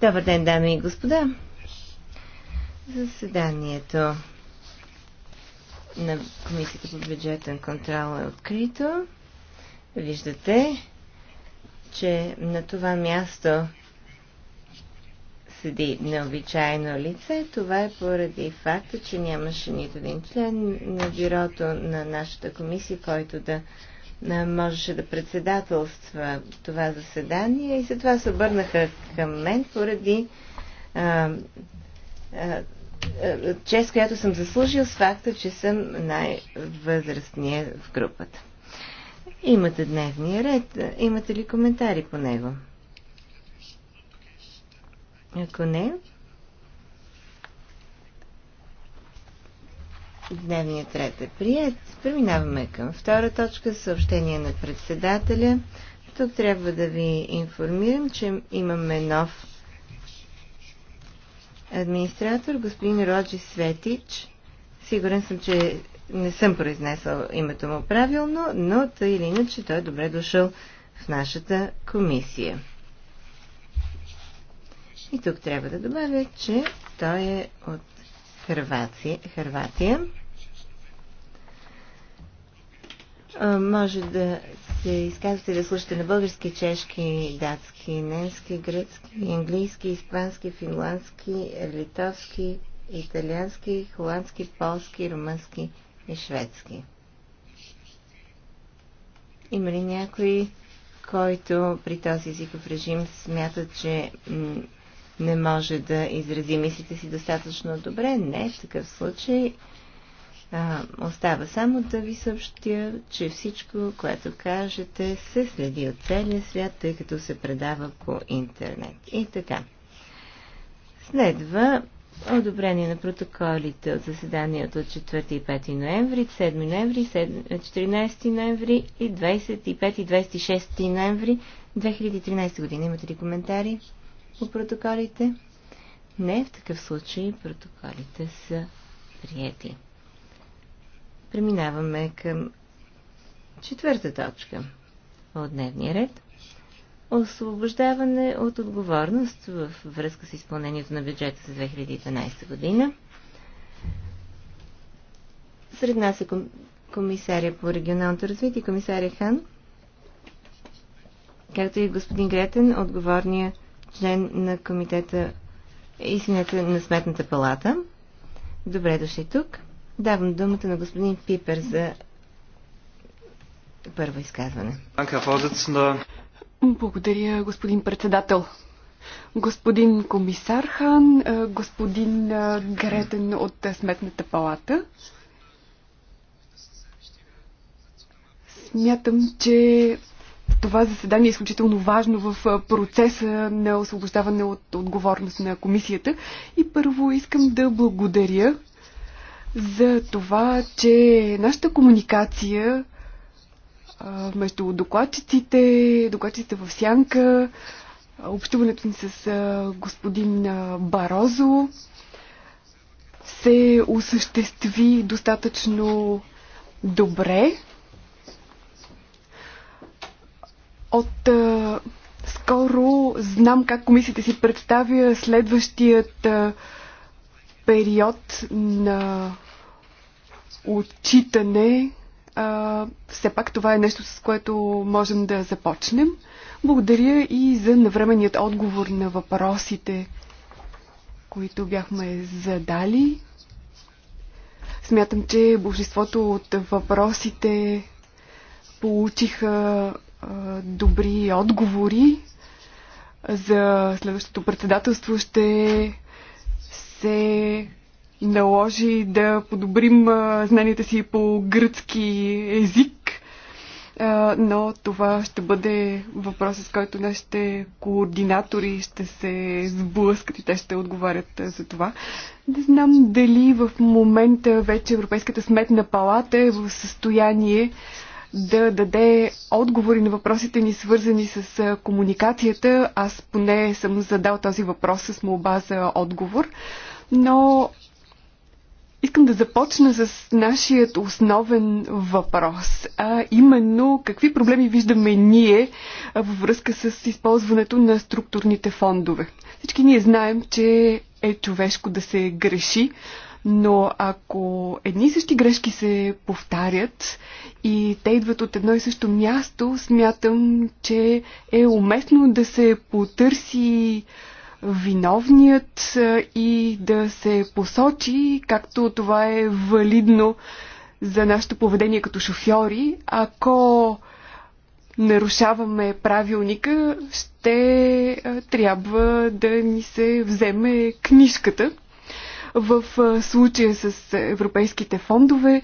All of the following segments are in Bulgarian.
Добър ден, дами и господа. Заседанието на Комисията по бюджетен контрол е открито. Виждате, че на това място седи необичайно лице. Това е поради факта, че нямаше нито един член на бюрото на нашата комисия, който да можеше да председателства това заседание и затова се обърнаха към мен поради а, а, а, чест, която съм заслужил с факта, че съм най-възрастният в групата. Имате дневния ред. Имате ли коментари по него? Ако не, дневният ред е прият. Преминаваме към втора точка съобщение на председателя. Тук трябва да ви информирам, че имаме нов администратор, господин Роджи Светич. Сигурен съм, че не съм произнесъл името му правилно, но тъй или иначе той е добре дошъл в нашата комисия. И тук трябва да добавя, че той е от Хрватия. Хрватия. Може да се изказвате да слушате на български, чешки, датски, немски, гръцки, английски, испански, финландски, литовски, италиански, холандски, полски, румънски и шведски. Има ли някой, който при този езиков режим смята, че не може да изрази мислите си достатъчно добре. Не, в такъв случай а, остава само да ви съобщя, че всичко, което кажете, се следи от целия свят, тъй като се предава по интернет. И така. Следва одобрение на протоколите от заседанието от 4 и 5 ноември, 7 ноември, 14 ноември и 25 и 26 ноември 2013 година. Имате ли коментари? по протоколите? Не, в такъв случай протоколите са приети. Преминаваме към четвърта точка от дневния ред. Освобождаване от отговорност в връзка с изпълнението на бюджета за 2012 година. Сред нас е комисаря по регионалното развитие, комисария Хан, както и господин Гретен, отговорния член на комитета, извинете, на Сметната палата. Добре дошли тук. Давам думата на господин Пипер за първо изказване. Благодаря, господин председател. Господин комисар Хан, господин Гретен от Сметната палата. Смятам, че това заседание е изключително важно в процеса на освобождаване от отговорност на комисията. И първо искам да благодаря за това, че нашата комуникация между докладчиците, докладчиците в Сянка, общуването ни с господин Барозо се осъществи достатъчно добре. От а, скоро знам как комисията си представя следващият а, период на отчитане. А, все пак това е нещо, с което можем да започнем. Благодаря и за навременният отговор на въпросите, които бяхме задали. Смятам, че божеството от въпросите получиха добри отговори за следващото председателство ще се наложи да подобрим знанията си по гръцки език, но това ще бъде въпросът, с който нашите координатори ще се сблъскат и те ще отговарят за това. Не знам дали в момента вече Европейската сметна палата е в състояние да даде отговори на въпросите ни, свързани с комуникацията. Аз поне съм задал този въпрос с молба за отговор, но искам да започна с нашият основен въпрос, а именно какви проблеми виждаме ние във връзка с използването на структурните фондове. Всички ние знаем, че е човешко да се греши, но ако едни и същи грешки се повтарят и те идват от едно и също място, смятам, че е уместно да се потърси виновният и да се посочи, както това е валидно за нашето поведение като шофьори. Ако нарушаваме правилника, ще трябва да ни се вземе книжката. В случая с европейските фондове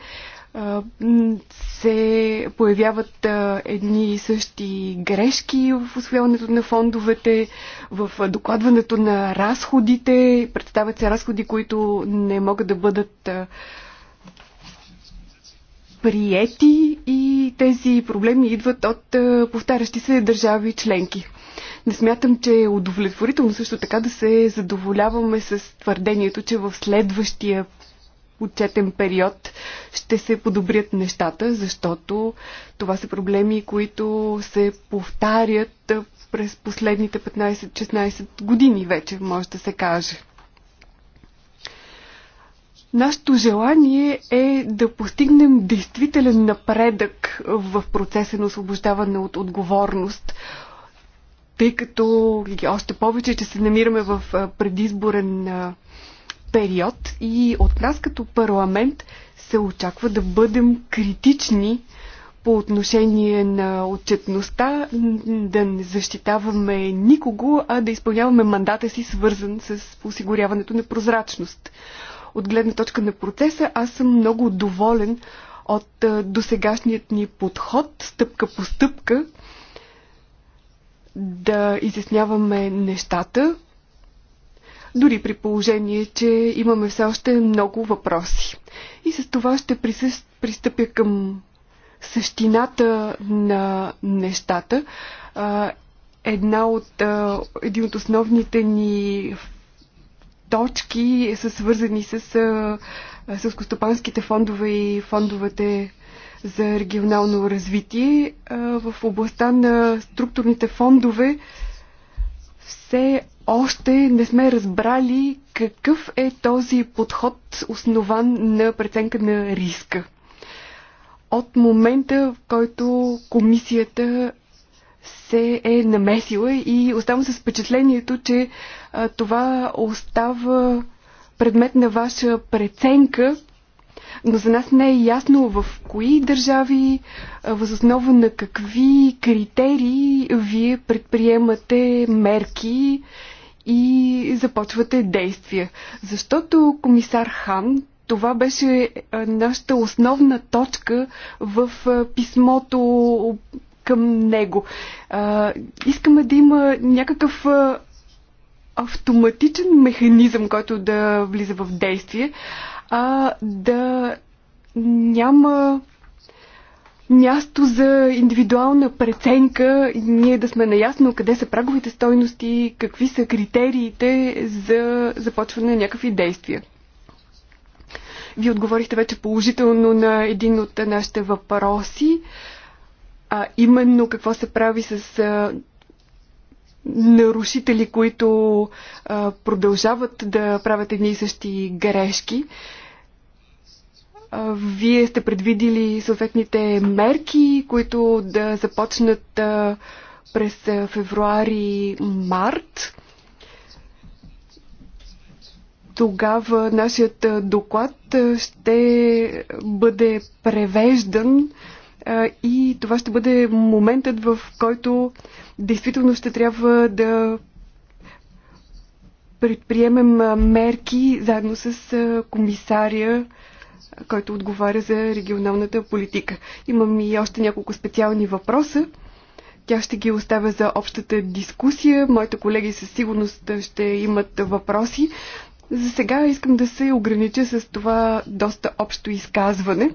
се появяват едни и същи грешки в освояването на фондовете, в докладването на разходите. Представят се разходи, които не могат да бъдат приети и тези проблеми идват от повтарящи се държави членки. Не смятам, че е удовлетворително също така да се задоволяваме с твърдението, че в следващия отчетен период ще се подобрят нещата, защото това са проблеми, които се повтарят през последните 15-16 години вече, може да се каже. Нашето желание е да постигнем действителен напредък в процеса на освобождаване от отговорност тъй като още повече, че се намираме в предизборен период и от нас като парламент се очаква да бъдем критични по отношение на отчетността, да не защитаваме никого, а да изпълняваме мандата си, свързан с осигуряването на прозрачност. От гледна точка на процеса, аз съм много доволен от досегашният ни подход, стъпка по стъпка, да изясняваме нещата, дори при положение, че имаме все още много въпроси. И с това ще пристъпя към същината на нещата. Една от, един от основните ни точки са свързани с сълскостопанските фондове и фондовете за регионално развитие. В областта на структурните фондове все още не сме разбрали какъв е този подход, основан на преценка на риска. От момента, в който комисията се е намесила и оставам с впечатлението, че това остава предмет на ваша преценка но за нас не е ясно в кои държави, възоснова на какви критерии вие предприемате мерки и започвате действия. Защото комисар Хан, това беше нашата основна точка в писмото към него. Искаме да има някакъв автоматичен механизъм, който да влиза в действие, а да няма място за индивидуална преценка и ние да сме наясно къде са праговите стойности, какви са критериите за започване на някакви действия. Вие отговорихте вече положително на един от нашите въпроси, а именно какво се прави с нарушители, които а, продължават да правят едни и същи грешки. А, вие сте предвидили съответните мерки, които да започнат а, през февруари-март. Тогава нашият доклад ще бъде превеждан и това ще бъде моментът, в който действително ще трябва да предприемем мерки заедно с комисария, който отговаря за регионалната политика. Имам и още няколко специални въпроса. Тя ще ги оставя за общата дискусия. Моите колеги със сигурност ще имат въпроси. За сега искам да се огранича с това доста общо изказване.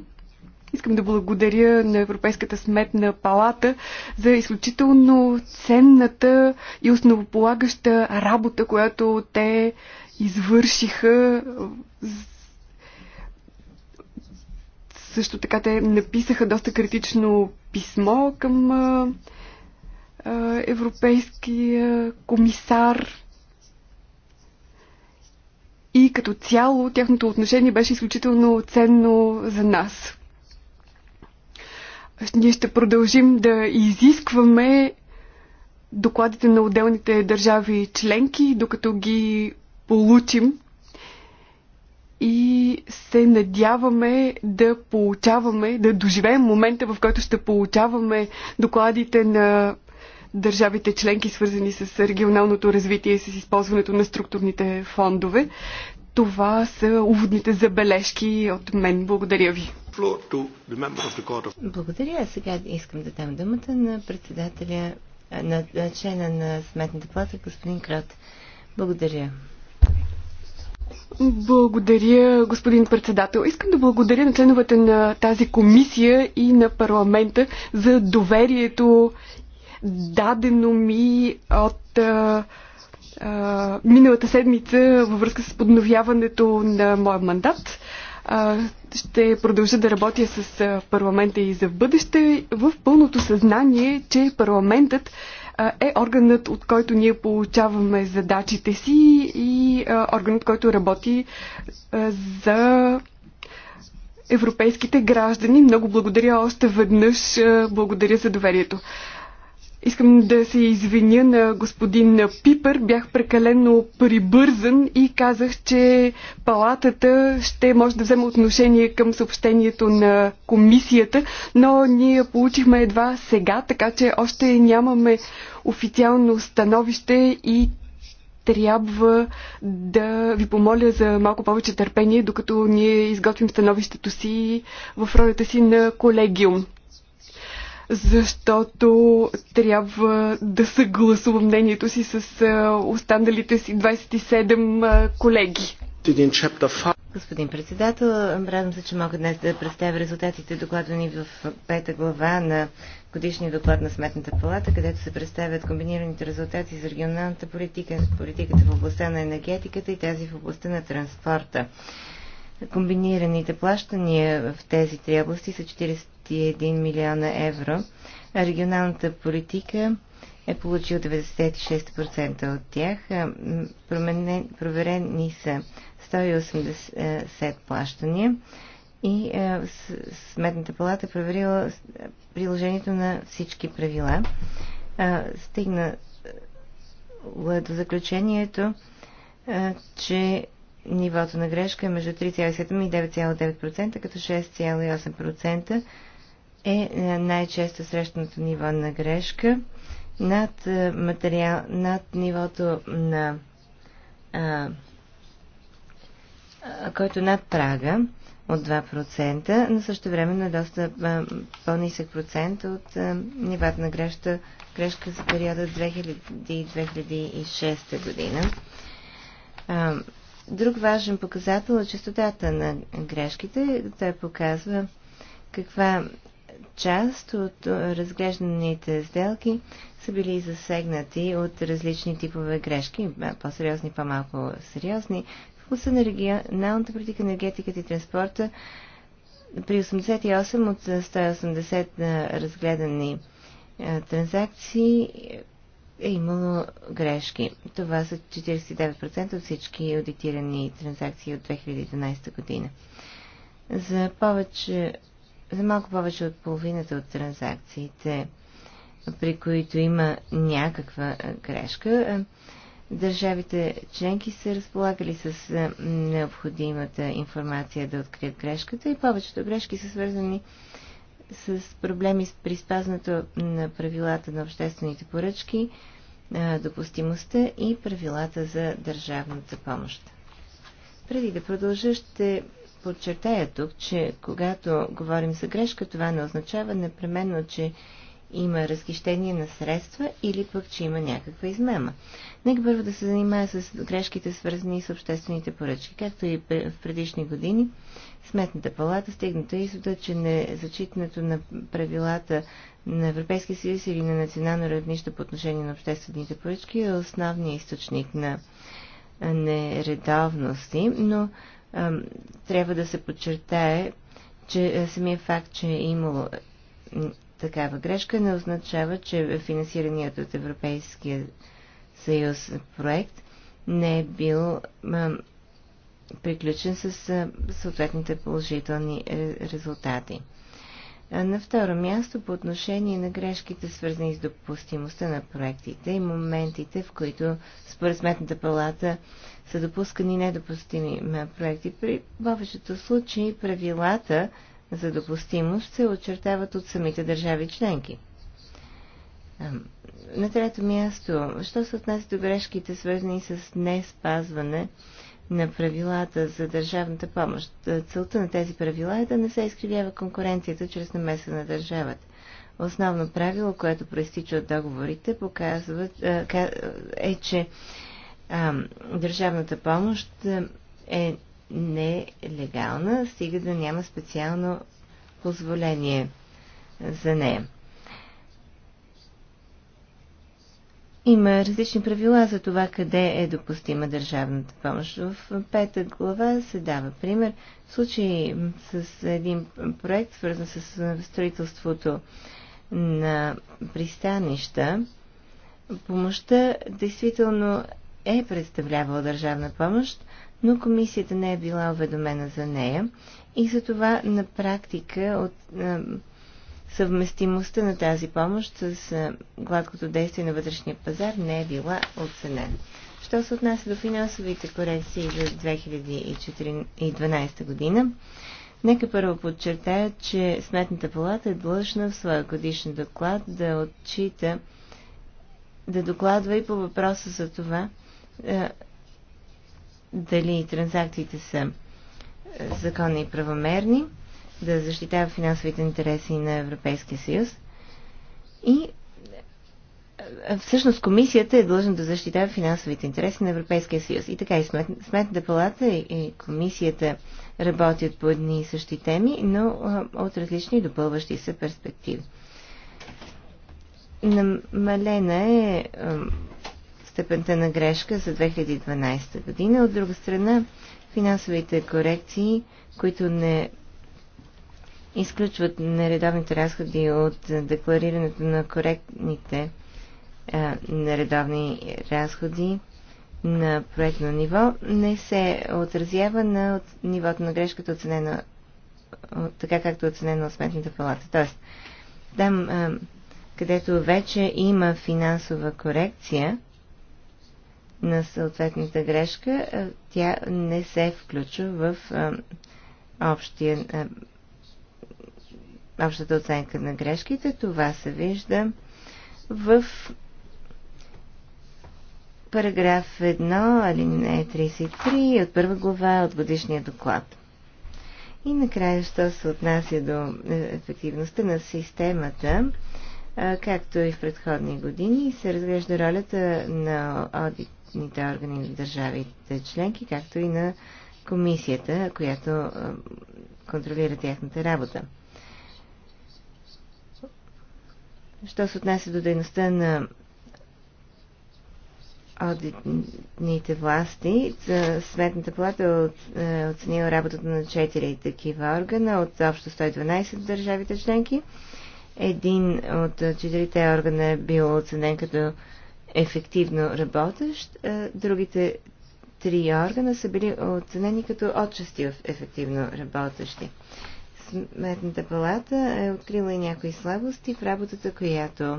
Искам да благодаря на Европейската сметна палата за изключително ценната и основополагаща работа, която те извършиха. Също така те написаха доста критично писмо към европейския комисар. И като цяло тяхното отношение беше изключително ценно за нас. Ние ще продължим да изискваме докладите на отделните държави членки, докато ги получим и се надяваме да получаваме, да доживеем момента, в който ще получаваме докладите на държавите членки, свързани с регионалното развитие и с използването на структурните фондове това са уводните забележки от мен. Благодаря ви. Благодаря. Сега искам да дам думата на председателя, на, на члена на Сметната плата, господин Крат. Благодаря. Благодаря, господин председател. Искам да благодаря на членовете на тази комисия и на парламента за доверието дадено ми от а, миналата седмица във връзка с подновяването на моя мандат. А, ще продължа да работя с парламента и за в бъдеще в пълното съзнание, че парламентът е органът, от който ние получаваме задачите си и органът, който работи за европейските граждани. Много благодаря още веднъж. Благодаря за доверието. Искам да се извиня на господин Пипър. Бях прекалено прибързан и казах, че палатата ще може да вземе отношение към съобщението на комисията, но ние получихме едва сега, така че още нямаме официално становище и трябва да ви помоля за малко повече търпение, докато ние изготвим становището си в ролята си на колегиум защото трябва да съгласува мнението си с останалите си 27 колеги. Господин председател, радвам се, че мога днес да представя резултатите докладвани в пета глава на годишния доклад на Сметната палата, където се представят комбинираните резултати за регионалната политика, политиката в областта на енергетиката и тази в областта на транспорта. Комбинираните плащания в тези три области са 40 21 милиона евро, а регионалната политика е получил 96% от тях. Променен, проверени са 180 е, плащания и е, Сметната палата е проверила е, приложението на всички правила. Стигна до заключението, че нивото на грешка е между 3,7 и 9,9%, като 6,8% е най-често срещаното ниво на грешка над, е, материал, над нивото на а, който над прага от 2%, но също време на е доста по-нисък процент от нивата на грешка, грешка за периода 2000-2006 година. А, друг важен показател е частотата на грешките. Той показва каква част от разглежданите сделки са били засегнати от различни типове грешки, по-сериозни, по-малко сериозни. В вкуса на регионалната политика, енергетиката и транспорта при 88 от 180 разгледани транзакции е имало грешки. Това са 49% от всички аудитирани транзакции от 2012 година. За повече за малко повече от половината от транзакциите, при които има някаква грешка, държавите членки са разполагали с необходимата информация да открият грешката и повечето грешки са свързани с проблеми при спазването на правилата на обществените поръчки, допустимостта и правилата за държавната помощ. Преди да продължа, ще подчертая тук, че когато говорим за грешка, това не означава непременно, че има разхищение на средства или пък, че има някаква измема. Нека първо да се занимая с грешките, свързани с обществените поръчки. Както и в предишни години, Сметната палата стигната и суда, че не зачитането на правилата на Европейския съюз или на национално равнище по отношение на обществените поръчки е основният източник на нередовности, но трябва да се подчертае, че е, самия факт, че е имало такава грешка, не означава, че финансираният от Европейския съюз проект не е бил приключен с съответните положителни е, резултати. На второ място, по отношение на грешките, свързани с допустимостта на проектите и моментите, в които според Сметната палата са допускани недопустими проекти. При повечето случаи правилата за допустимост се очертават от самите държави членки. На трето място, що се отнася до грешките, свързани с не спазване на правилата за държавната помощ? Целта на тези правила е да не се изкривява конкуренцията чрез намеса на държавата. Основно правило, което проистича от договорите, показва, е, е че а, държавната помощ е нелегална, стига да няма специално позволение за нея. Има различни правила за това къде е допустима държавната помощ. В пета глава се дава пример. В случай с един проект, свързан с строителството на пристанища, помощта действително е представлявала държавна помощ, но комисията не е била уведомена за нея и за това на практика от а, съвместимостта на тази помощ с а, гладкото действие на вътрешния пазар не е била оценена. Що се отнася до финансовите корекции за 2012 година, нека първо подчертая, че Сметната палата е длъжна в своя годишен доклад да отчита, да докладва и по въпроса за това, е, дали транзакциите са е, законни и правомерни, да защитава финансовите интереси на Европейския съюз. И е, всъщност комисията е длъжна да защитава финансовите интереси на Европейския съюз. И така и сметната палата и комисията работят по едни и същи теми, но от различни допълващи се перспективи. Намалена е степента на грешка за 2012 година. От друга страна, финансовите корекции, които не изключват нередовните разходи от декларирането на коректните а, нередовни разходи на проектно ниво, не се отразява на от нивото на грешката, оценено, така както е оценено от сметната палата. Тоест, там, а, където вече има финансова корекция, на съответната грешка, тя не се включва в общия, общата оценка на грешките. Това се вижда в параграф 1, алинея 33 от първа глава от годишния доклад. И накрая, що се отнася до е, ефективността на системата, както и в предходни години, се разглежда ролята на одит компетентните органи на държавите членки, както и на комисията, която контролира тяхната работа. Що се отнася до дейността на одитните власти, Сметната плата е, е оценила работата на 4 такива органа от общо 112 държавите членки. Един от четирите органа е бил оценен като ефективно работещ. Другите три органа са били оценени като отчасти в ефективно работещи. Сметната палата е открила и някои слабости в работата, която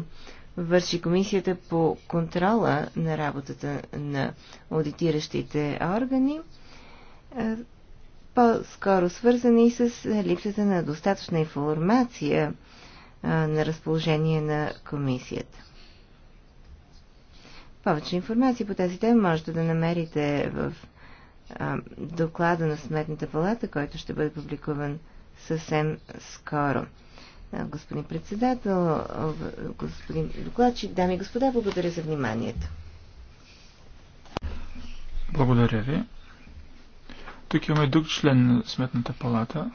върши комисията по контрола на работата на аудитиращите органи, по-скоро свързани с липсата на достатъчна информация на разположение на комисията. Повече информация по тази тема можете да намерите в а, доклада на Сметната палата, който ще бъде публикуван съвсем скоро. Господин председател, господин докладчик, дами и господа, благодаря за вниманието. Благодаря ви. Тук имаме друг член на Сметната палата.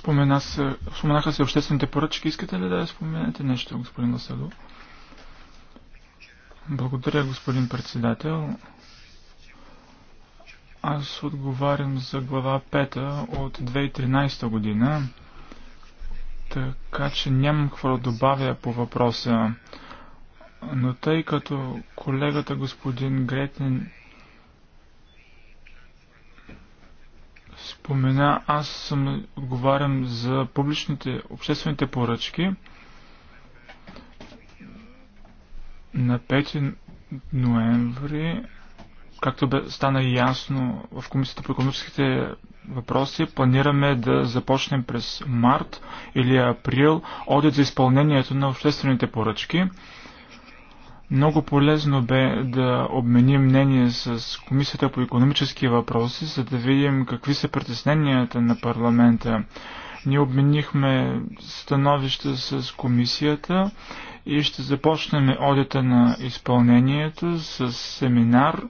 Спомена се, споменаха се обществените поръчки. Искате ли да споменете нещо, господин Ласадо? Благодаря, господин председател. Аз отговарям за глава 5 от 2013 година, така че нямам какво да добавя по въпроса. Но тъй като колегата господин Гретен спомена, аз съм отговарям за публичните, обществените поръчки. На 5 ноември, както бе, стана ясно в Комисията по економическите въпроси, планираме да започнем през март или април одит за изпълнението на обществените поръчки. Много полезно бе да обменим мнение с Комисията по економически въпроси, за да видим какви са притесненията на парламента. Ние обменихме становища с комисията и ще започнем одита на изпълнението с семинар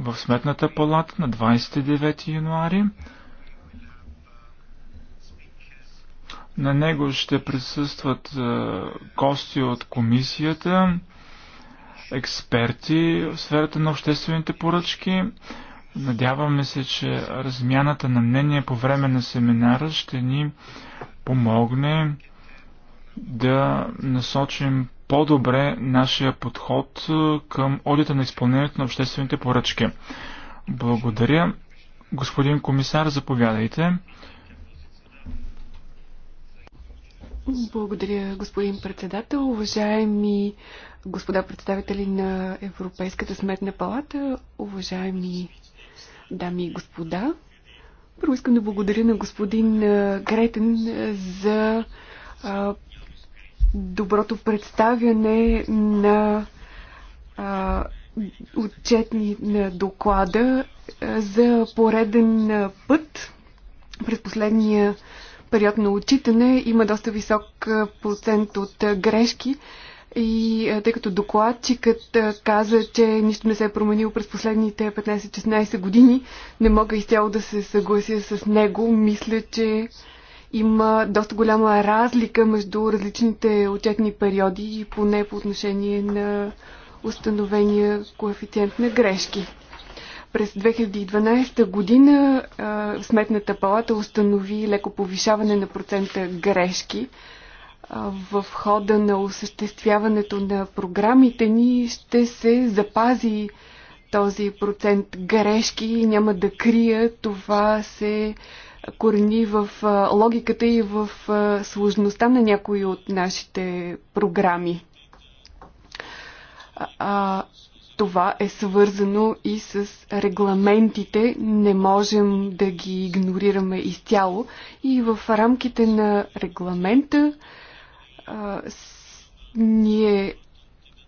в Сметната палата на 29 януари. На него ще присъстват е, гости от комисията, експерти в сферата на обществените поръчки. Надяваме се, че размяната на мнение по време на семинара ще ни помогне да насочим по-добре нашия подход е, към одита на изпълнението на обществените поръчки. Благодаря. Господин комисар, заповядайте. Благодаря, господин председател. Уважаеми господа представители на Европейската сметна палата, уважаеми дами и господа, първо искам да благодаря на господин Гретен за доброто представяне на отчетни на доклада за пореден път през последния период на отчитане има доста висок процент от грешки. И тъй като докладчикът каза, че нищо не се е променило през последните 15-16 години, не мога изцяло да се съглася с него. Мисля, че има доста голяма разлика между различните отчетни периоди и поне по отношение на установения коефициент на грешки. През 2012 година Сметната палата установи леко повишаване на процента грешки. в хода на осъществяването на програмите ни ще се запази този процент грешки. Няма да крия, това се корени в логиката и в сложността на някои от нашите програми това е свързано и с регламентите. Не можем да ги игнорираме изцяло. И в рамките на регламента а, с, ние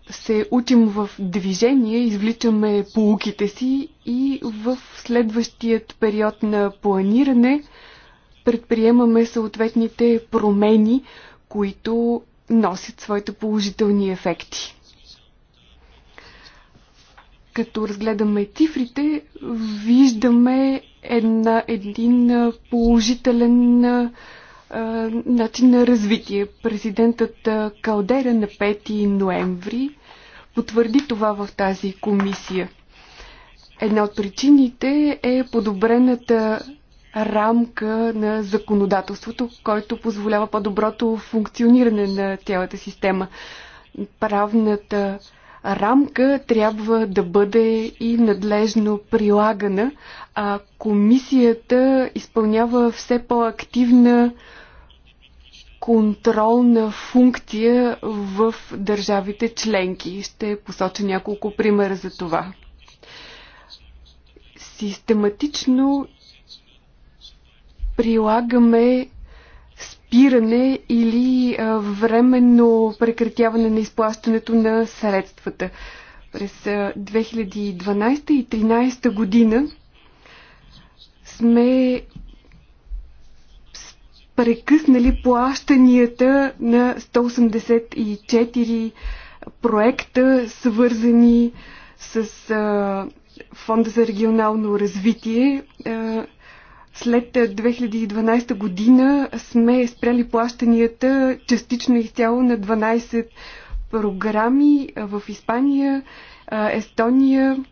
се учим в движение, извличаме полуките си и в следващият период на планиране предприемаме съответните промени, които носят своите положителни ефекти като разгледаме цифрите, виждаме една, един положителен а, начин на развитие. Президентът Калдера на 5 ноември потвърди това в тази комисия. Една от причините е подобрената рамка на законодателството, който позволява по-доброто функциониране на цялата система. Правната рамка трябва да бъде и надлежно прилагана, а комисията изпълнява все по-активна контролна функция в държавите членки. Ще посоча няколко примера за това. Систематично прилагаме спиране или временно прекратяване на изплащането на средствата. През 2012 и 2013 година сме прекъснали плащанията на 184 проекта, свързани с Фонда за регионално развитие след 2012 е, година сме спряли плащанията частично изцяло на 12 програми е, в Испания, е, Естония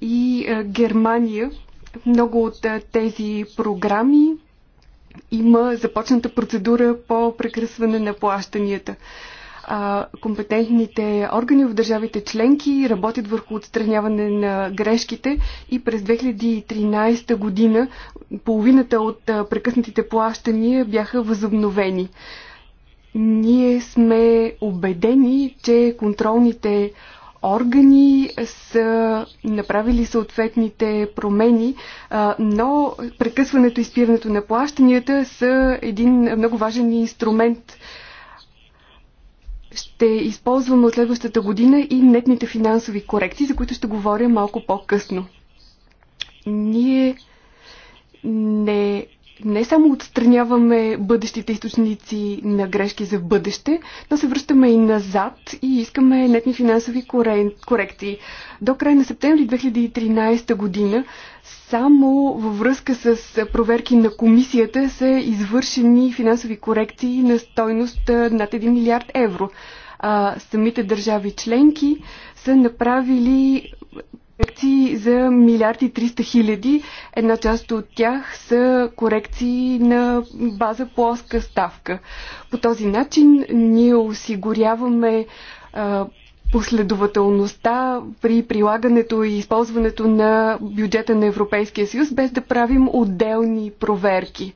и Германия. Много от тези програми има започната процедура по прекръсване на плащанията а, компетентните органи в държавите членки работят върху отстраняване на грешките и през 2013 година половината от прекъснатите плащания бяха възобновени. Ние сме убедени, че контролните органи са направили съответните промени, но прекъсването и спирането на плащанията са един много важен инструмент ще използваме от следващата година и нетните финансови корекции, за които ще говоря малко по-късно. Ние не не само отстраняваме бъдещите източници на грешки за бъдеще, но се връщаме и назад и искаме нетни финансови корекции. До края на септември 2013 година само във връзка с проверки на комисията са извършени финансови корекции на стойност над 1 милиард евро. А, самите държави членки са направили корекции за милиарди 300 хиляди. Една част от тях са корекции на база плоска ставка. По този начин ние осигуряваме последователността при прилагането и използването на бюджета на Европейския съюз, без да правим отделни проверки.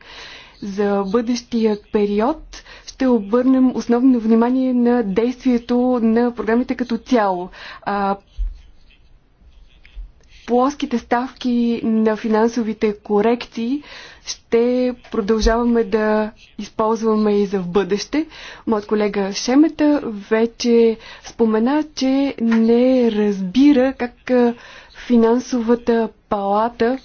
За бъдещия период ще обърнем основно внимание на действието на програмите като цяло. А плоските ставки на финансовите корекции ще продължаваме да използваме и за в бъдеще. Моят колега Шемета вече спомена, че не разбира как финансовата палата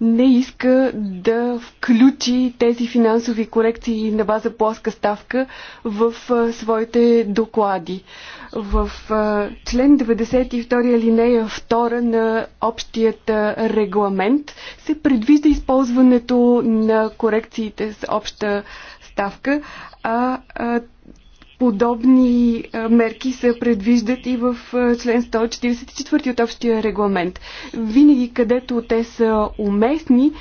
не иска да включи тези финансови корекции на база плоска ставка в своите доклади. В член 92 алинея 2 на общият регламент се предвижда използването на корекциите с обща ставка, а, а Подобни мерки се предвиждат и в член 144 от общия регламент. Винаги където те са уместни,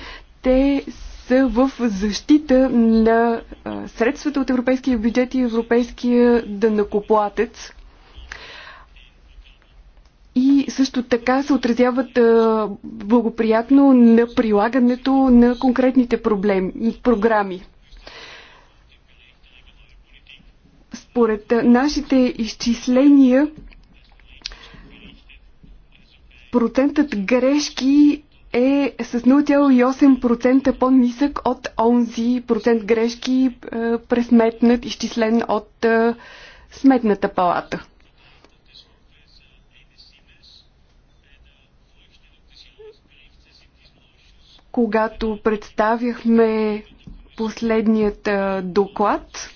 те са в защита на средствата от европейския бюджет и европейския дънакоплатец. И също така се отразяват благоприятно на прилагането на конкретните проблеми, програми. Според нашите изчисления, процентът грешки е с 0,8% по-нисък от онзи процент грешки е, пресметнат, изчислен от е, сметната палата. Когато представяхме последният е, доклад,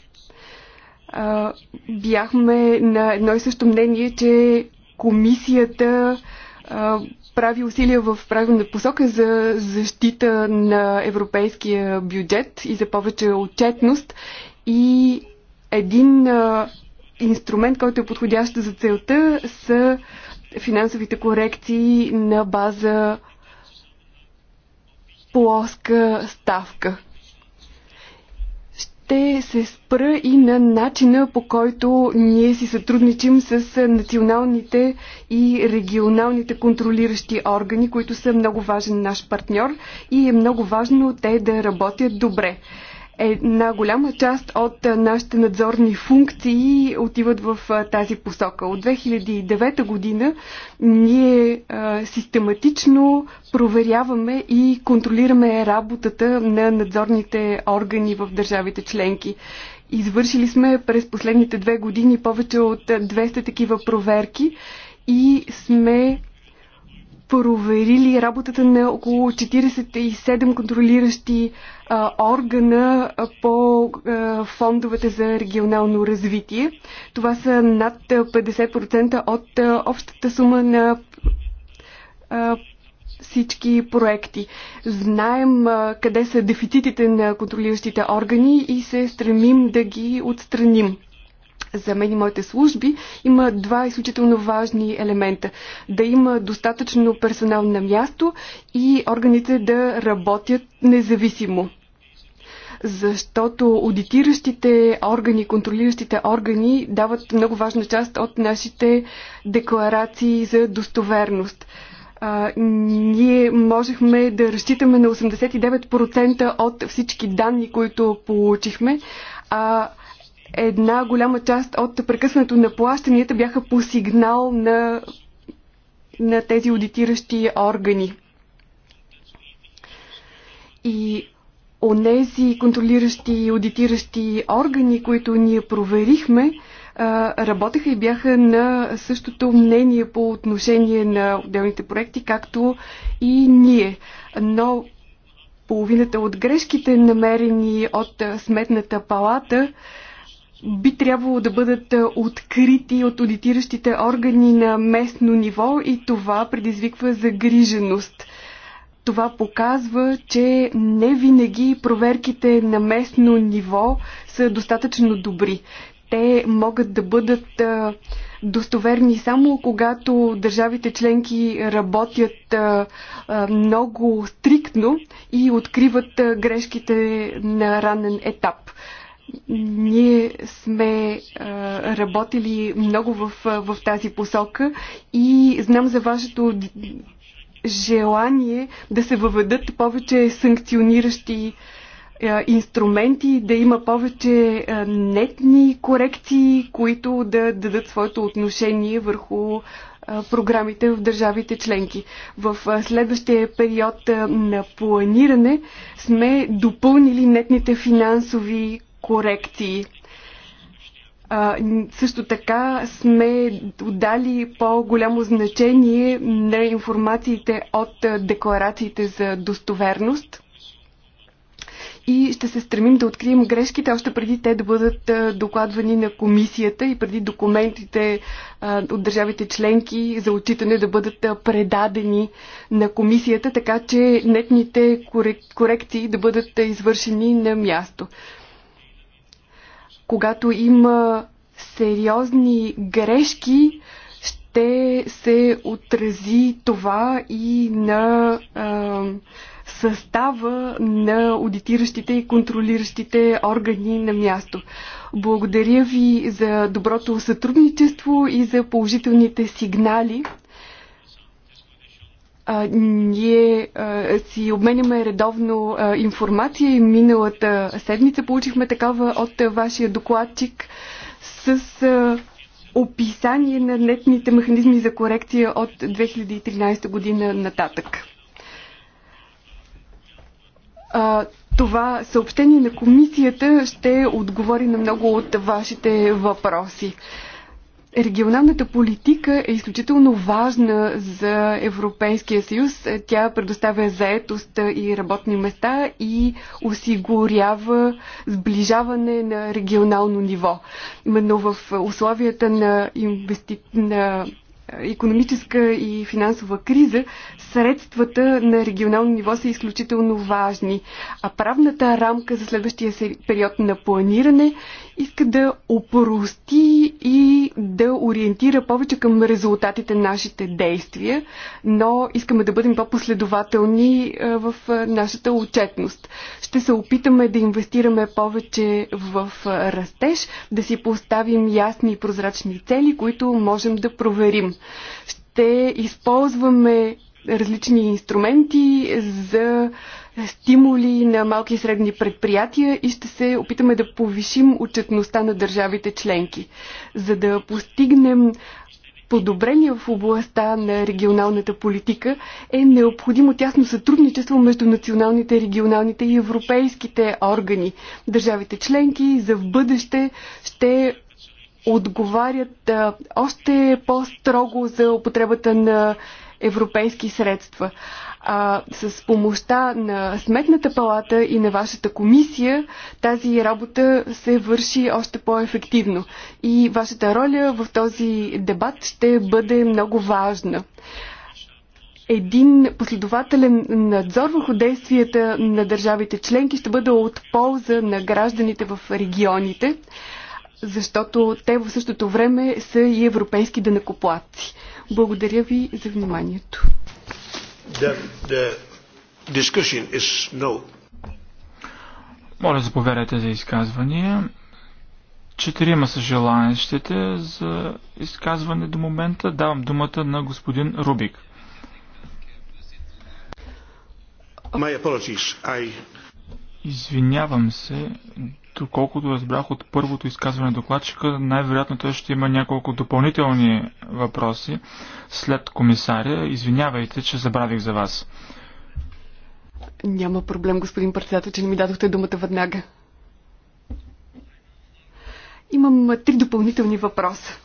а, бяхме на едно и също мнение, че комисията а, прави усилия в правилна посока за защита на европейския бюджет и за повече отчетност и един а, инструмент, който е подходящ за целта са финансовите корекции на база плоска ставка ще се спра и на начина по който ние си сътрудничим с националните и регионалните контролиращи органи, които са много важен наш партньор и е много важно те да работят добре. Е една голяма част от нашите надзорни функции отиват в тази посока. От 2009 година ние систематично проверяваме и контролираме работата на надзорните органи в държавите членки. Извършили сме през последните две години повече от 200 такива проверки и сме проверили работата на около 47 контролиращи а, органа по а, фондовете за регионално развитие. Това са над 50% от а, общата сума на а, всички проекти. Знаем а, къде са дефицитите на контролиращите органи и се стремим да ги отстраним за мен и моите служби, има два изключително важни елемента. Да има достатъчно персонал на място и органите да работят независимо. Защото аудитиращите органи, контролиращите органи дават много важна част от нашите декларации за достоверност а, ние можехме да разчитаме на 89% от всички данни, които получихме, а Една голяма част от прекъснато на плащанията бяха по сигнал на, на тези аудитиращи органи. И онези контролиращи и аудитиращи органи, които ние проверихме, работеха и бяха на същото мнение по отношение на отделните проекти, както и ние. Но половината от грешките, намерени от Сметната палата, би трябвало да бъдат е, открити от аудитиращите органи на местно ниво и това предизвиква загриженост. Това показва, че не винаги проверките на местно ниво са достатъчно добри. Те могат да бъдат е, достоверни само когато държавите членки работят е, много стриктно и откриват грешките на ранен етап. Ние сме а, работили много в, в тази посока и знам за вашето желание да се въведат повече санкциониращи а, инструменти, да има повече а, нетни корекции, които да дадат своето отношение върху програмите в държавите членки. В следващия период на планиране сме допълнили нетните финансови корекции. А, също така сме отдали по-голямо значение на информациите от декларациите за достоверност и ще се стремим да открием грешките още преди те да бъдат докладвани на комисията и преди документите от държавите членки за отчитане да бъдат предадени на комисията, така че нетните корекции да бъдат извършени на място когато има сериозни грешки, ще се отрази това и на а, състава на аудитиращите и контролиращите органи на място. Благодаря ви за доброто сътрудничество и за положителните сигнали. А, ние а, си обменяме редовно а, информация и миналата седмица получихме такава от а, вашия докладчик с а, описание на нетните механизми за корекция от 2013 година нататък. А, това съобщение на комисията ще отговори на много от вашите въпроси. А, Регионалната политика е изключително важна за Европейския съюз. Тя предоставя заетост и работни места и осигурява сближаване на регионално ниво. Но в условията на, инвести... на економическа и финансова криза средствата на регионално ниво са изключително важни, а правната рамка за следващия период на планиране иска да опрости и да ориентира повече към резултатите на нашите действия, но искаме да бъдем по-последователни е, в е, нашата отчетност. Ще се опитаме да инвестираме повече в е, растеж, да си поставим ясни и прозрачни цели, които можем да проверим ще използваме различни инструменти за стимули на малки и средни предприятия и ще се опитаме да повишим отчетността на държавите членки. За да постигнем подобрения в областта на регионалната политика е необходимо тясно сътрудничество между националните, регионалните и европейските органи. Държавите членки за в бъдеще ще отговарят а, още по-строго за употребата на европейски средства. А, с помощта на Сметната палата и на вашата комисия тази работа се върши още по-ефективно. И вашата роля в този дебат ще бъде много важна един последователен надзор върху действията на държавите членки ще бъде от полза на гражданите в регионите, защото те в същото време са и европейски денакоплатци. Благодаря ви за вниманието. The, the discussion is no. Моля, заповядайте за изказвания. Четирима са желаящите за изказване до момента. Давам думата на господин Рубик. My apologies. I... Извинявам се, Доколкото разбрах от първото изказване на докладчика, най-вероятно той ще има няколко допълнителни въпроси след комисаря. Извинявайте, че забравих за вас. Няма проблем, господин председател, че не ми дадохте думата веднага. Имам три допълнителни въпроса.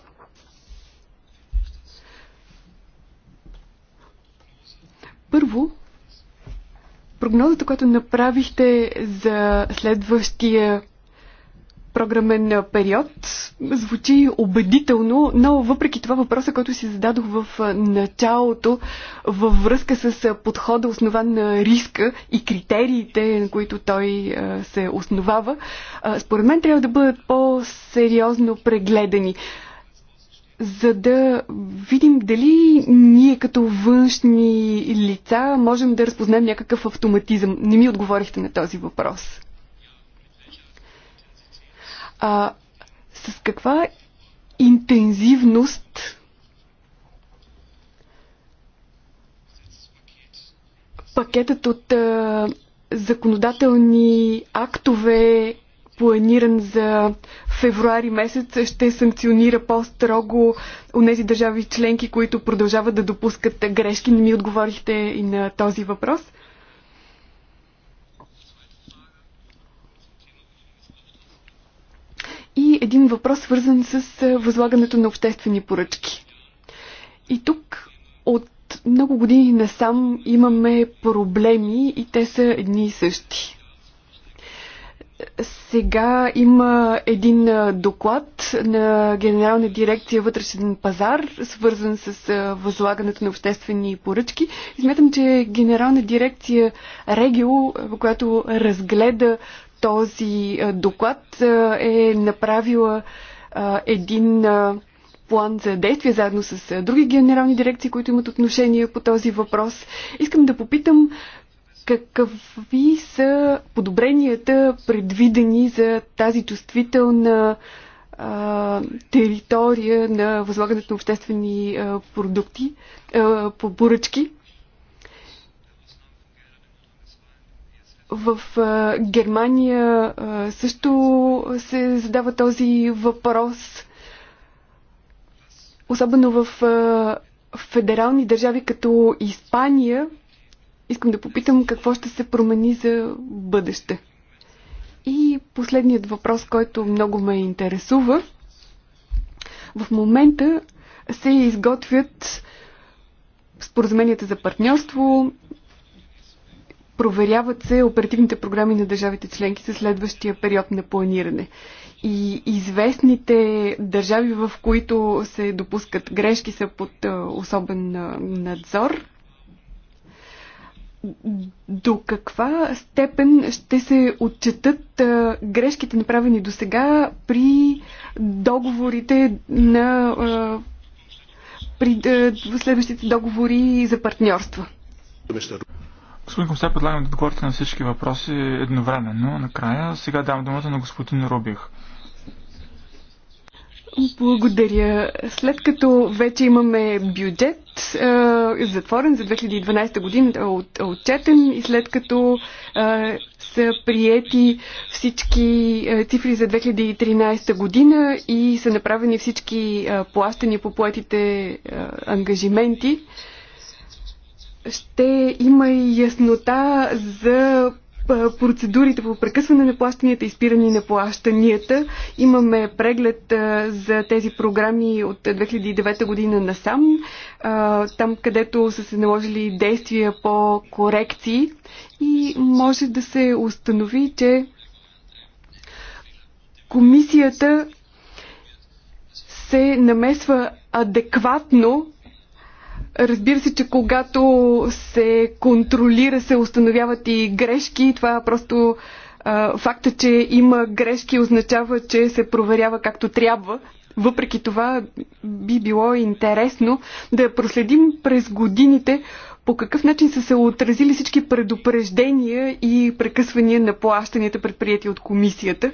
Първо, прогнозата, която направихте за следващия програмен период. Звучи убедително, но въпреки това въпроса, който си зададох в началото във връзка с подхода основан на риска и критериите, на които той се основава, според мен трябва да бъдат по-сериозно прегледани за да видим дали ние като външни лица можем да разпознаем някакъв автоматизъм. Не ми отговорихте на този въпрос. А, с каква интензивност пакетът от а, законодателни актове, планиран за февруари месец, ще санкционира по-строго нези държави членки, които продължават да допускат грешки. Не ми отговорихте и на този въпрос. един въпрос, свързан с възлагането на обществени поръчки. И тук от много години насам имаме проблеми и те са едни и същи. Сега има един доклад на Генерална дирекция вътрешен пазар, свързан с възлагането на обществени поръчки. И смятам, че Генерална дирекция Регио, която разгледа този доклад е направила един план за действие заедно с други генерални дирекции, които имат отношение по този въпрос. Искам да попитам какви са подобренията предвидени за тази чувствителна територия на възлагането на обществени продукти, по поръчки. В Германия също се задава този въпрос. Особено в федерални държави като Испания, искам да попитам какво ще се промени за бъдеще. И последният въпрос, който много ме интересува. В момента се изготвят споразуменията за партньорство, Проверяват се оперативните програми на държавите членки за следващия период на планиране. И известните държави, в които се допускат грешки, са под особен надзор. До каква степен ще се отчетат грешките, направени до сега при договорите на при следващите договори за партньорства? Господин комисар, предлагам да отговорите на всички въпроси едновременно. Накрая сега давам думата на господин Рубих. Благодаря. След като вече имаме бюджет е, затворен за 2012 година, от, отчетен и след като е, са приети всички е, цифри за 2013 година и са направени всички е, плащания по поетите е, ангажименти, е, ще има и яснота за процедурите по прекъсване на плащанията и спиране на плащанията. Имаме преглед за тези програми от 2009 година насам, там където са се наложили действия по корекции и може да се установи, че комисията се намесва адекватно Разбира се, че когато се контролира, се установяват и грешки. Това просто факта, че има грешки означава, че се проверява както трябва. Въпреки това би било интересно да проследим през годините по какъв начин са се отразили всички предупреждения и прекъсвания на плащанията, предприяти от комисията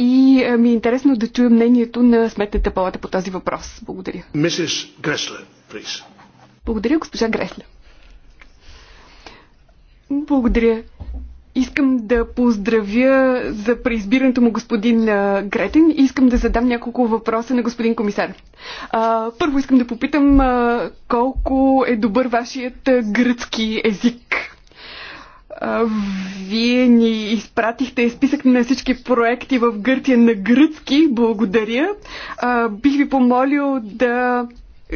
и е, ми е интересно да чуя мнението на Сметната палата по този въпрос. Благодаря. Мисис Гресле, please. Благодаря, госпожа Гресле. Благодаря. Искам да поздравя за преизбирането му господин е, Гретен и искам да задам няколко въпроса на господин комисар. А, първо искам да попитам а, е, колко е добър вашият гръцки език. Вие ни изпратихте списък на всички проекти в Гърция на гръцки. Благодаря. Бих ви помолил да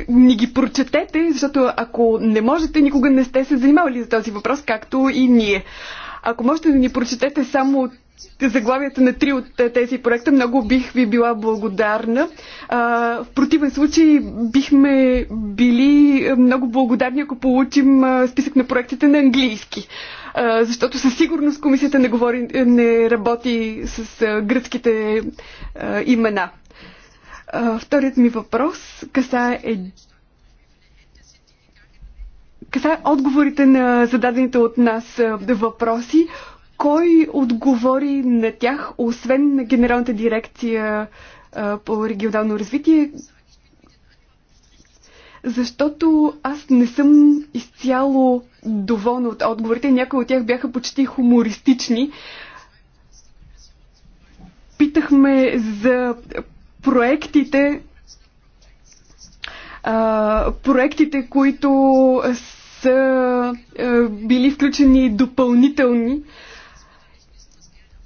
ни ги прочетете, защото ако не можете, никога не сте се занимавали за този въпрос, както и ние. Ако можете да ни прочетете само заглавията на три от е, тези проекта. Много бих ви била благодарна. В противен случай бихме били много благодарни, ако получим списък на проектите на английски. Защото със сигурност комисията не, говори, не работи с гръцките имена. Вторият ми въпрос касае е касае отговорите на зададените от нас въпроси кой отговори на тях, освен на Генералната дирекция а, по регионално развитие? Защото аз не съм изцяло доволна от отговорите. Някои от тях бяха почти хумористични. Питахме за проектите, а, проектите, които са а, били включени допълнителни. А,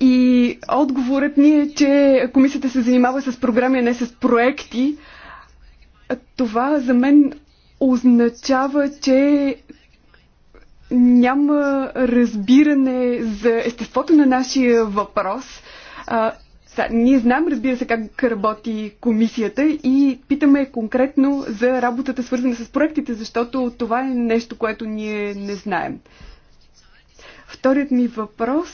и отговорът ни е, че комисията се занимава с програми, а не с проекти. Това за мен означава, че няма разбиране за естеството на нашия въпрос. А, са, ние знаем, разбира се, как работи комисията и питаме конкретно за работата, свързана с проектите, защото това е нещо, което ние не знаем. Вторият ми въпрос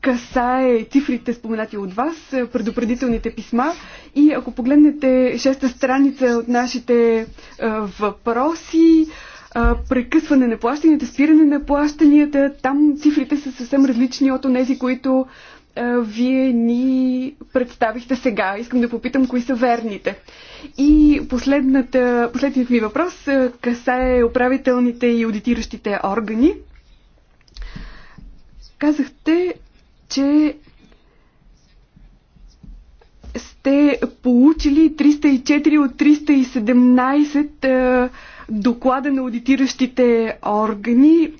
касае цифрите споменати от вас, е, предупредителните писма. И ако погледнете шеста страница от нашите а, е, въпроси, а, е, прекъсване на плащанията, спиране на плащанията, там цифрите са съвсем различни от тези, които а, вие ни представихте сега. Искам да попитам кои са верните. И последната, последният ми въпрос а, касае управителните и аудитиращите органи. Казахте, че сте получили 304 от 317 доклада на аудитиращите органи.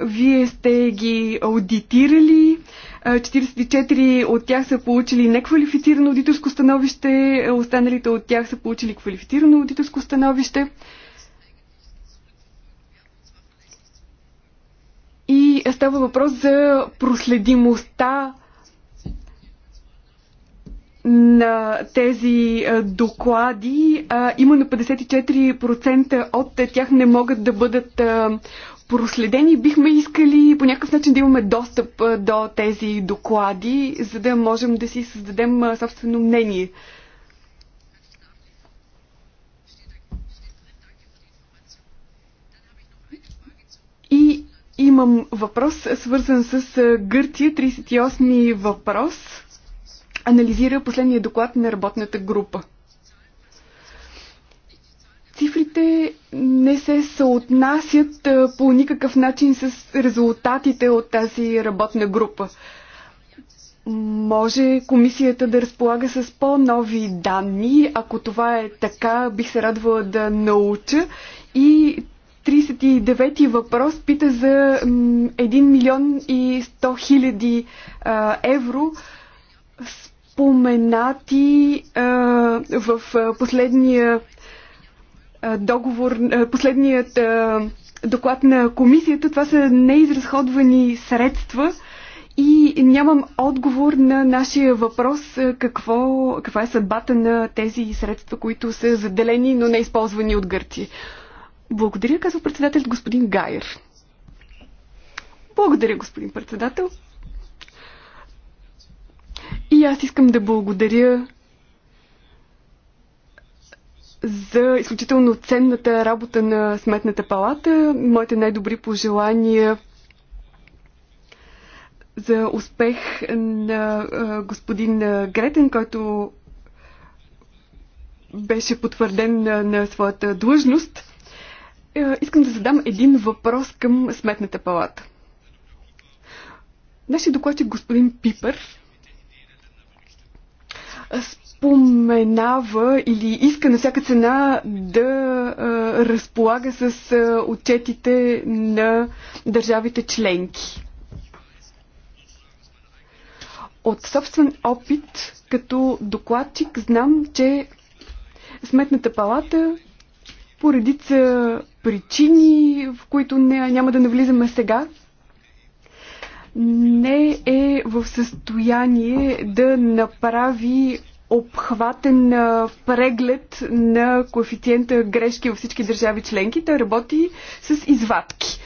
Вие сте ги аудитирали. 44 от тях са получили неквалифицирано аудиторско становище, останалите от тях са получили квалифицирано аудиторско становище. става въпрос за проследимостта на тези доклади. Именно 54% от тях не могат да бъдат проследени. Бихме искали по някакъв начин да имаме достъп до тези доклади, за да можем да си създадем собствено мнение. И Имам въпрос, свързан с Гърция. 38 въпрос. Анализира последния доклад на работната група. Цифрите не се съотнасят по никакъв начин с резултатите от тази работна група. Може комисията да разполага с по-нови данни. Ако това е така, бих се радвала да науча. И 39-ти въпрос пита за 1 милион и 100 хиляди евро споменати в последния договор, последният доклад на комисията. Това са неизразходвани средства и нямам отговор на нашия въпрос какво, каква е съдбата на тези средства, които са заделени, но не използвани от Гърция. Благодаря, казва председателят господин Гайер. Благодаря, господин председател. И аз искам да благодаря за изключително ценната работа на Сметната палата. Моите най-добри пожелания за успех на господин Гретен, който беше потвърден на, на своята длъжност. Е, искам да задам един въпрос към Сметната палата. Нашия докладчик господин Пипър споменава или иска на всяка цена да а, разполага с а, отчетите на държавите членки. От собствен опит като докладчик знам, че Сметната палата поредица причини, в които не, няма да навлизаме сега, не е в състояние да направи обхватен преглед на коефициента грешки във всички държави членки, да работи с извадки.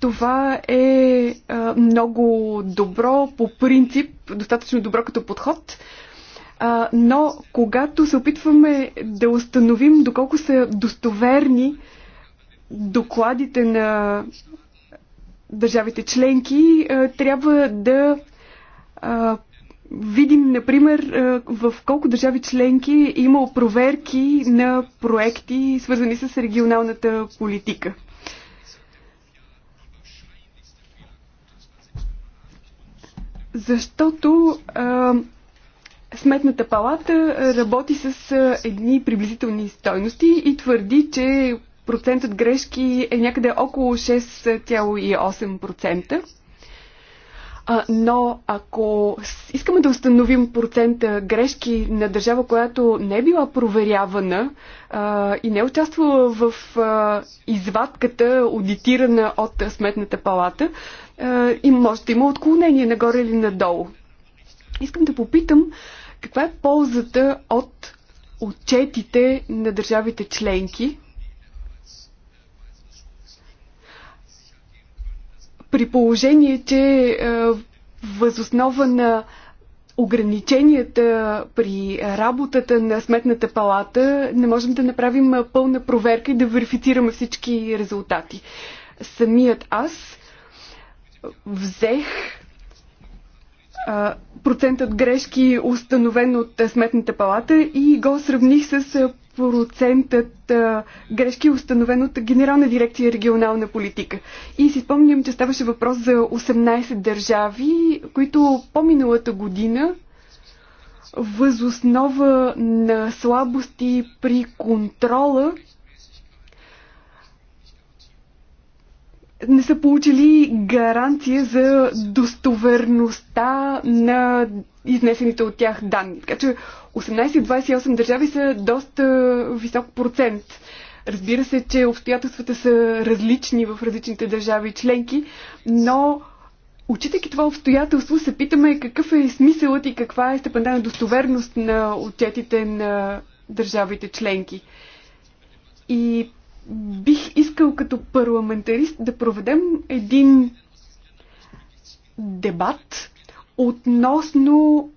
Това е много добро по принцип, достатъчно добро като подход, а, но когато се опитваме да установим доколко са достоверни докладите на държавите членки, а, трябва да а, видим, например, в колко държави членки е има проверки на проекти, свързани с регионалната политика. Защото а, Сметната палата работи с едни приблизителни стойности и твърди, че процентът грешки е някъде около 6,8%. но ако искаме да установим процента грешки на държава, която не е била проверявана и не е участвала в извадката, аудитирана от Сметната палата, и може да има отклонение нагоре или надолу. Искам да попитам каква е ползата от отчетите на държавите членки при положение, че е, възоснова на ограниченията при работата на Сметната палата не можем да направим пълна проверка и да верифицираме всички резултати. Самият аз взех процентът грешки, установен от Сметната палата и го сравних с процентът грешки, установен от Генерална дирекция регионална политика. И си спомням, че ставаше въпрос за 18 държави, които по-миналата година възоснова на слабости при контрола не са получили гаранция за достоверността на изнесените от тях данни. Така че 18-28 държави са доста висок процент. Разбира се, че обстоятелствата са различни в различните държави и членки, но учитайки това обстоятелство, се питаме какъв е смисълът и каква е степента на достоверност на отчетите на държавите членки. И бих искал като парламентарист да проведем един дебат относно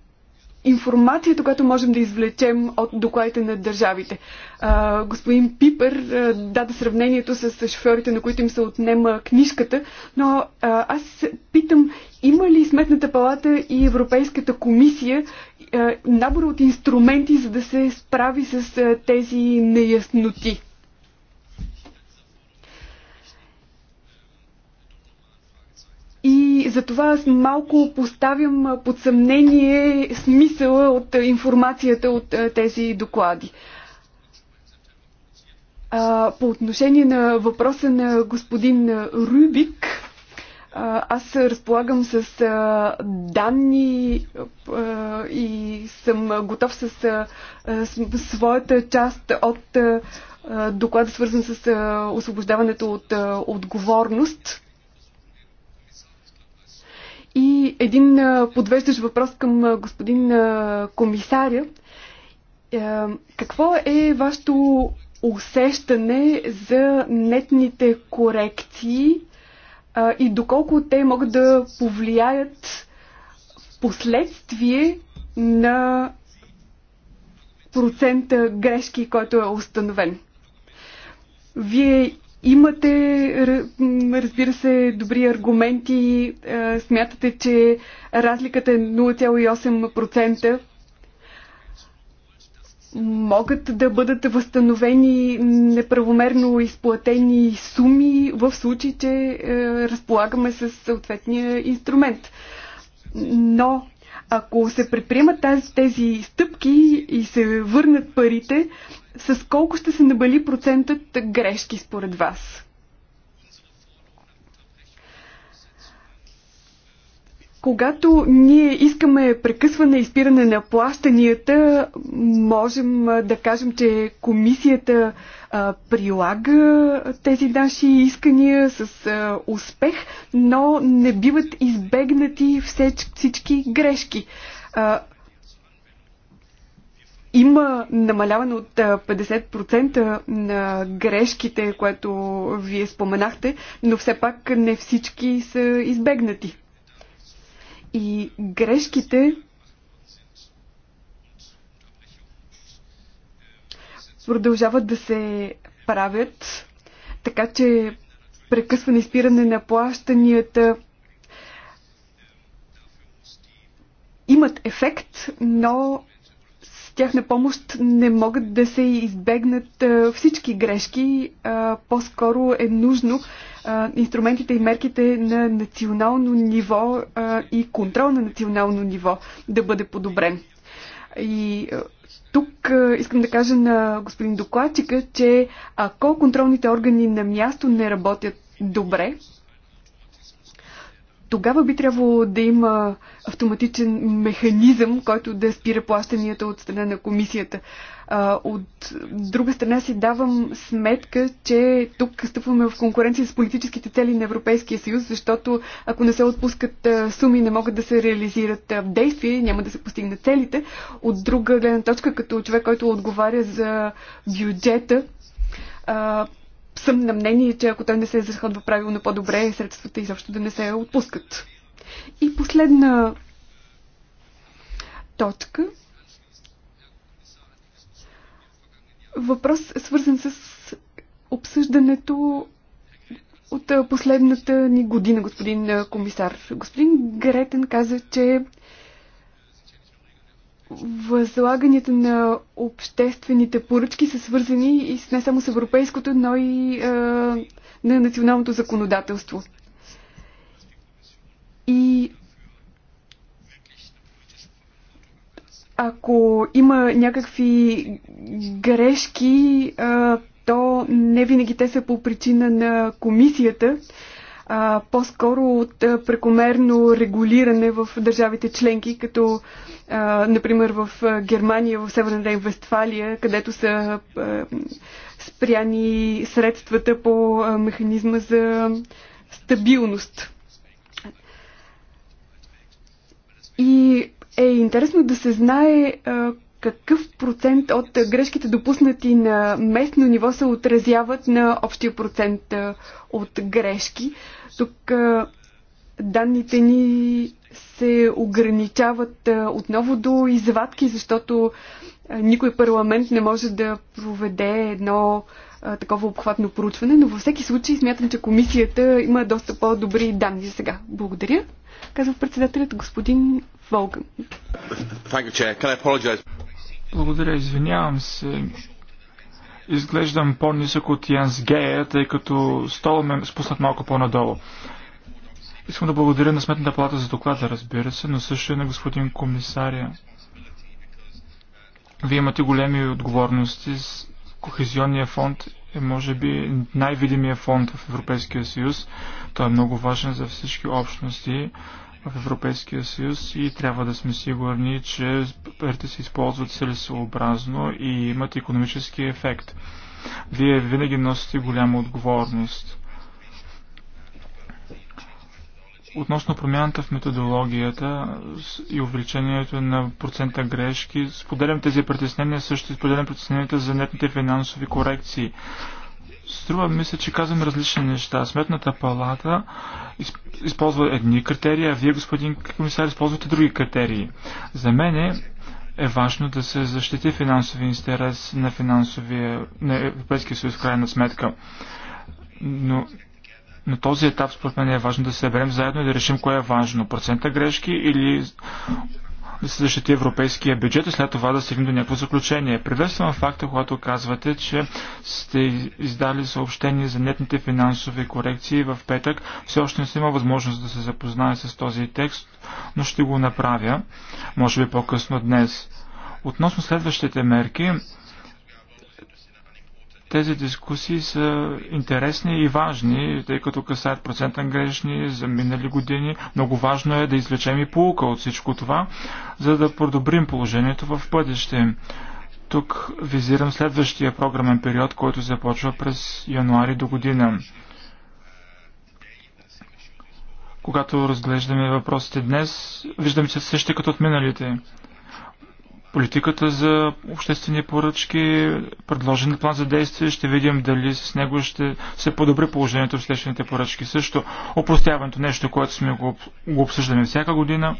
информацията, която можем да извлечем от докладите на държавите. А, господин Пипер а, даде сравнението с шофьорите, на които им се отнема книжката, но а, аз питам, има ли Сметната палата и Европейската комисия а, набор от инструменти, за да се справи с а, тези неясноти? затова аз малко поставям под съмнение смисъла от информацията от тези доклади. А, по отношение на въпроса на господин Рубик, аз разполагам с данни и съм готов с своята част от доклада, свързан с освобождаването от отговорност. И един подвеждащ въпрос към господин комисаря. Е, какво е вашето усещане за нетните корекции и доколко те могат да повлияят последствие на процента грешки, който е установен? Вие Имате, разбира се, добри аргументи. Е, смятате, че разликата е 0,8%. Могат да бъдат възстановени неправомерно изплатени суми в случай, че е, разполагаме с съответния инструмент. Но ако се предприемат тези стъпки и се върнат парите, с колко ще се набали процентът грешки според вас? Когато ние искаме прекъсване и спиране на плащанията, можем да кажем, че комисията а, прилага тези наши искания с а, успех, но не биват избегнати всички грешки. А, има намаляване от 50% на грешките, което вие споменахте, но все пак не всички са избегнати. И грешките продължават да се правят, така че прекъсване и спиране на плащанията имат ефект, но тяхна тях на помощ не могат да се избегнат всички грешки. По-скоро е нужно инструментите и мерките на национално ниво и контрол на национално ниво да бъде подобрен. И тук искам да кажа на господин докладчика, че ако контролните органи на място не работят добре, тогава би трябвало да има автоматичен механизъм, който да спира плащанията от страна на комисията. От друга страна си давам сметка, че тук стъпваме в конкуренция с политическите цели на Европейския съюз, защото ако не се отпускат суми, не могат да се реализират действия, няма да се постигнат целите. От друга гледна точка, като човек, който отговаря за бюджета, съм на мнение, че ако той не се изразходва правилно по-добре, средствата изобщо да не се отпускат. И последна точка. Въпрос свързан с обсъждането от последната ни година, господин комисар. Господин Гретен каза, че възлаганията на обществените поръчки са свързани и не само с европейското, но и а, на националното законодателство. И ако има някакви грешки, а, то не винаги те са по причина на комисията а, по-скоро от прекомерно регулиране в държавите членки, като а, например в Германия, в Северна Ден Вестфалия, където са а, спряни средствата по механизма за стабилност. И е интересно да се знае а, какъв процент от грешките допуснати на местно ниво се отразяват на общия процент от грешки. Тук данните ни се ограничават отново до извадки, защото никой парламент не може да проведе едно такова обхватно проучване, но във всеки случай смятам, че комисията има доста по-добри данни за сега. Благодаря. Казва председателят господин Волган. Благодаря, извинявам се. Изглеждам по-нисък от Янс Гея, тъй като стола ме спуснат малко по-надолу. Искам да благодаря на Сметната плата за доклада, разбира се, но също и на господин комисаря. Вие имате големи отговорности. Кохезионния фонд е, може би, най-видимия фонд в Европейския съюз. Той е много важен за всички общности в Европейския съюз и трябва да сме сигурни, че парите се използват целесообразно и имат економически ефект. Вие винаги носите голяма отговорност. Относно промяната в методологията и увеличението на процента грешки, споделям тези притеснения, също споделям притесненията за нетните финансови корекции. Струва ми се, че казваме различни неща. Сметната палата използва едни критерии, а вие, господин комисар, използвате други критерии. За мен е важно да се защити финансовия интерес на, финансовия, на Европейския съюз в крайна сметка. Но на този етап, според мен, е важно да се съберем заедно и да решим кое е важно. Процента грешки или да се защити европейския бюджет и след това да стигнем до някакво заключение. Приветствам факта, когато казвате, че сте издали съобщение за нетните финансови корекции в петък. Все още не съм има възможност да се запознае с този текст, но ще го направя, може би по-късно днес. Относно следващите мерки, тези дискусии са интересни и важни, тъй като касаят процента на грешни за минали години. Много важно е да извлечем и полука от всичко това, за да подобрим положението в бъдеще. Тук визирам следващия програмен период, който започва през януари до година. Когато разглеждаме въпросите днес, виждаме се същи като от миналите. Политиката за обществени поръчки, предложен план за действие, ще видим дали с него ще се подобри положението в следващите поръчки. Също опростяването, нещо, което сме го, го обсъждаме всяка година.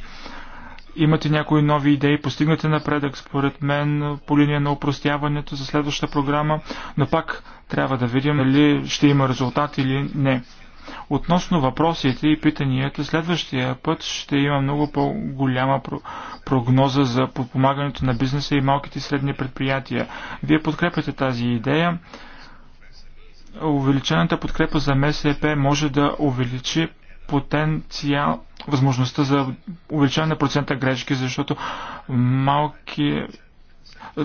Имате някои нови идеи, постигнате напредък, според мен, по линия на опростяването за следващата програма, но пак трябва да видим дали ще има резултат или не. Относно въпросите и питанията, следващия път ще има много по-голяма прогноза за подпомагането на бизнеса и малките и средни предприятия. Вие подкрепяте тази идея. Увеличената подкрепа за МСП може да увеличи потенциал, възможността за увеличаване на процента грешки, защото малки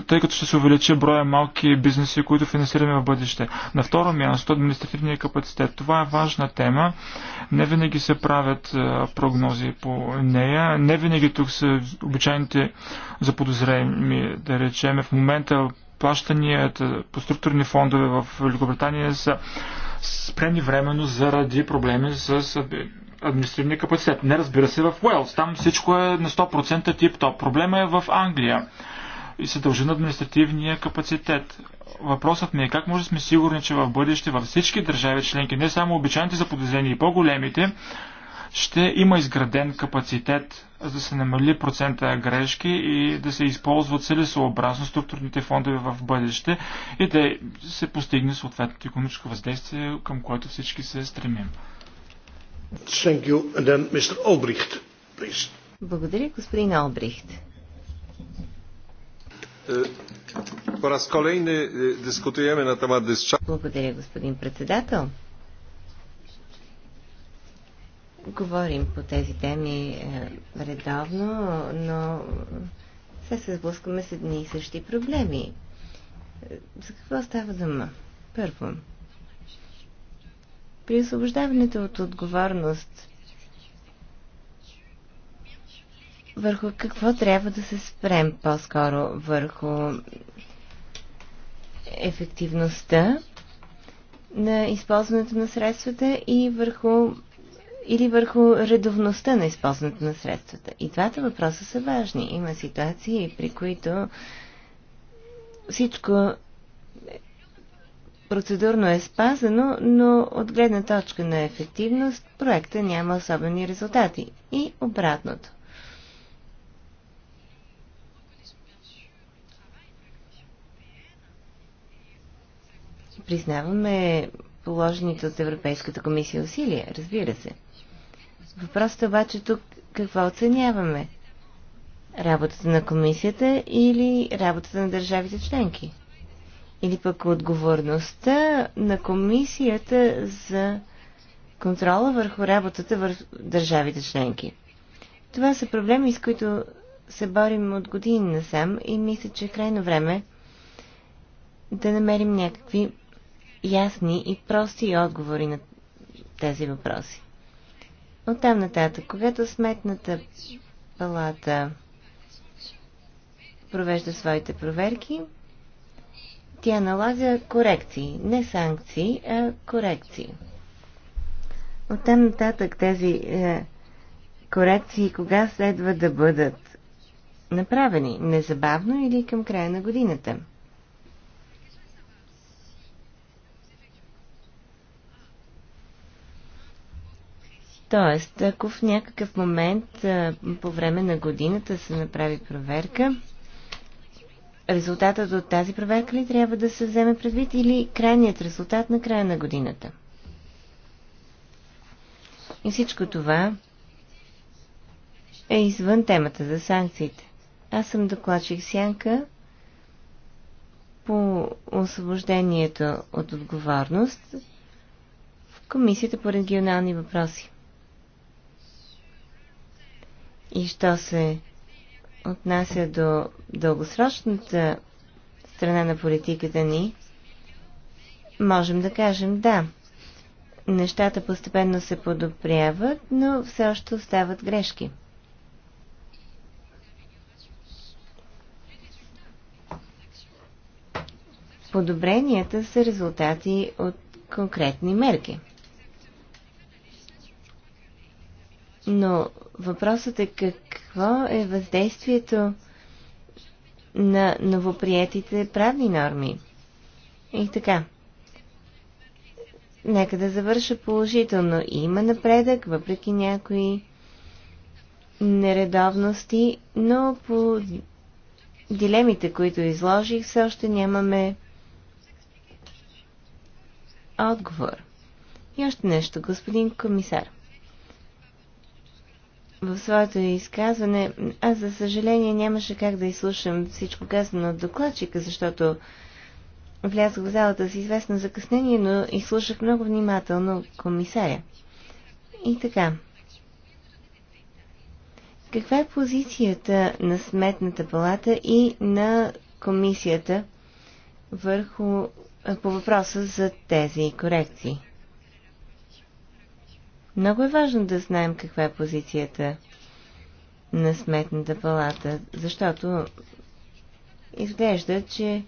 тъй като ще се увеличи броя малки бизнеси, които финансираме в бъдеще. На второ място административния капацитет. Това е важна тема. Не винаги се правят прогнози по нея. Не винаги тук са обичайните заподозрени, да речем. В момента плащанията по структурни фондове в Великобритания са спрени временно заради проблеми с административния капацитет. Не разбира се в Уелс. Там всичко е на 100% тип-топ. Проблема е в Англия и се дължи на административния капацитет. Въпросът ми е как може да сме сигурни, че в бъдеще във всички държави членки, не само обичайните за подозрени и по-големите, ще има изграден капацитет за да се намали процента грешки и да се използват целесообразно структурните фондове в бъдеще и да се постигне съответното економическо въздействие, към което всички се стремим. Then, Благодаря, господин Албрихт. E, e, Благодаря, господин председател. Говорим по тези теми е, редовно, но се сблъскваме с едни и същи проблеми. Е, за какво става дума? Първо, при освобождаването от отговорност Върху какво трябва да се спрем по-скоро? Върху ефективността на използването на средствата и върху или върху редовността на използването на средствата. И двата въпроса са важни. Има ситуации, при които всичко процедурно е спазено, но от гледна точка на ефективност проекта няма особени резултати. И обратното. признаваме положените от Европейската комисия усилия, разбира се. Въпросът е обаче тук какво оценяваме? Работата на комисията или работата на държавите членки? Или пък отговорността на комисията за контрола върху работата върху държавите членки? Това са проблеми, с които се борим от години насам и мисля, че е крайно време да намерим някакви ясни и прости отговори на тези въпроси. Оттам нататък, когато сметната палата провежда своите проверки, тя налага корекции. Не санкции, а корекции. Оттам нататък тези е, корекции кога следва да бъдат направени? Незабавно или към края на годината? Тоест, ако в някакъв момент по време на годината се направи проверка, резултатът от тази проверка ли трябва да се вземе предвид или крайният резултат на края на годината? И всичко това е извън темата за санкциите. Аз съм докладчик Сянка по освобождението от отговорност в Комисията по регионални въпроси. И що се отнася до дългосрочната страна на политиката ни, можем да кажем да. Нещата постепенно се подобряват, но все още остават грешки. Подобренията са резултати от конкретни мерки. Но въпросът е какво е въздействието на новоприетите правни норми. И така. Нека да завърша положително. Има напредък, въпреки някои нередовности, но по дилемите, които изложих, все още нямаме отговор. И още нещо, господин комисар в своето изказване. Аз, за съжаление, нямаше как да изслушам всичко казано от докладчика, защото влязох в залата с известно закъснение, но изслушах много внимателно комисаря. И така. Каква е позицията на Сметната палата и на комисията върху, по въпроса за тези корекции? Много е важно да знаем каква е позицията на Сметната палата, защото изглежда, че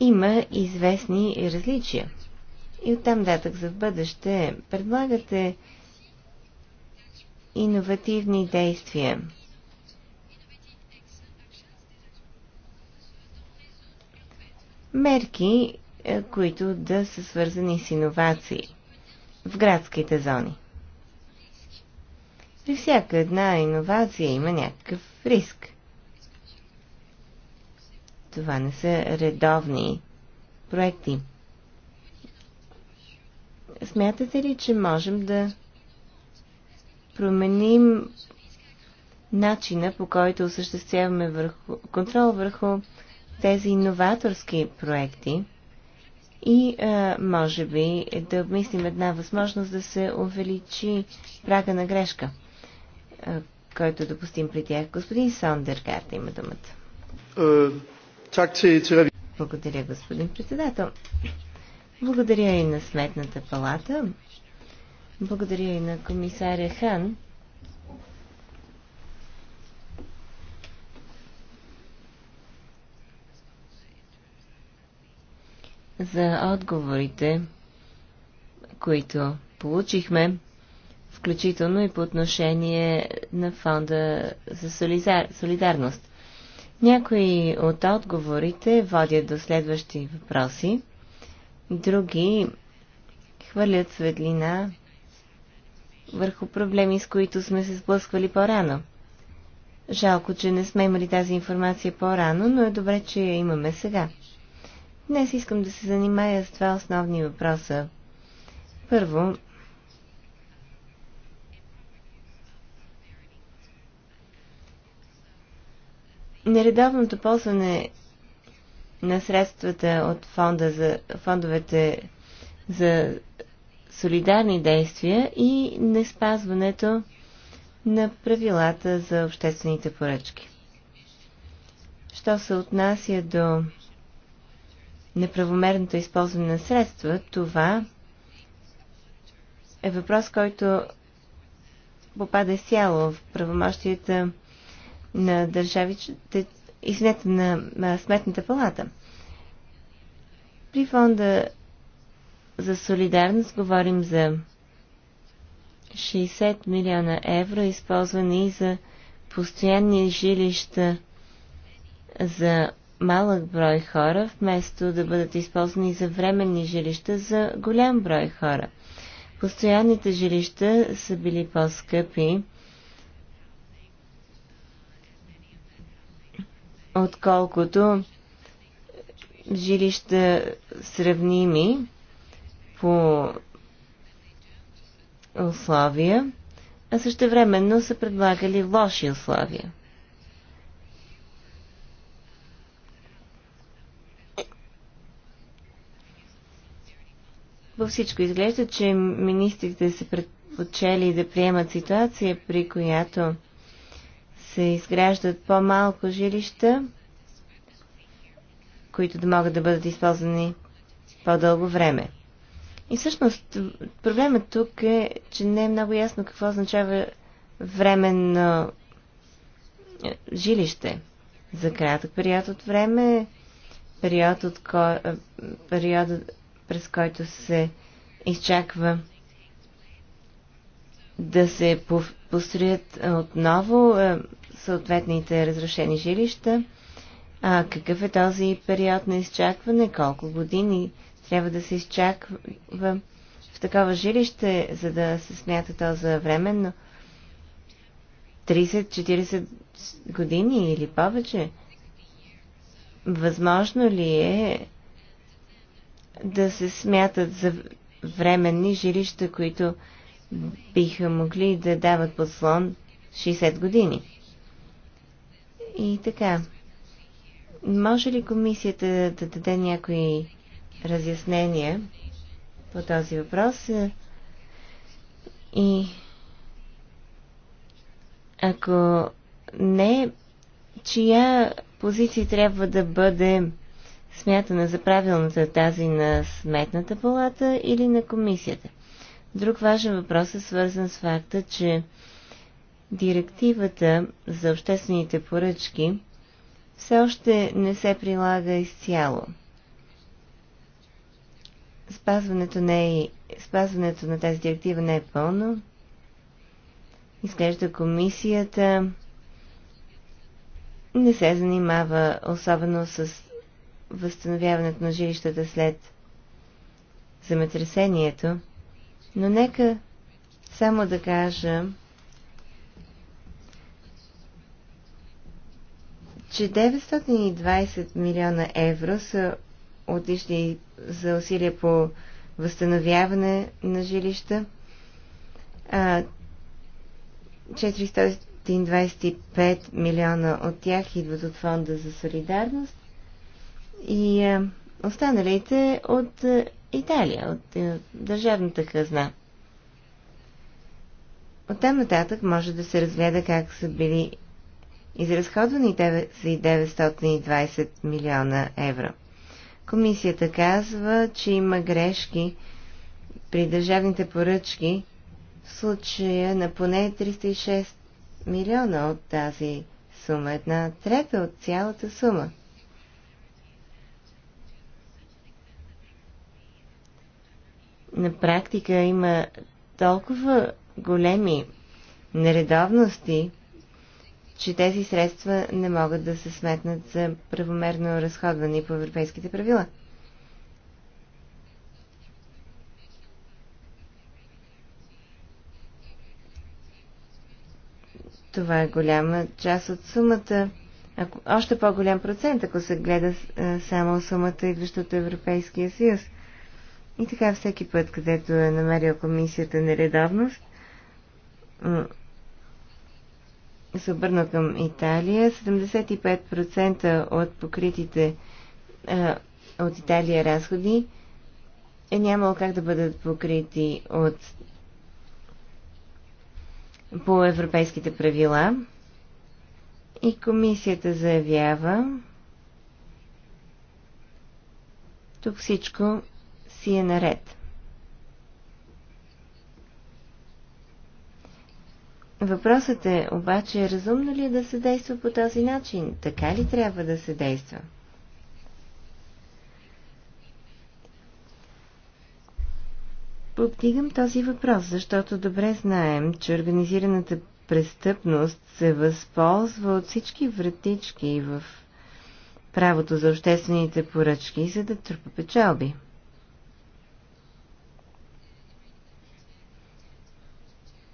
има известни различия. И оттам датък за в бъдеще предлагате иновативни действия. Мерки, е, които да са свързани с иновации в градските зони. При всяка една иновация има някакъв риск. Това не са редовни проекти. Смятате ли, че можем да променим начина по който осъществяваме върху, контрол върху тези иноваторски проекти? и а, е, може би да обмислим една възможност да се увеличи прага на грешка, а, е, който е допустим при тях. Господин Сондергард има думата. Е, Благодаря, господин председател. Благодаря и на Сметната палата. Благодаря и на комисаря Хан за отговорите, които получихме, включително и по отношение на фонда за солидар... солидарност. Някои от отговорите водят до следващи въпроси, други хвърлят светлина върху проблеми, с които сме се сблъсквали по-рано. Жалко, че не сме имали тази информация по-рано, но е добре, че я имаме сега. Днес искам да се занимая с два основни въпроса. Първо, нередовното ползване на средствата от фонда за, фондовете за солидарни действия и не спазването на правилата за обществените поръчки. Що се отнася до неправомерното използване на средства, това е въпрос, който попада сяло в правомощията на държавите, извинете, на Сметната палата. При фонда за солидарност говорим за 60 милиона евро, използвани за постоянни жилища за малък брой хора, вместо да бъдат използвани за временни жилища за голям брой хора. Постоянните жилища са били по-скъпи, отколкото жилища сравними по условия, а също времено са предлагали лоши условия. Във всичко изглежда, че министрите се предпочели да приемат ситуация, при която се изграждат по-малко жилища, които да могат да бъдат използвани по-дълго време. И всъщност проблемът тук е, че не е много ясно какво означава временно е, жилище. За кратък период от време, период от, ко... Е, период през който се изчаква да се построят отново е, съответните разрушени жилища. А какъв е този период на изчакване? Колко години трябва да се изчаква в такова жилище, за да се смята то за временно? 30-40 години или повече? Възможно ли е да се смятат за временни жилища, които биха могли да дават подслон 60 години. И така, може ли комисията да даде някои разяснения по този въпрос? И ако не, чия позиция трябва да бъде смятана за правилната тази на Сметната палата или на комисията. Друг важен въпрос е свързан с факта, че директивата за обществените поръчки все още не се прилага изцяло. Спазването, не е, спазването на тази директива не е пълно. Изглежда комисията не се занимава особено с възстановяването на жилищата след земетресението, но нека само да кажа, че 920 милиона евро са отишли за усилия по възстановяване на жилища, а 425 милиона от тях идват от Фонда за солидарност, и а, е, останалите от а, е, Италия, от а, е, държавната хазна. От там нататък може да се разгледа как са били изразходвани 920 милиона евро. Комисията казва, че има грешки при държавните поръчки в случая на поне 306 милиона от тази сума, една трета от цялата сума. на практика има толкова големи нередовности, че тези средства не могат да се сметнат за правомерно разходване по европейските правила. Това е голяма част от сумата, ако, още по-голям процент, ако се гледа само сумата, идваща от Европейския съюз – и така всеки път, където е намерил комисията нередовност, се обърна към Италия. 75% от покритите а, от Италия разходи е нямало как да бъдат покрити от по европейските правила. И комисията заявява, тук всичко си е наред. Въпросът е обаче, разумно ли е да се действа по този начин? Така ли трябва да се действа? Подтигам този въпрос, защото добре знаем, че организираната престъпност се възползва от всички вратички в правото за обществените поръчки, за да трупа печалби.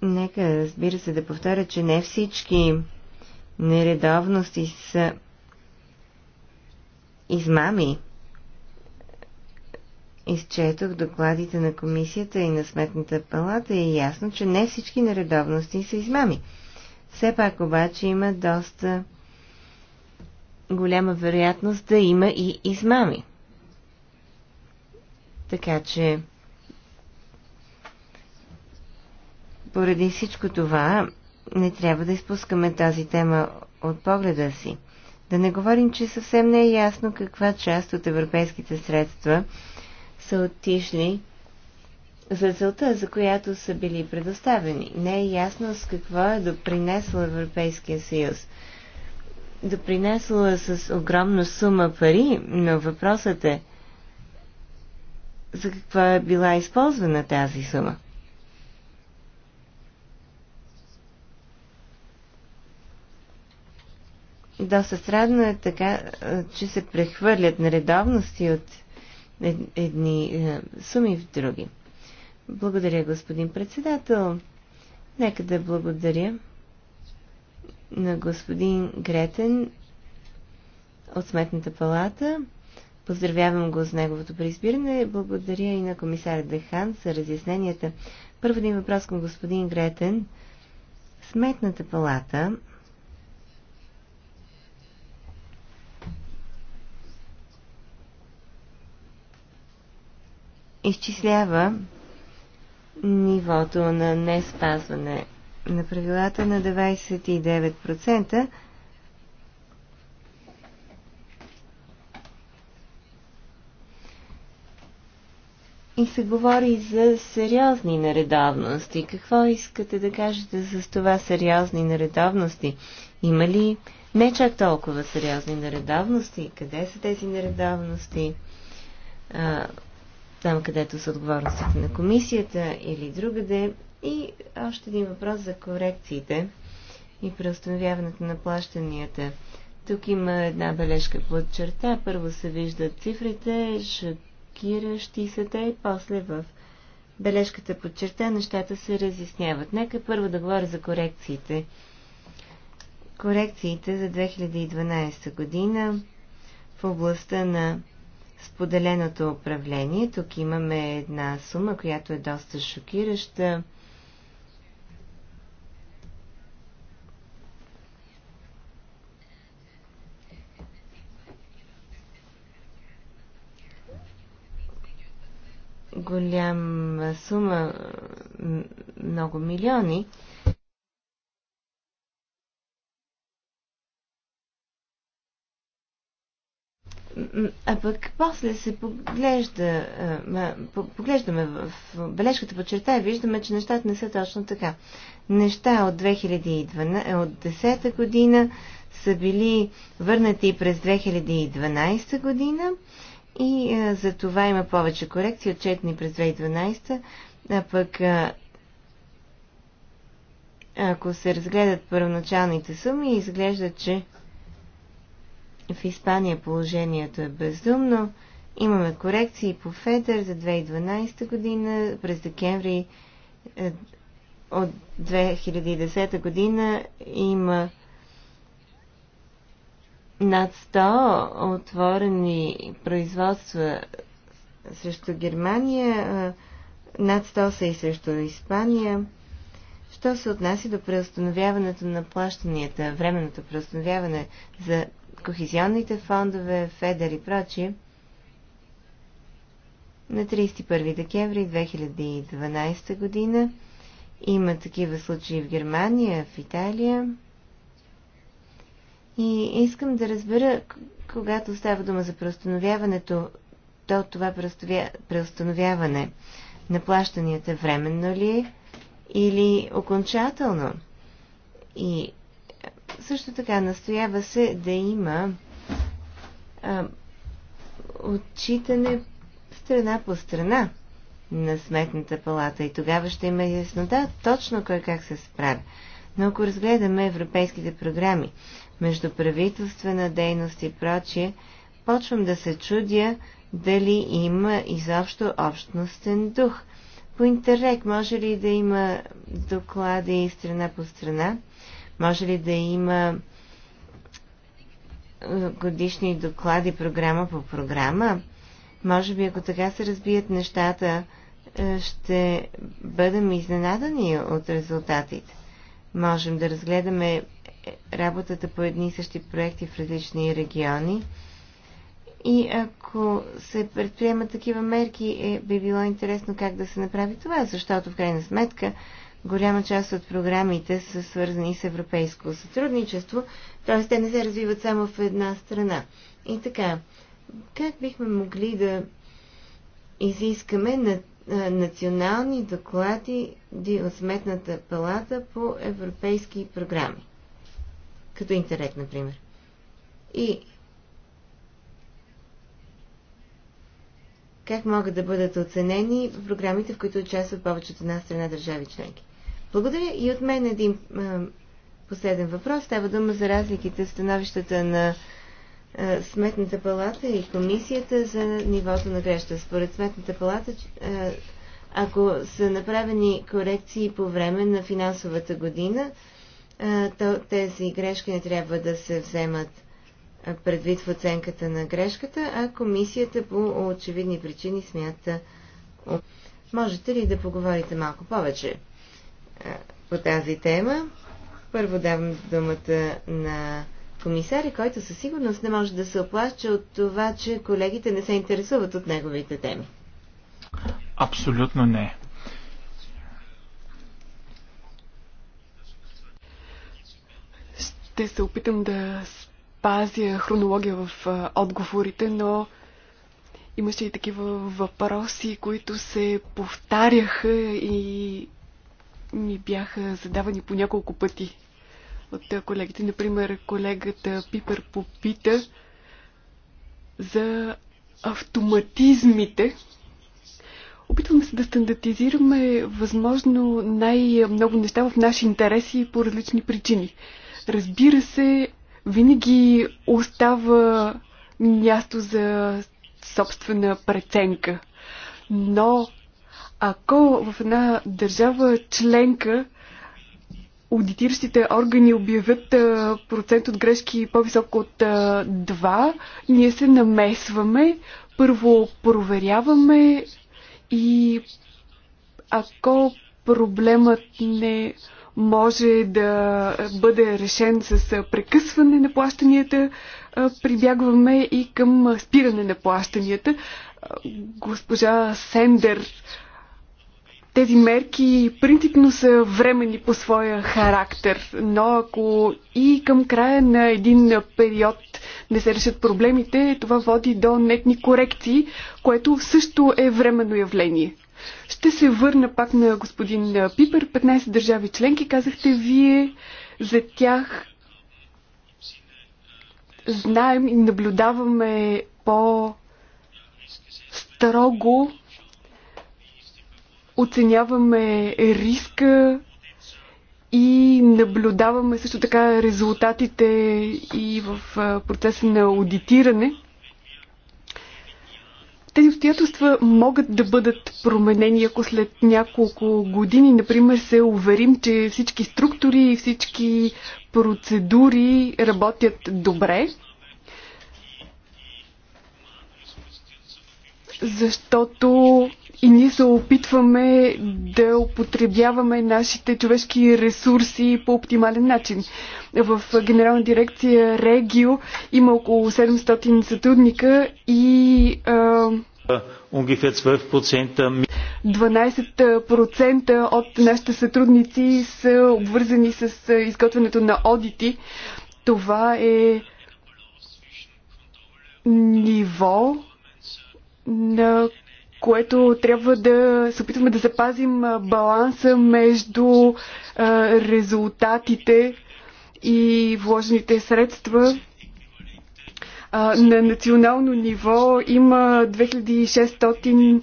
Нека, разбира се, да повтаря, че не всички нередовности са измами. Изчетох докладите на комисията и на сметната палата и е ясно, че не всички нередовности са измами. Все пак обаче има доста голяма вероятност да има и измами. Така че Поради всичко това не трябва да изпускаме тази тема от погледа си. Да не говорим, че съвсем не е ясно каква част от европейските средства са отишли за целта, за която са били предоставени. Не е ясно с какво е допринесъл Европейския съюз. Допринесла с огромна сума пари, но въпросът е за каква е била използвана тази сума. доста странно е така, че се прехвърлят нередовности от едни е, суми в други. Благодаря, господин председател. Нека да благодаря на господин Гретен от Сметната палата. Поздравявам го с неговото преизбиране. Благодаря и на комисар Дехан за разясненията. Първо един въпрос към господин Гретен. Сметната палата изчислява нивото на не спазване на правилата на 29%, И се говори за сериозни нередовности. Какво искате да кажете с това сериозни нередовности? Има ли не чак толкова сериозни нередовности? Къде са тези нередовности? А, там където са отговорностите на комисията или другаде. И още един въпрос за корекциите и преустановяването на плащанията. Тук има една бележка под черта. Първо се виждат цифрите, шокиращи са те, и после в бележката под черта нещата се разясняват. Нека първо да говоря за корекциите. Корекциите за 2012 година в областта на споделеното управление. Тук имаме една сума, която е доста шокираща. голяма сума, много милиони. А пък после се поглежда, поглеждаме в бележката по черта и виждаме, че нещата не са точно така. Неща от 2012, е, от година са били върнати през 2012 година и за това има повече корекции, отчетни през 2012, а пък ако се разгледат първоначалните суми, изглежда, че в Испания положението е безумно. Имаме корекции по Федер за 2012 година. През декември е, от 2010 година има над 100 отворени производства срещу Германия, е, над 100 са и срещу Испания. Що се отнася до преустановяването на плащанията, временното преустановяване за кохезионните фондове, ФЕДЕР и прочие, на 31 декември 2012 година. Има такива случаи в Германия, в Италия. И искам да разбера, когато става дума за преустановяването, то това преустановяване на плащанията временно ли е или окончателно? И също така настоява се да има а, отчитане страна по страна на сметната палата и тогава ще има яснота точно кой как се справя. Но ако разгледаме европейските програми, междуправителствена дейност и прочие, почвам да се чудя дали има изобщо общностен дух. По интерек може ли да има доклади страна по страна? Може ли да има е, годишни доклади, програма по програма? Може би, ако така се разбият нещата, е, ще бъдем изненадани от резултатите. Можем да разгледаме работата по едни и същи проекти в различни региони. И ако се предприемат такива мерки, е, би било интересно как да се направи това, защото в крайна сметка голяма част от програмите са свързани с европейско сътрудничество, т.е. те не се развиват само в една страна. И така, как бихме могли да изискаме на, а, национални доклади от Сметната палата по европейски програми? Като интернет, например. И как могат да бъдат оценени в програмите, в които участват повече от една страна държави членки. Благодаря и от мен един а, последен въпрос. Става дума за разликите в становищата на а, Сметната палата и комисията за нивото на грешка. Според Сметната палата, а, ако са направени корекции по време на финансовата година, а, то тези грешки не трябва да се вземат предвид в оценката на грешката, а комисията по очевидни причини смята. Можете ли да поговорите малко повече? по тази тема. Първо давам думата на комисаря, който със сигурност не може да се оплаче от това, че колегите не се интересуват от неговите теми. Абсолютно не. Ще се опитам да спазя хронология в отговорите, но имаше и такива въпроси, които се повтаряха и ми бяха задавани по няколко пъти от колегите. Например, колегата Пипер попита за автоматизмите. Опитваме се да стандартизираме възможно най-много неща в наши интереси по различни причини. Разбира се, винаги остава място за собствена преценка. Но ако в една държава членка аудитиращите органи обявят процент от грешки по-висок от 2, ние се намесваме, първо проверяваме и ако проблемът не може да бъде решен с прекъсване на плащанията, прибягваме и към спиране на плащанията. Госпожа Сендер тези мерки принципно са времени по своя характер, но ако и към края на един период не се решат проблемите, това води до нетни корекции, което също е временно явление. Ще се върна пак на господин Пипер. 15 държави членки казахте вие за тях. Знаем и наблюдаваме по-строго оценяваме риска и наблюдаваме също така резултатите и в процеса на аудитиране. Тези обстоятелства могат да бъдат променени, ако след няколко години, например, се уверим, че всички структури и всички процедури работят добре. защото и ние се опитваме да употребяваме нашите човешки ресурси по оптимален начин. В Генерална дирекция Регио има около 700 сътрудника и а, 12% от нашите сътрудници са обвързани с изготвянето на одити. Това е ниво, на което трябва да се опитваме да запазим баланса между резултатите и вложените средства. На национално ниво има 2600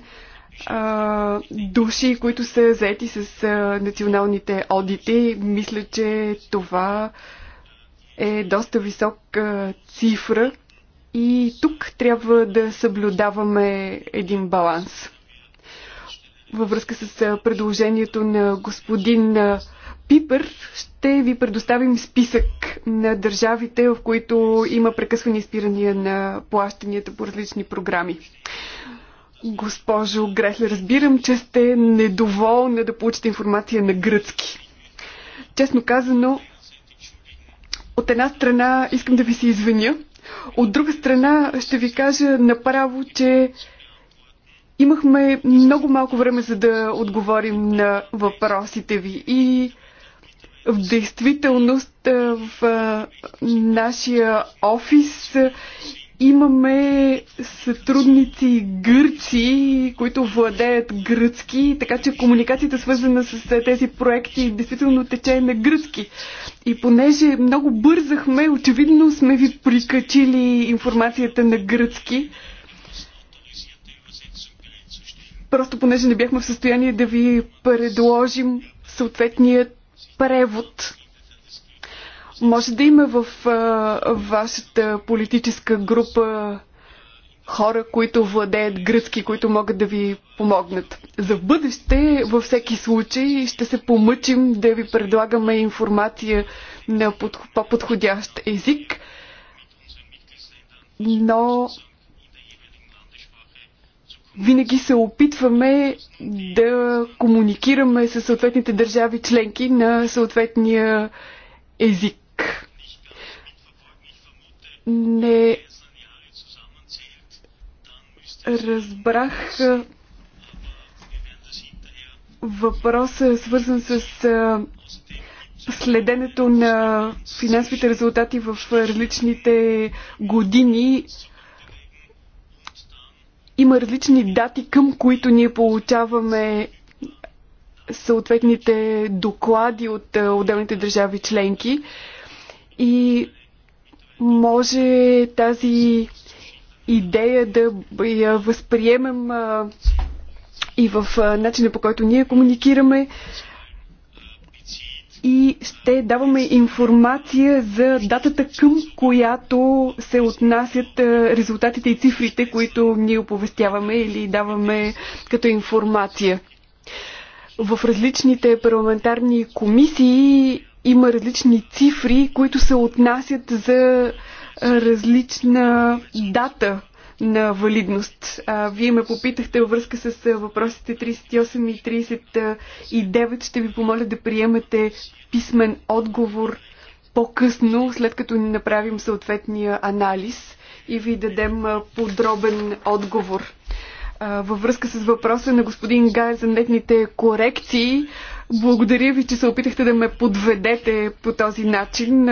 души, които са заети с националните одити. Мисля, че това е доста висока цифра и тук трябва да съблюдаваме един баланс. Във връзка с предложението на господин Пипър, ще ви предоставим списък на държавите, в които има прекъсвани и спирания на плащанията по различни програми. Госпожо Гресле, разбирам, че сте недоволна да получите информация на гръцки. Честно казано, от една страна искам да ви се извиня, от друга страна, ще ви кажа направо, че имахме много малко време за да отговорим на въпросите ви и в действителност в нашия офис Имаме сътрудници гърци, които владеят гръцки, така че комуникацията свързана с е, тези проекти действително тече на гръцки. И понеже много бързахме, очевидно сме ви прикачили информацията на гръцки. Просто понеже не бяхме в състояние да ви предложим съответният превод може да има в вашата политическа група хора, които владеят гръцки, които могат да ви помогнат. За бъдеще, във всеки случай, ще се помъчим да ви предлагаме информация на по-подходящ език, но винаги се опитваме да комуникираме с съответните държави членки на съответния език не разбрах въпроса, е свързан с следенето на финансовите резултати в различните години. Има различни дати, към които ние получаваме съответните доклади от отделните държави членки и може тази идея да я възприемем а, и в а, начина по който ние комуникираме и ще даваме информация за датата към която се отнасят а, резултатите и цифрите, които ние оповестяваме или даваме като информация. В различните парламентарни комисии има различни цифри, които се отнасят за различна дата на валидност. А, вие ме попитахте във връзка с въпросите 38 и 39. Ще ви помоля да приемете писмен отговор по-късно, след като ни направим съответния анализ и ви дадем подробен отговор във връзка с въпроса на господин Гай за нетните корекции. Благодаря ви, че се опитахте да ме подведете по този начин.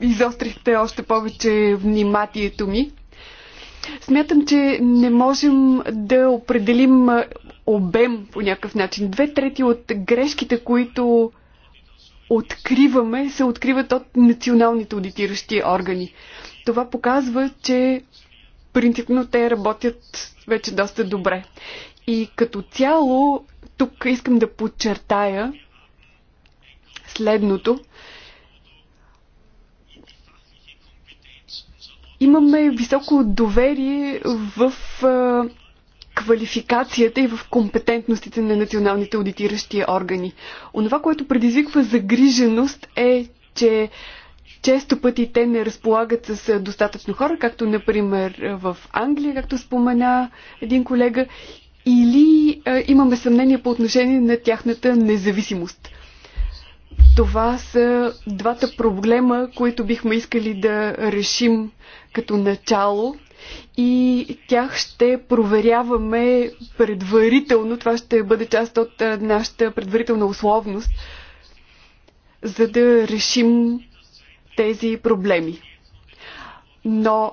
Изострихте още повече вниманието ми. Смятам, че не можем да определим обем по някакъв начин. Две трети от грешките, които откриваме, се откриват от националните аудитиращи органи. Това показва, че принципно те работят вече доста добре. И като цяло, тук искам да подчертая следното. Имаме високо доверие в квалификацията и в компетентностите на националните аудитиращи органи. Онова, което предизвиква загриженост е, че често пъти те не разполагат с достатъчно хора, както например в Англия, както спомена един колега, или а, имаме съмнение по отношение на тяхната независимост. Това са двата проблема, които бихме искали да решим като начало и тях ще проверяваме предварително. Това ще бъде част от нашата предварителна условност, за да решим тези проблеми. Но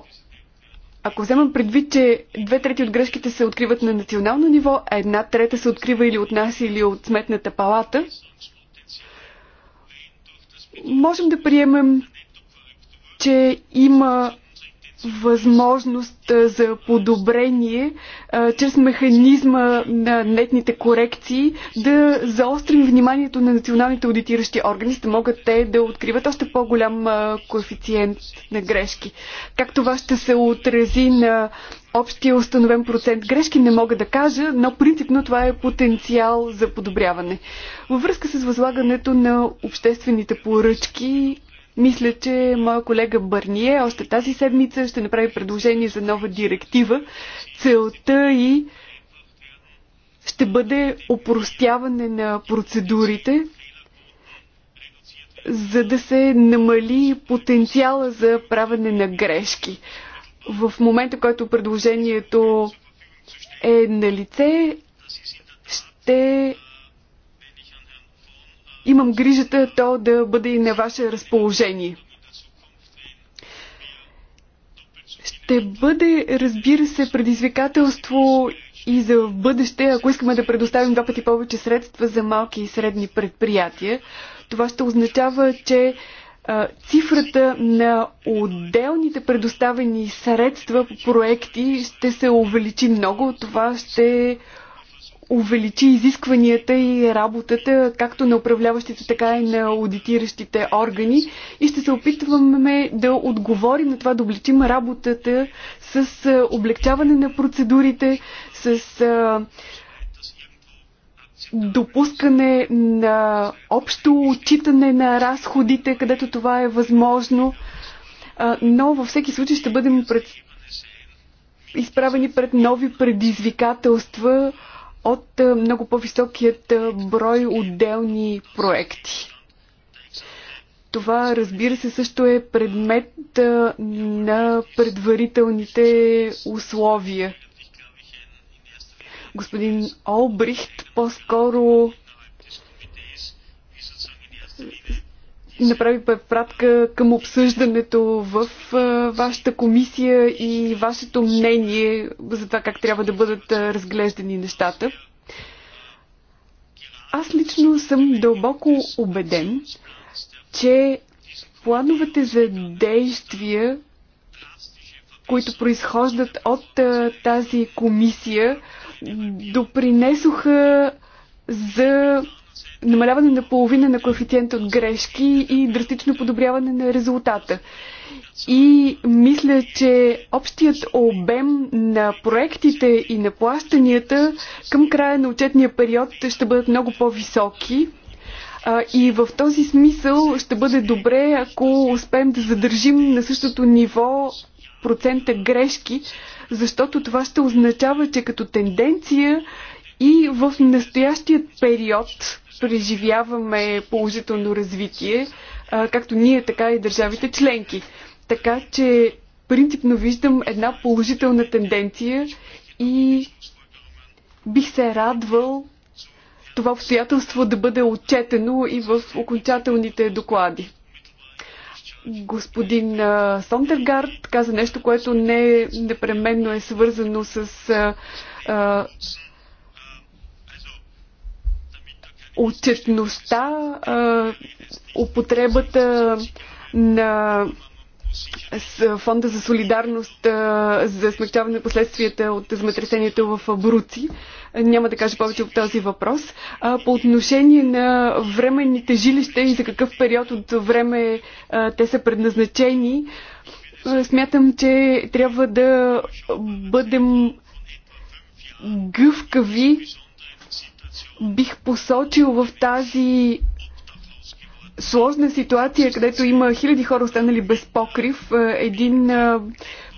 ако вземам предвид, че две трети от грешките се откриват на национално ниво, а една трета се открива или от нас, или от сметната палата, можем да приемем, че има възможност за подобрение чрез механизма на нетните корекции да заострим вниманието на националните аудитиращи органи, да могат те да откриват още по-голям коефициент на грешки. Как това ще се отрази на общия установен процент грешки не мога да кажа, но принципно това е потенциал за подобряване. Във връзка с възлагането на обществените поръчки мисля, че моя колега Бърние още тази седмица ще направи предложение за нова директива. Целта и ще бъде опростяване на процедурите, за да се намали потенциала за правене на грешки. В момента, който предложението е на лице, ще имам грижата то да бъде и на ваше разположение. Ще бъде, разбира се, предизвикателство и за бъдеще, ако искаме да предоставим два пъти повече средства за малки и средни предприятия. Това ще означава, че цифрата на отделните предоставени средства по проекти ще се увеличи много. Това ще увеличи изискванията и работата както на управляващите, така и на аудитиращите органи и ще се опитваме да отговорим на това, да обличим работата с облегчаване на процедурите, с допускане на общо отчитане на разходите, където това е възможно, но във всеки случай ще бъдем пред изправени пред нови предизвикателства, от е, много по-високият е, брой отделни проекти. Това, разбира се, също е предмет е, на предварителните условия. Господин Олбрихт по-скоро направи препратка към обсъждането в вашата комисия и вашето мнение за това как трябва да бъдат разглеждани нещата. Аз лично съм дълбоко убеден, че плановете за действия, които произхождат от тази комисия, допринесоха за намаляване на половина на коефициент от грешки и драстично подобряване на резултата. И мисля, че общият обем на проектите и на плащанията към края на отчетния период ще бъдат много по-високи. И в този смисъл ще бъде добре, ако успеем да задържим на същото ниво процента грешки, защото това ще означава, че като тенденция и в настоящият период преживяваме положително развитие, както ние, така и държавите членки. Така че принципно виждам една положителна тенденция и бих се радвал това обстоятелство да бъде отчетено и в окончателните доклади. Господин Сондергард каза нещо, което не непременно е свързано с а, отчетността, употребата на Фонда за солидарност за смягчаване на последствията от земетресението в Бруци. Няма да кажа повече от този въпрос. По отношение на временните жилища и за какъв период от време те са предназначени, смятам, че трябва да бъдем гъвкави бих посочил в тази сложна ситуация, където има хиляди хора останали без покрив, е, един е,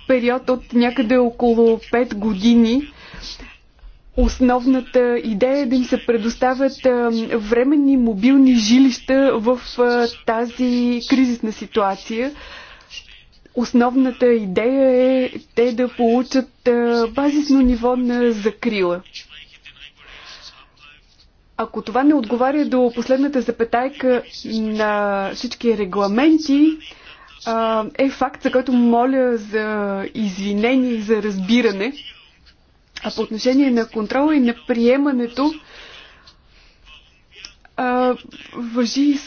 период от някъде около 5 години. Основната идея е да им се предоставят е, временни мобилни жилища в тази кризисна ситуация. Основната идея е те да получат базисно ниво на закрила. Ако това не отговаря до последната запетайка на всички регламенти, е факт, за който моля за извинение и за разбиране. А по отношение на контрола и на приемането, въжи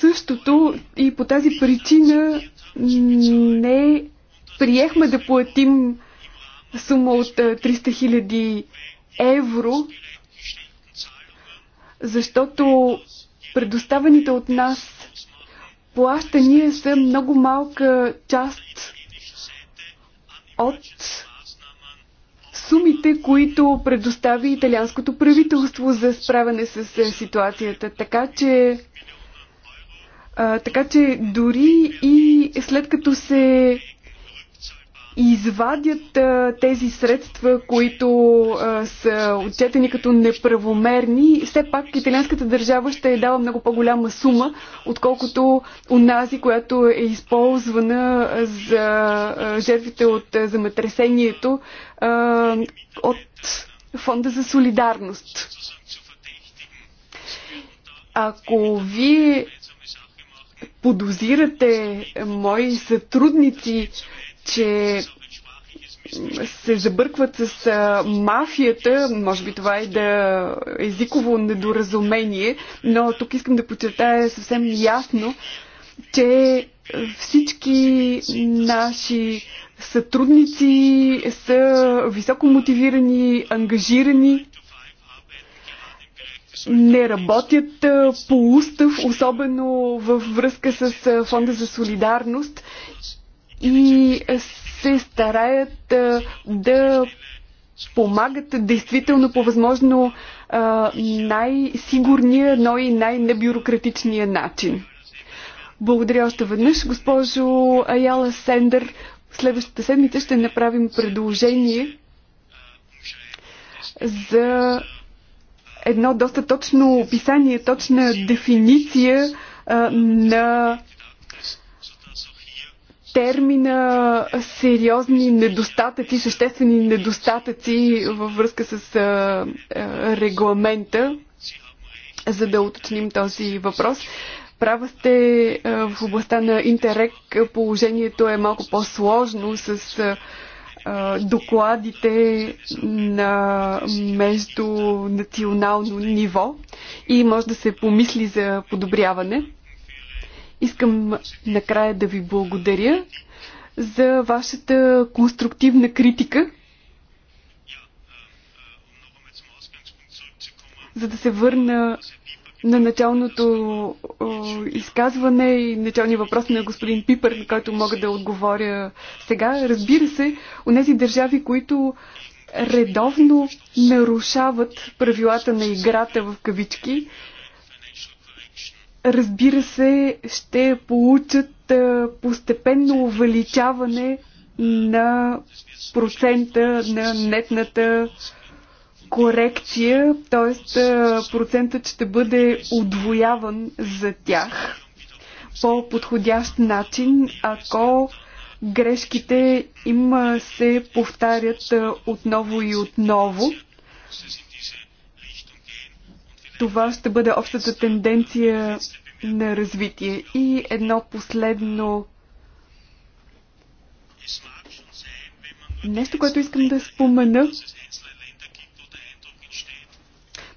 същото и по тази причина не приехме да платим сума от 300 000 евро защото предоставените от нас плащания са много малка част от сумите, които предостави италианското правителство за справяне с е, ситуацията. Така че, а, така че дори и след като се извадят а, тези средства, които а, са отчетени като неправомерни, все пак италианската държава ще е дала много по-голяма сума, отколкото унази, която е използвана за а, жертвите от земетресението а, от Фонда за солидарност. Ако вие подозирате мои сътрудници, че се забъркват с а, мафията, може би това е да езиково недоразумение, но тук искам да подчертая съвсем ясно, че всички наши сътрудници са високо мотивирани, ангажирани, не работят по устав, особено във връзка с Фонда за солидарност и се стараят да помагат действително по възможно най-сигурния, но и най-небюрократичния начин. Благодаря още веднъж, госпожо Аяла Сендър. Следващата седмица ще направим предложение за едно доста точно описание, точна дефиниция а, на термина сериозни недостатъци, съществени недостатъци във връзка с а, а, регламента, за да уточним този въпрос. Права сте а, в областта на интерек. Положението е малко по-сложно с а, докладите на междунационално ниво и може да се помисли за подобряване. Искам накрая да ви благодаря за вашата конструктивна критика. За да се върна на началното изказване и началния въпрос на господин Пипър, на който мога да отговоря сега. Разбира се, у нези държави, които редовно нарушават правилата на играта в кавички, разбира се, ще получат постепенно увеличаване на процента на нетната корекция, т.е. процентът ще бъде отвояван за тях по подходящ начин, ако грешките им се повтарят отново и отново. Това ще бъде общата тенденция на развитие. И едно последно нещо, което искам да спомена.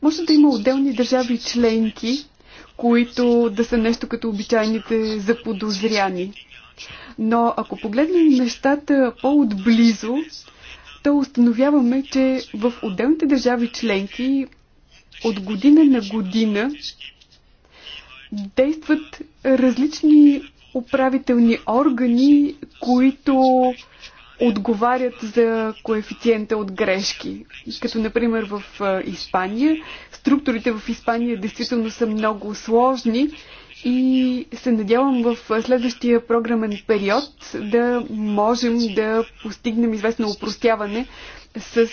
Може да има отделни държави членки, които да са нещо като обичайните заподозряни. Но ако погледнем нещата по-отблизо, то установяваме, че в отделните държави членки от година на година действат различни управителни органи, които отговарят за коефициента от грешки. Като, например, в Испания. Структурите в Испания действително са много сложни и се надявам в следващия програмен период да можем да постигнем известно упростяване с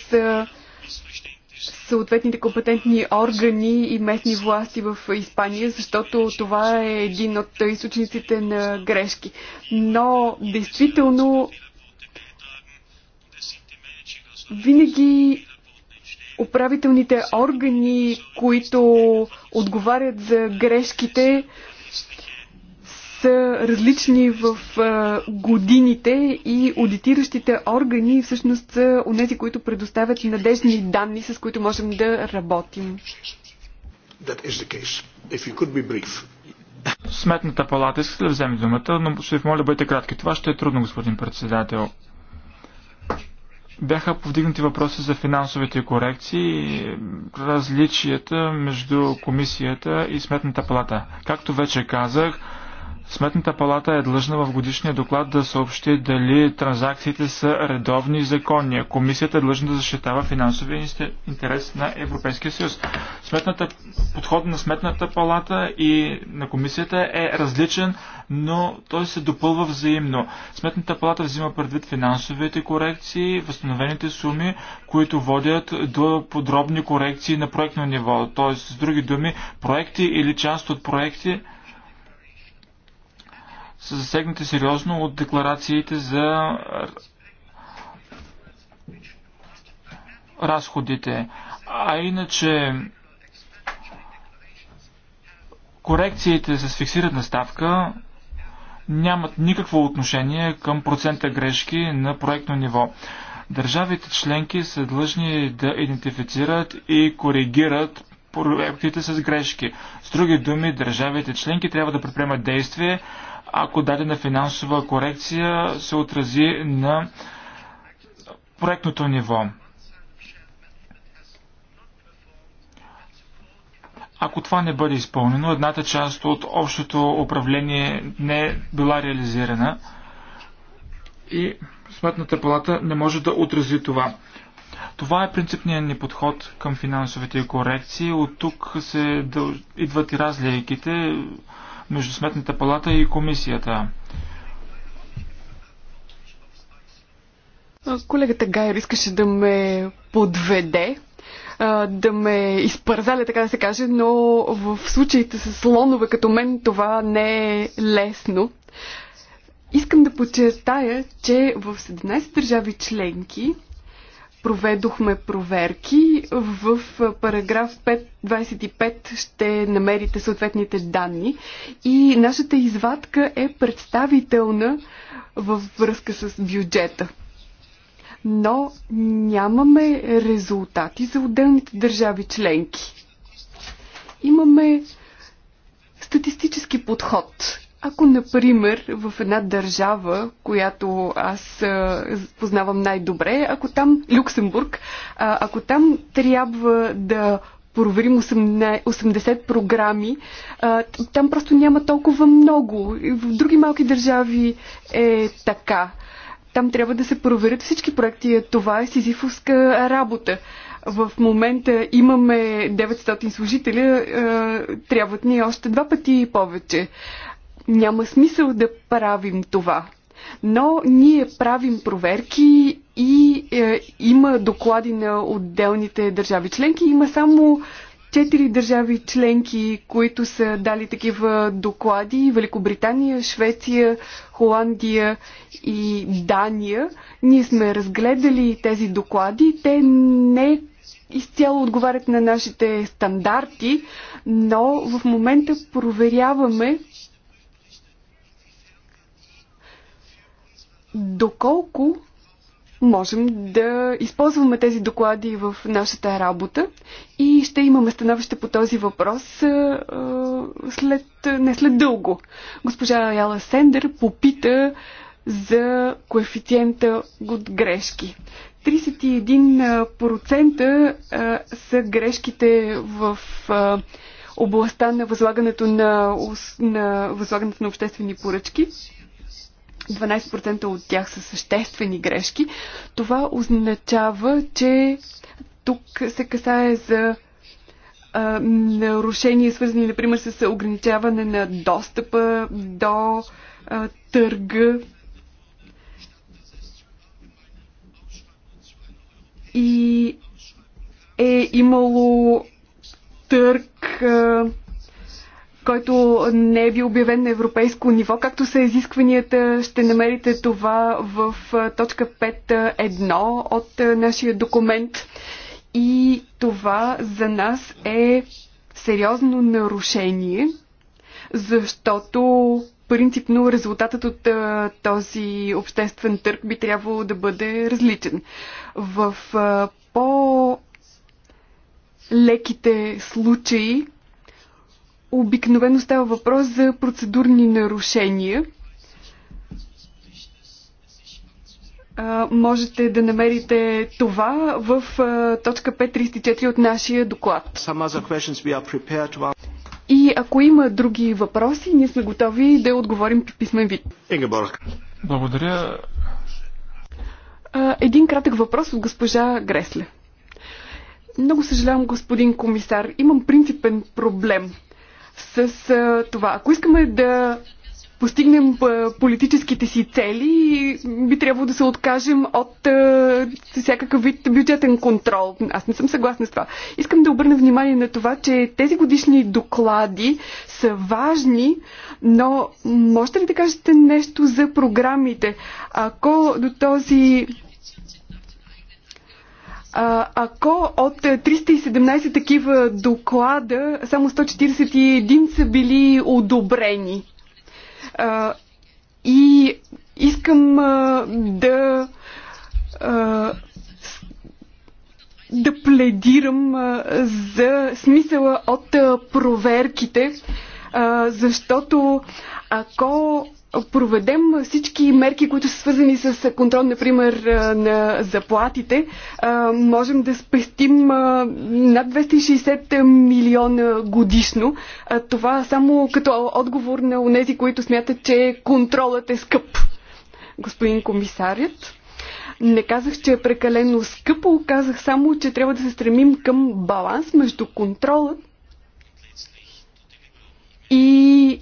съответните компетентни органи и местни власти в Испания, защото това е един от източниците на грешки. Но действително винаги управителните органи, които отговарят за грешките, са различни в годините и аудитиращите органи всъщност са онези, които предоставят надежни данни, с които можем да работим. That is the case. If you could be brief. Сметната палата, искате да вземе думата, но ще ви моля да бъдете кратки. Това ще е трудно, господин председател. Бяха повдигнати въпроси за финансовите корекции, различията между комисията и сметната палата. Както вече казах, Сметната палата е длъжна в годишния доклад да съобщи дали транзакциите са редовни и законни. Комисията е длъжна да защитава финансовия интерес на Европейския съюз. Сметната, подход на Сметната палата и на комисията е различен, но той се допълва взаимно. Сметната палата взима предвид финансовите корекции, възстановените суми, които водят до подробни корекции на проектно ниво. Т.е. с други думи, проекти или част от проекти са засегнати сериозно от декларациите за разходите. А иначе корекциите с фиксирана ставка нямат никакво отношение към процента грешки на проектно ниво. Държавите членки са длъжни да идентифицират и коригират проектите с грешки. С други думи, държавите членки трябва да предприемат действие, ако дадена финансова корекция се отрази на проектното ниво. Ако това не бъде изпълнено, едната част от общото управление не е била реализирана и Сметната палата не може да отрази това. Това е принципният ни подход към финансовите корекции. От тук се идват и разликите между Сметната палата и комисията. Колегата Гайер искаше да ме подведе, да ме изпързали, така да се каже, но в случаите с слонове като мен това не е лесно. Искам да подчертая, че в 17 държави членки проведохме проверки. В параграф 5, 25 ще намерите съответните данни. И нашата извадка е представителна във връзка с бюджета. Но нямаме резултати за отделните държави членки. Имаме статистически подход ако, например, в една държава, която аз а, познавам най-добре, ако там, Люксембург, а, ако там трябва да проверим 80 програми, а, там просто няма толкова много. В други малки държави е така. Там трябва да се проверят всички проекти. Това е сизифовска работа. В момента имаме 900 служители, трябват ни още два пъти повече няма смисъл да правим това. Но ние правим проверки и е, има доклади на отделните държави членки. Има само четири държави членки, които са дали такива доклади Великобритания, Швеция, Холандия и Дания. Ние сме разгледали тези доклади. Те не изцяло отговарят на нашите стандарти, но в момента проверяваме доколко можем да използваме тези доклади в нашата работа и ще имаме становище по този въпрос след, не след дълго. Госпожа Яла Сендер попита за коефициента от грешки. 31% са грешките в областта на възлагането на, на възлагането на обществени поръчки. 12% от тях са съществени грешки. Това означава, че тук се касае за а, нарушения, свързани, например, с ограничаване на достъпа до а, търга. И е имало търг. А, който не е бил обявен на европейско ниво, както са изискванията. Ще намерите това в точка 5.1 от нашия документ. И това за нас е сериозно нарушение, защото принципно резултатът от този обществен търг би трябвало да бъде различен. В по леките случаи Обикновено става въпрос за процедурни нарушения. А, можете да намерите това в а, точка 534 от нашия доклад. И ако има други въпроси, ние сме готови да отговорим по писмен вид. Ингеборг. Благодаря. А, един кратък въпрос от госпожа Гресле. Много съжалявам, господин комисар. Имам принципен проблем с това. Ако искаме да постигнем политическите си цели, би трябвало да се откажем от всякакъв вид бюджетен контрол. Аз не съм съгласна с това. Искам да обърна внимание на това, че тези годишни доклади са важни, но можете ли да кажете нещо за програмите? Ако до този а, ако от 317 такива доклада, само 141 са били одобрени. А, и искам а, да а, да пледирам а, за смисъла от а, проверките, а, защото ако проведем всички мерки, които са свързани с контрол, например, на заплатите, можем да спестим над 260 милиона годишно. Това само като отговор на унези, които смятат, че контролът е скъп. Господин комисарят. Не казах, че е прекалено скъпо, казах само, че трябва да се стремим към баланс между контрола и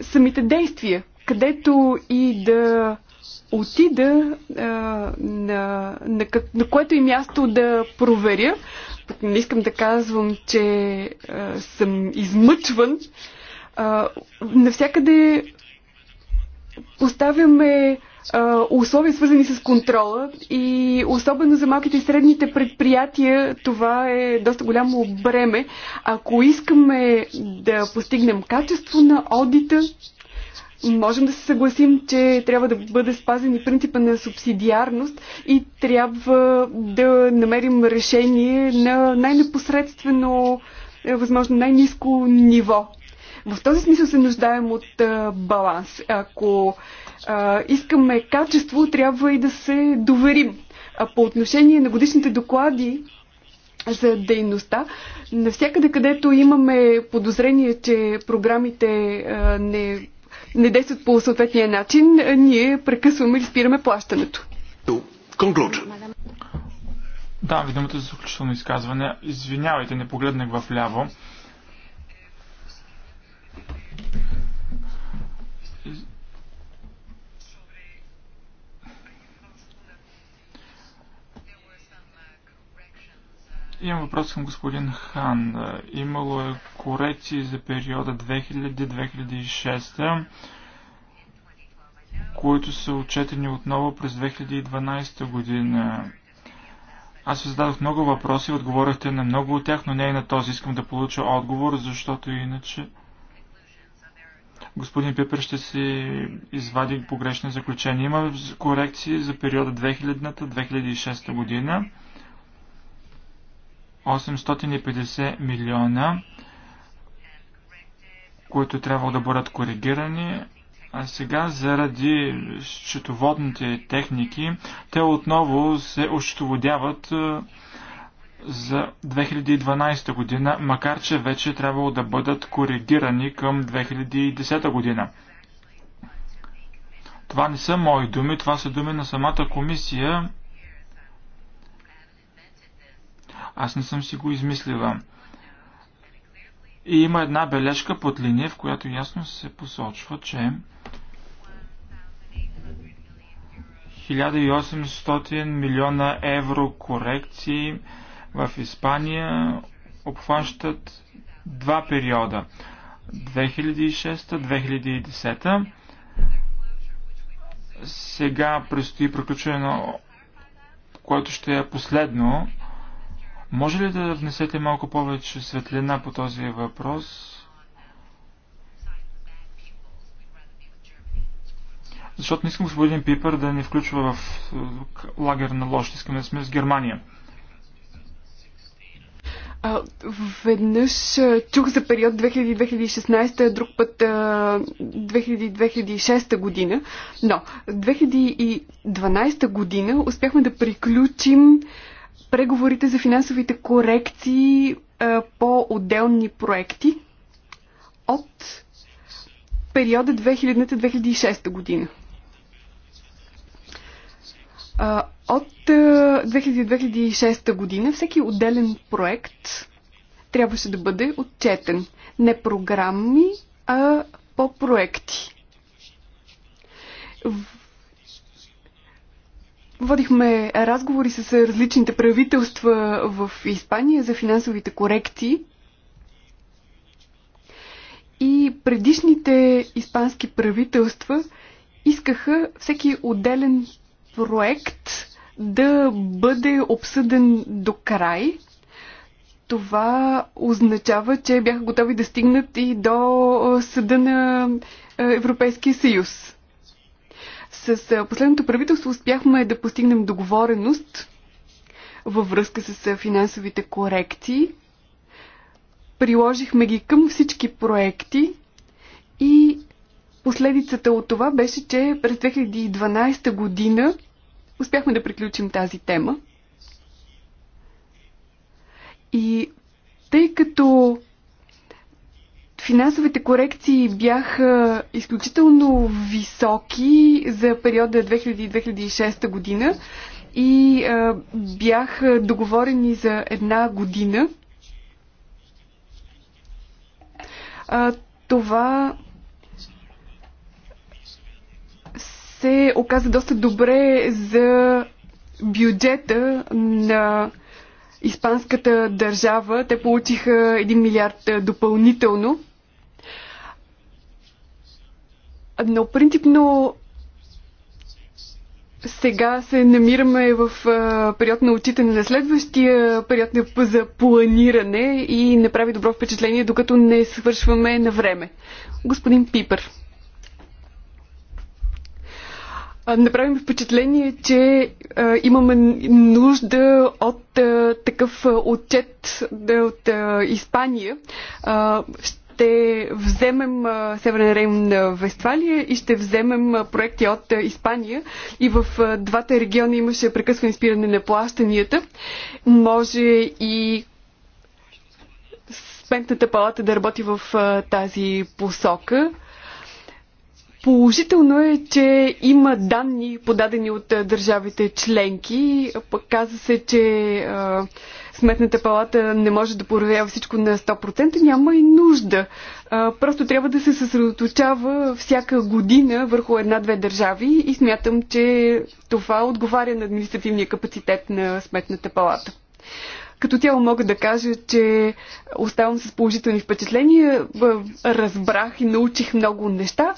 самите действия, където и да отида, а, на, на, на което и място да проверя. не искам да казвам, че а, съм измъчван. А, навсякъде поставяме а, условия, свързани с контрола и особено за малките и средните предприятия това е доста голямо бреме. Ако искаме да постигнем качество на одита, можем да се съгласим, че трябва да бъде спазен и принципа на субсидиарност и трябва да намерим решение на най-непосредствено, е, възможно най-низко ниво. В този смисъл се нуждаем от баланс. Ако а, искаме качество, трябва и да се доверим. А по отношение на годишните доклади, за дейността. Навсякъде, където имаме подозрение, че програмите не не действат по съответния начин, ние прекъсваме или спираме плащането. Да, ви думата за заключително изказване. Извинявайте, не погледнах в ляво. Имам въпрос към господин Хан. Имало е корекции за периода 2000-2006, които са отчетени отново през 2012 година. Аз ви зададох много въпроси, отговорихте на много от тях, но не и на този. Искам да получа отговор, защото иначе господин Пипер ще си извади погрешни заключения. Има корекции за периода 2000-2006 година. 850 милиона, които трябва да бъдат коригирани. А сега заради счетоводните техники, те отново се ощетоводяват е, за 2012 година, макар че вече е трябвало да бъдат коригирани към 2010 година. Това не са мои думи, това са думи на самата комисия Аз не съм си го измислила. И има една бележка под линия, в която ясно се посочва, че 1800 милиона евро корекции в Испания обхващат два периода 2006-2010. Сега предстои приключване което ще е последно може ли да внесете малко повече светлина по този въпрос? Защото не искам господин Пипър да ни включва в лагер на лош. Искаме да сме с Германия. А, веднъж а, чух за период 2000-2016, друг път 2000-2006 година, но 2012 година успяхме да приключим а, преговорите за финансовите корекции по отделни проекти от периода 2000-2006 година. От 2000-2006 година всеки отделен проект трябваше да бъде отчетен. Не програмни, а по проекти Водихме разговори с различните правителства в Испания за финансовите корекции. И предишните испански правителства искаха всеки отделен проект да бъде обсъден до край. Това означава, че бяха готови да стигнат и до съда на е, Европейския съюз. С последното правителство успяхме да постигнем договореност във връзка с финансовите корекции. Приложихме ги към всички проекти и последицата от това беше, че през 2012 година успяхме да приключим тази тема. И тъй като Финансовите корекции бяха изключително високи за периода 2000-2006 година и а, бяха договорени за една година. А, това се оказа доста добре за бюджета на испанската държава. Те получиха 1 милиард е, допълнително. Но принципно сега се намираме в е, период на отчитане на следващия период за планиране и не прави добро впечатление, докато не свършваме на време. Господин Пипър направим впечатление, че а, имаме нужда от а, такъв отчет да, от а, Испания. А, ще вземем а, Северен Рейм на Вестфалия и ще вземем а, проекти от а, Испания. И в а, двата региона имаше прекъсване спиране на плащанията. Може и Сметната палата да работи в а, тази посока. Положително е, че има данни подадени от държавите членки. Пък каза се, че Сметната палата не може да проверява всичко на 100%. Няма и нужда. просто трябва да се съсредоточава всяка година върху една-две държави и смятам, че това отговаря на административния капацитет на Сметната палата. Като цяло мога да кажа, че оставам с положителни впечатления, разбрах и научих много неща,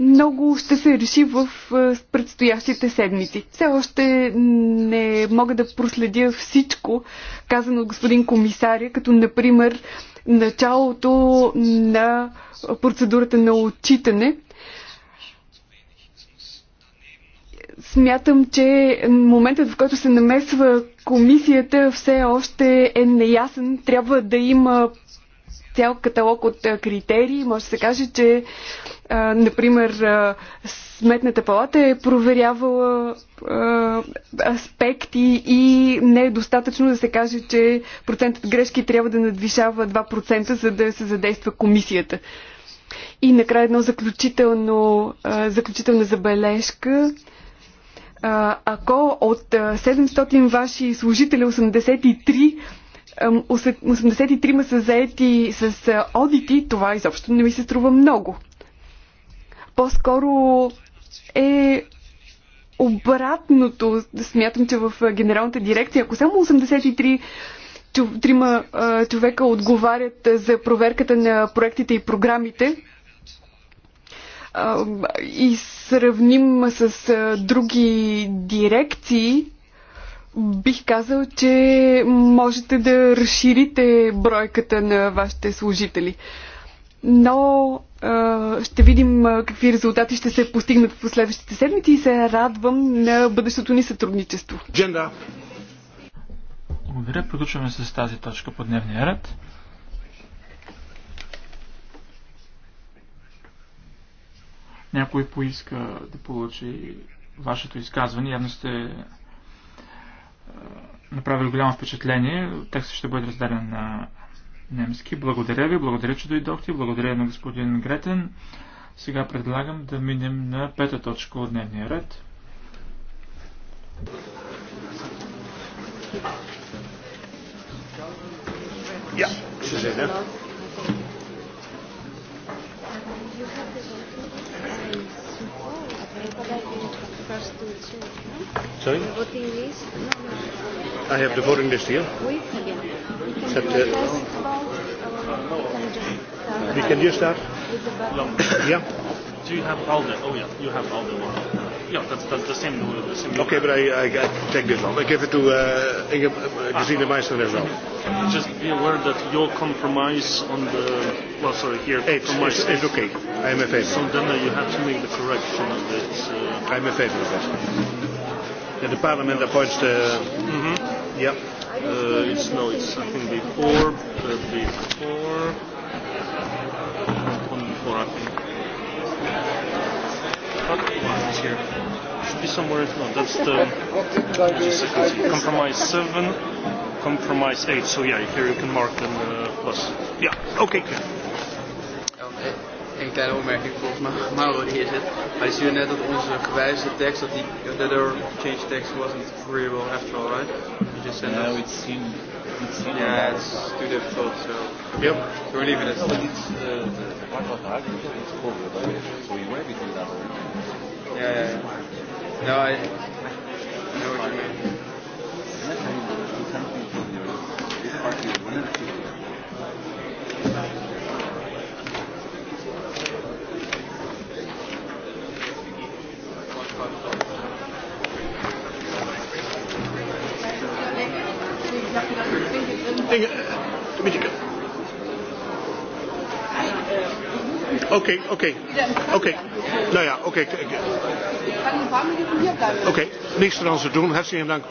много ще се реши в е, предстоящите седмици. Все още не мога да проследя всичко, казано от господин комисаря, като например началото на процедурата на отчитане. Смятам, че моментът, в който се намесва комисията, все още е неясен. Трябва да има цял каталог от критерии. Може да се каже, че, например, Сметната палата е проверявала аспекти и не е достатъчно да се каже, че процентът грешки трябва да надвишава 2%, за да се задейства комисията. И накрая едно заключително, заключителна забележка ако от 700 ваши служители 83 83 са заети с одити, това изобщо не ми се струва много. По-скоро е обратното. Смятам, че в генералната дирекция, ако само 83 трима човека отговарят за проверката на проектите и програмите, и сравним с други дирекции, Бих казал, че можете да разширите бройката на вашите служители. Но ще видим какви резултати ще се постигнат в последващите седмици и се радвам на бъдещото ни сътрудничество. Дженда. Благодаря. Приключваме с тази точка по дневния ред. Някой поиска да получи вашето изказване. Явно сте направили голямо впечатление. Текстът ще бъде раздаден на немски. Благодаря ви, благодаря, че дойдохте, благодаря на господин Гретен. Сега предлагам да минем на пета точка от дневния ред. Ja, ze zijn er. You first to check, Sorry? The voting list? No, no. I have the voting list here. We, yeah. we can Except, do vote we can just... Uh, we can just start? With the yeah. Do you have all the... Oh, yeah, you have all the ones. Yeah, that's, that's the same rule. The same okay, but I, I, I take this off. I give it to uh, Inge, Gesine Meister as well. Just be aware that your compromise on the, well, sorry, here, it's, compromise it's, it's okay. I am a favor. So then uh, you have to make the correction of it. Uh, I am a favor of that. Yeah, the parliament appoints the... Mm-hmm. Yeah. Uh, it's, no, it's, I think, before, uh, before, on before, I think. Okay. well, here be somewhere. No, that's the compromise seven, compromise eight. So yeah, here you can mark them uh, plus. Yeah. Okay. okay. Een kleine opmerking volgens mij, maar wat hier zit. Maar die stuurde net dat onze gewijzigde tekst, dat die that our change text wasn't agreeable after all, right? You just said no, it's seen. it's in Yeah, it's too difficult, so. Yep. we're leaving it. but it's the part of the argument, it's covered, So we were between that Yeah, yeah, yeah. No, I know you Okay, okay. Okay. Nou ja, oké. Okay. Oké, okay. niks er aan te doen. Hartstikke dank.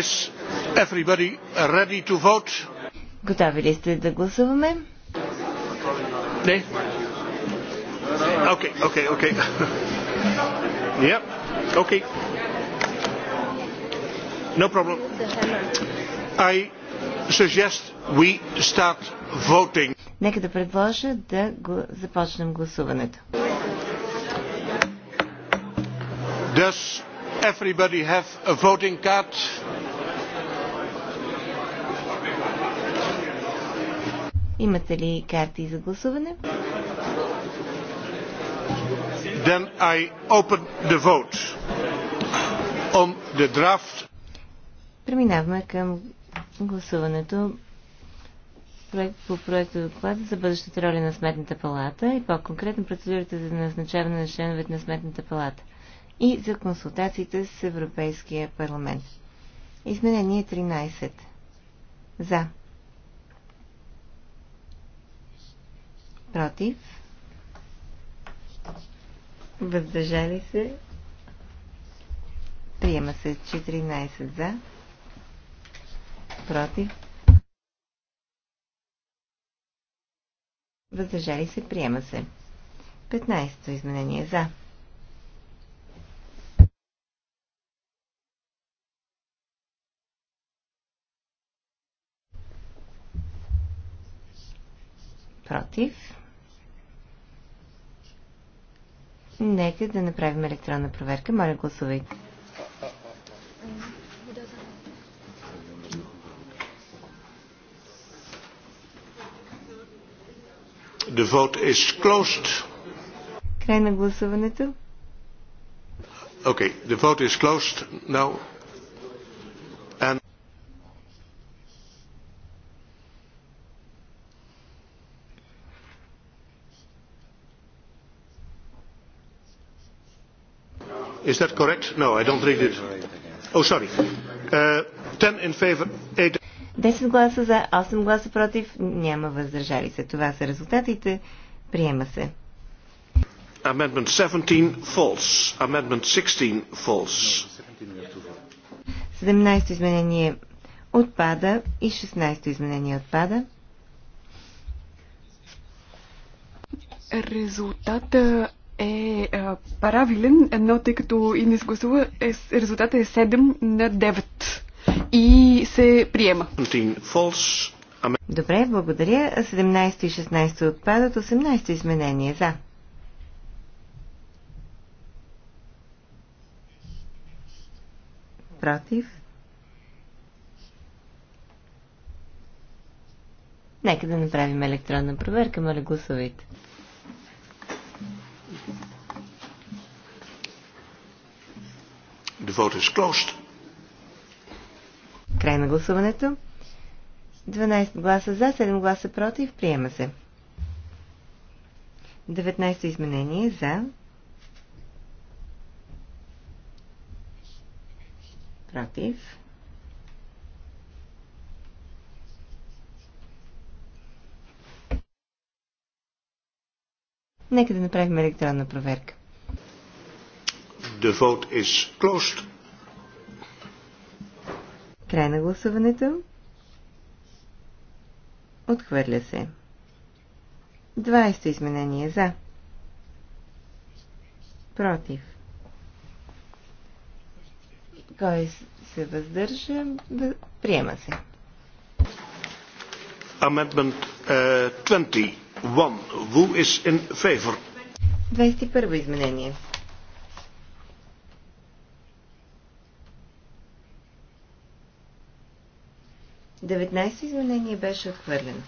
Is everybody ready to vote? Готови ли сте да гласуваме? Не? Окей, окей, окей. Yep, окей. No problem. I suggest we start voting. Нека да предложа да го... започнем гласуването. Does everybody have a voting card? Имате ли карти за гласуване? Then I open the vote on the draft. Преминаваме към гласуването по проекта доклад за бъдещата роля на Сметната палата и по-конкретно процедурите за назначаване на членовете на Сметната палата и за консултациите с Европейския парламент. Изменение 13. За. против, въздържали се, приема се 14 за, против, въздържали се, приема се. 15-то изменение за. Против. Нека да направим електронна проверка. Моля, гласувайте. The vote is closed. Край на гласуването. Okay, the vote is closed. Now Is that correct? No, I don't read it. Oh, sorry. Uh, 10 in favor, 8... 10 гласа за, 8 гласа против, няма въздържали се. Това са резултатите. Приема се. Amendment 17 false. Amendment 16 false. 17 изменение отпада и 16 изменение отпада. Резултата е а, е, правилен, но тъй като и не сгласува, е, резултата е 7 на 9 и се приема. Добре, благодаря. 17 и 16 отпадат, 18 изменение за. Против. Нека да направим електронна проверка, моля гласувайте. The vote is closed. Край на гласуването. 12 гласа за, 7 гласа против. Приема се. 19 изменение за. Против. Нека да направим електронна проверка. The vote is closed. Край на гласуването. Отхвърля се. 20 изменение за. Против. Кой се въздържа? Приема се. Amendment uh, 21. Who is in favor? 21 изменение. 19 изменение беше отхвърлено.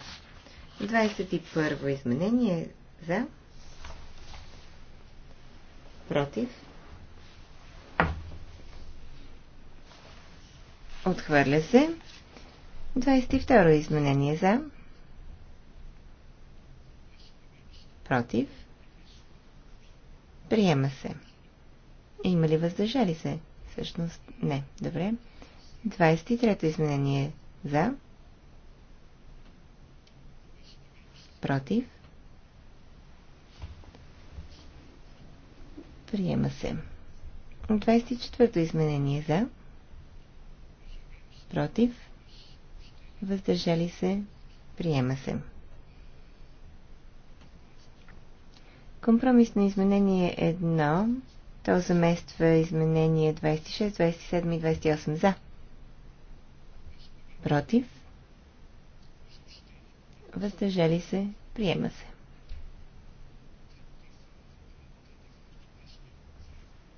21 изменение за. Против. Отхвърля се. 22 изменение за. Против. Приема се. Има ли въздържали се? Всъщност не. Добре. 23 изменение за. Против. Приема се. 24-то изменение за. Против. Въздържали се. Приема се. Компромисно изменение 1. То замества изменение 26, 27 и 28 за. Против. Въздържали се. Приема се.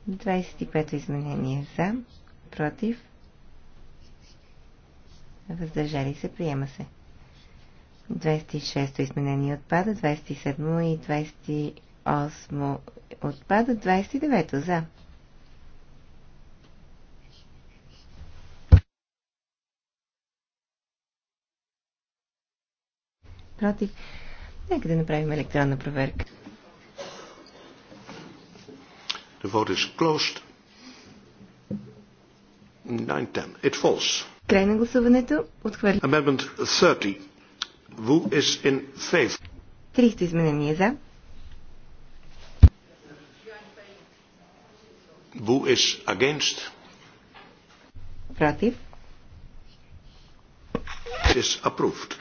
Двадесет и пето изменение за. Против. Въздържали се. Приема се. 26-то изменение отпада, 27-то и 28-то отпада, 29-то за. против. Нека да направим електронна проверка. The vote is closed. Nine, ten. It falls. Край на гласуването. Отхвърли. Amendment 30. Who is in favor? 30 изменение за. Who is against? Против. It is approved.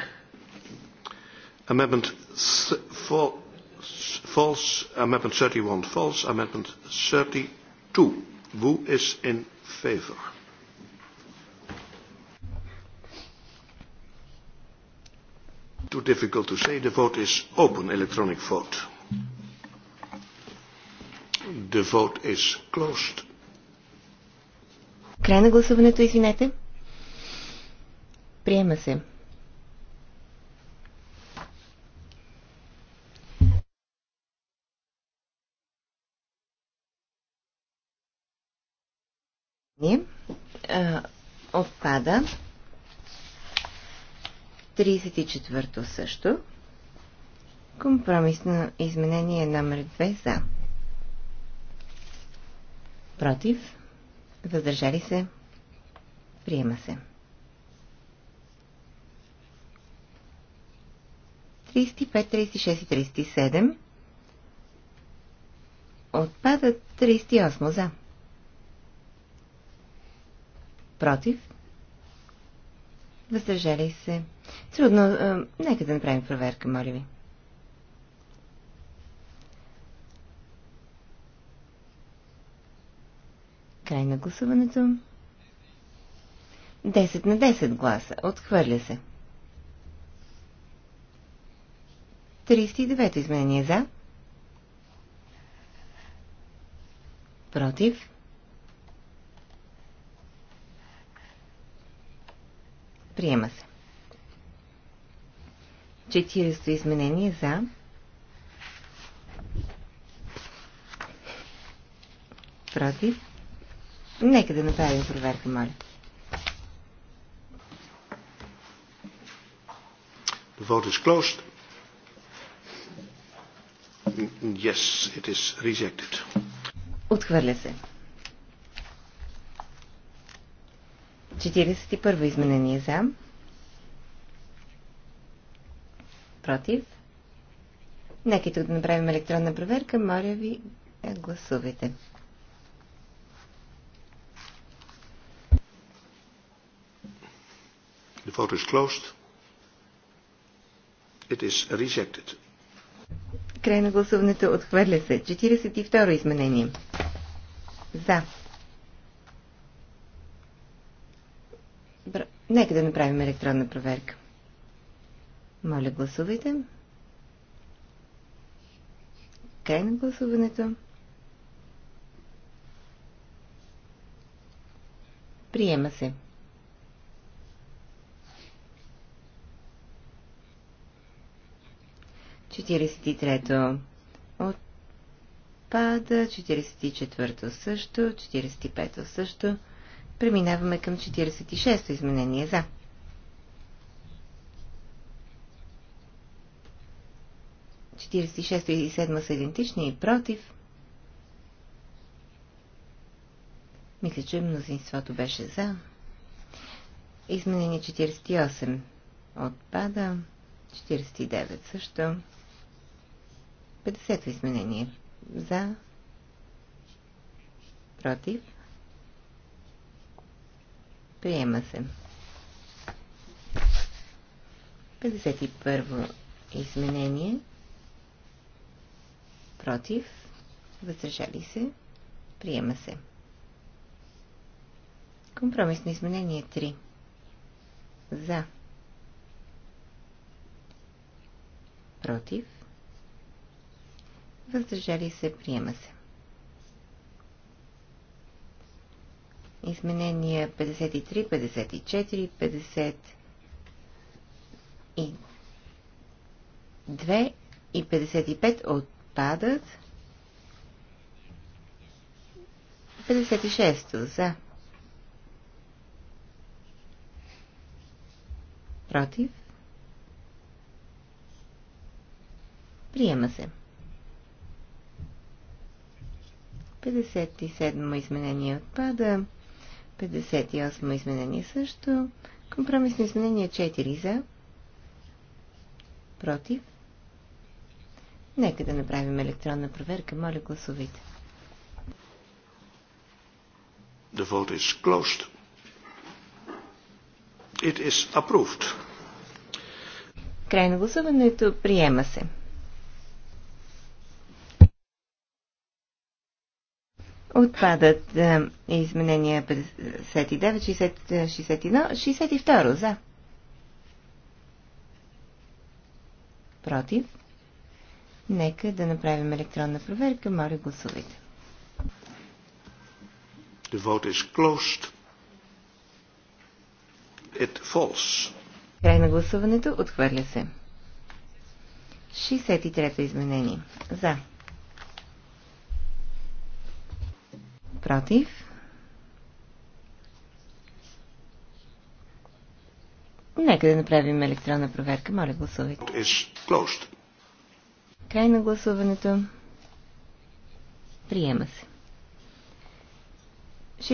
Amendment four, false. Amendment 31 false. Amendment 32. Who is in favour? Too difficult to say. The vote is open. Electronic vote. The vote is closed. Край на гласуването, извинете. Приема се. Пада. 34-то също. Компромисно изменение номер 2 за. Против. Въздържали се. Приема се. 35, 36 и 37. Отпадат 38 за. Против. Въздържали се. Трудно. А, нека да направим проверка, моля ви. Край на гласуването. 10 на 10 гласа. Отхвърля се. 39 изменение за. Против. Приема се. 40 изменение за. Против. Нека да направим проверка, моля. The vote is closed. Yes, it is rejected. Отхвърля се. 41 изменение за. Против. Нека тук да направим електронна проверка. Моля ви, е, гласувайте. The vote is closed. It is rejected. Край на гласуването отхвърля се. 42 изменение. За. Нека да направим електронна проверка. Моля, гласувайте. Край на гласуването. Приема се. Четиридесет и трето отпада, четиридесет и четвърто също, четиридесет и пето също. Преминаваме към 46-то изменение за. Четиридесет и 7 и седма са идентични и против. Мисля, че мнозинството беше за. Изменение 48 отпада. 49 също. 50-то изменение. За. Против. Приема се. 51 изменение. Против. Въздържали се. Приема се. Компромисно изменение 3. За. Против. Въздържали се. Приема се. Изменения 53, 54, 50 и 2 и 55 отпадат. 56 за. Против. Приема се. 57 изменение отпада. 58 изменение също. Компромисно изменение 4 за. Против. Нека да направим електронна проверка. Моля, гласувайте. The vote is closed. It is approved. Край на гласуването приема се. Отпадат е, изменения 59, 60, 61, 62 за. Против. Нека да направим електронна проверка. Моля, гласувайте. The vote is closed. It falls. Край на гласуването. Отхвърля се. 63-то изменение. За. Против. Нека да направим електронна проверка. Моля, гласувайте. Край на гласуването. Приема се.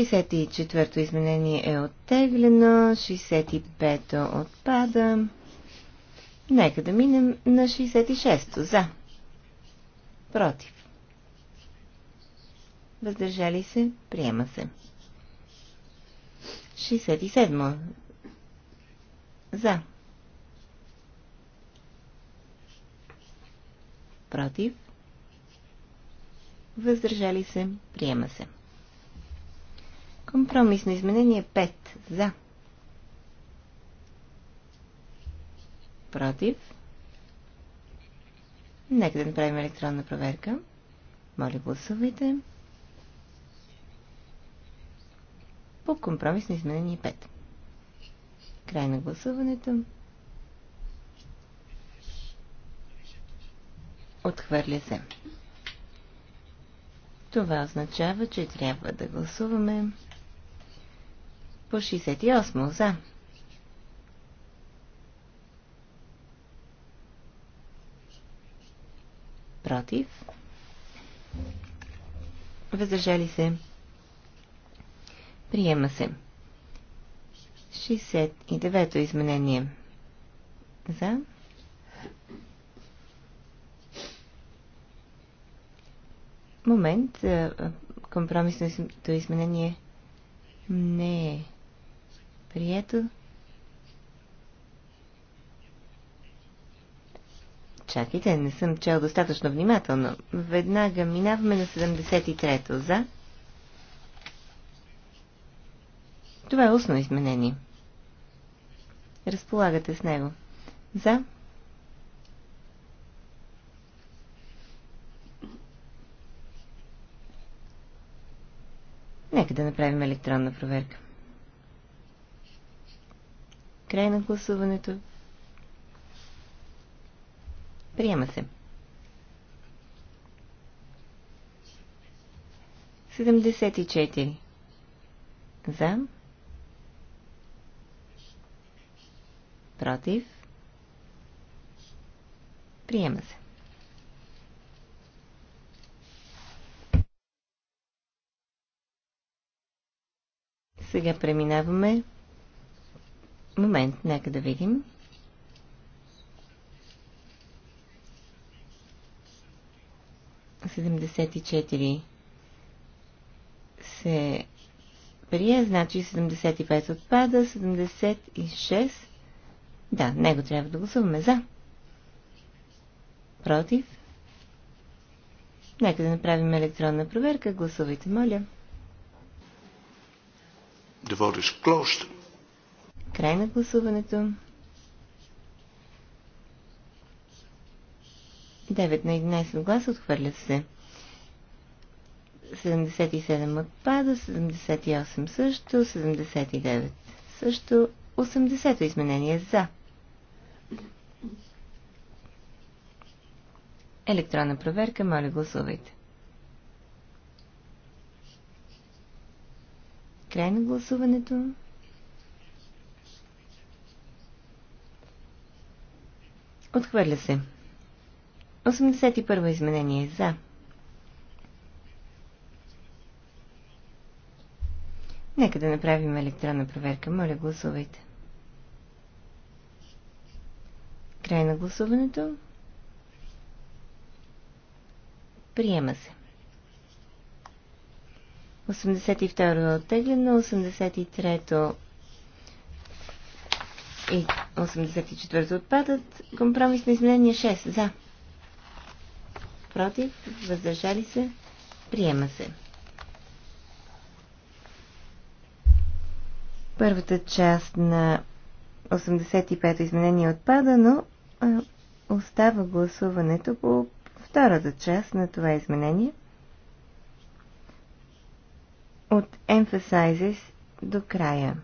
64-то изменение е оттеглено, 65-то отпада. Нека да минем на 66-то. За. Против въздържали се, приема се. 67. За. Против. Въздържали се, приема се. Компромисно изменение 5. За. Против. Нека да направим електронна проверка. Моля, гласувайте. по компромис на изменение 5. Край на гласуването. Отхвърля се. Това означава, че трябва да гласуваме по 68 за. Против. Въздържали се. Приема се. 69-то изменение. За. Момент. Компромисното изменение не е прието. Чакайте, не съм чел достатъчно внимателно. Веднага минаваме на 73-то. За. Това е устно изменение. Разполагате с него. За. Нека да направим електронна проверка. Край на гласуването. Приема се. 74. За. Против. Приема се. Сега преминаваме. Момент, нека да видим. Седемдесет и четири се прие, значи 75 отпада, 76 да, него трябва да гласуваме за. Против. Нека да направим електронна проверка. Гласувайте, моля. Край на гласуването. 9 на 11 гласа отхвърля се. 77 отпада, 78 също, 79 също, 80 изменение за. Електронна проверка, моля гласувайте. Край на гласуването. Отхвърля се. 81 изменение за. Нека да направим електронна проверка. Моля, гласувайте. Край на гласуването. Приема се. 82-ро оттеглено, 83-то и 84-то отпадат. Компромис на изменение 6. За. Против. Въздържали се. Приема се. Първата част на 85-то изменение отпада, но остава гласуването по втората част на това изменение от emphasizes до края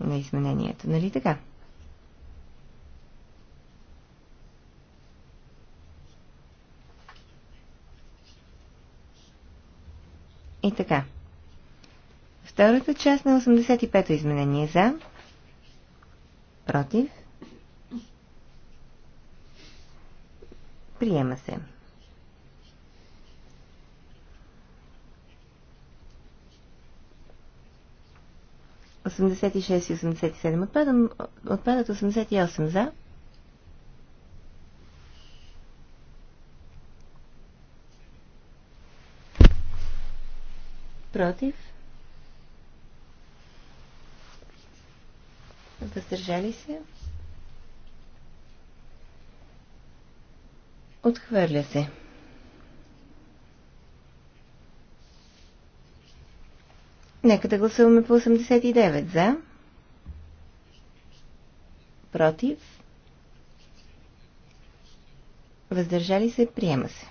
на изменението. Нали така? И така. Втората част на 85-то изменение за, против, Приема се. отпадат 88 за. Против. Въздържали се. Отхвърля се. Нека да гласуваме по 89 за. Против. Въздържали се, приема се.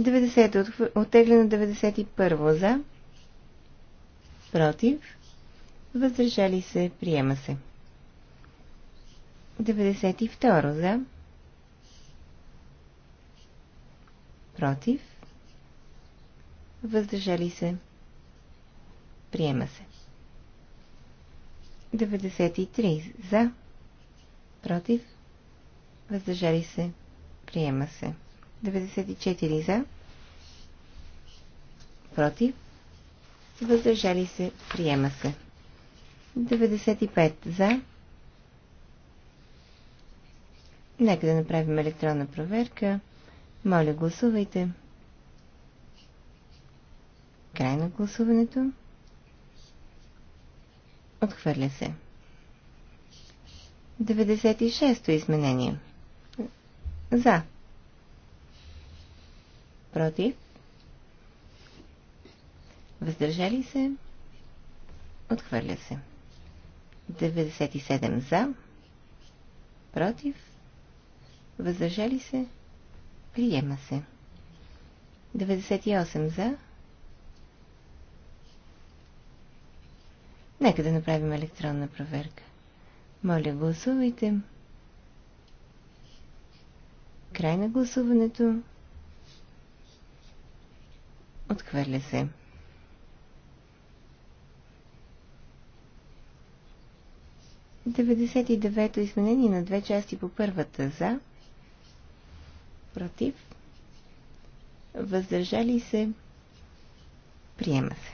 90 е оттеглено 91 за. Против. Въздържали се, приема се. 92 за. Против. Въздържали се. Приема се. 93 за. Против. Въздържали се. Приема се. 94 за. Против. Въздържали се. Приема се. 95 за Нека да направим електронна проверка. Моля, гласувайте. Край на гласуването. Отхвърля се. 96-то изменение. За. Против. Въздържали се. Отхвърля се. 97 за. Против. Въздържали се? Приема се. 98 за. Нека да направим електронна проверка. Моля, гласувайте. Край на гласуването. Отхвърля се. Деветдесет и девето изменение на две части по първата за против, въздържали се, приема се.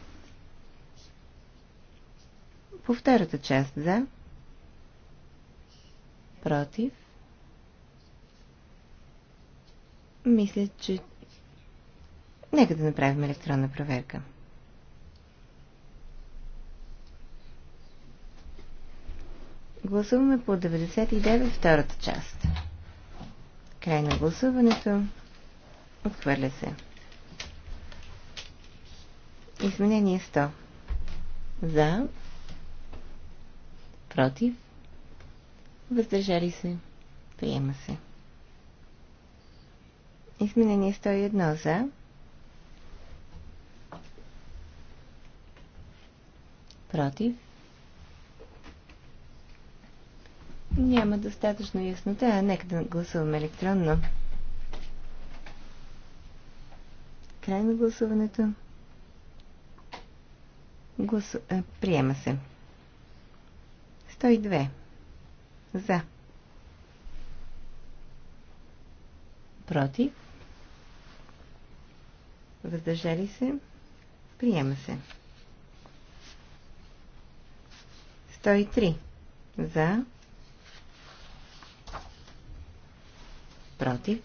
По втората част за, против, мисля, че нека да направим електронна проверка. Гласуваме по 99 втората част. Край на гласуването. Отхвърля се. Изменение 100. За. Против. Въздържали се. Приема се. Изменение 101 за. Против. Няма достатъчно яснота, а нека да гласуваме електронно. Край на гласуването. Гласу... А, е, приема се. 102. За. Против. Въздържали се. Приема се. 103. За. против,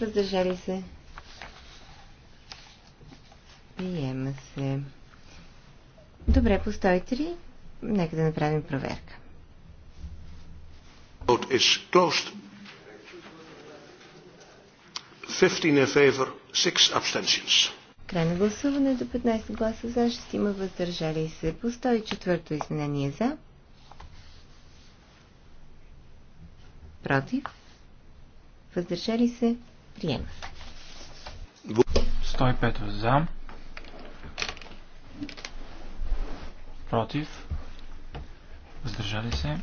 въздържали се, приема се. Добре, постойте ли? Нека да направим проверка. Вот is closed. 15 in favor, 6 abstentions. Край на до 15 гласа за, 6 има въздържали се по 104 изменение за. против, въздържали се, приема се. 105 за, против, въздържали се.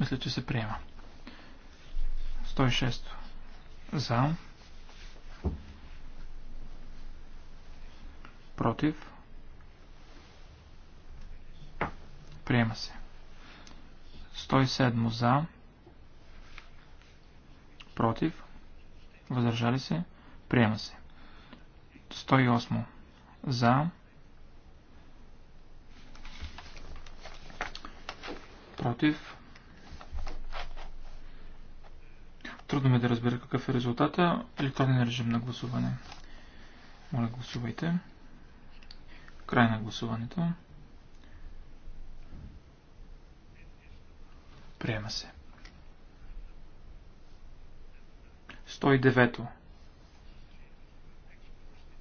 Мисля, че се приема. 106 за, против, приема се. 107 за, против, въздържали се, приема се. 108 за, против. Трудно ми е да разбера какъв е резултата. Електронен режим на гласуване. Моля, гласувайте. Край на гласуването. Приема се. 109.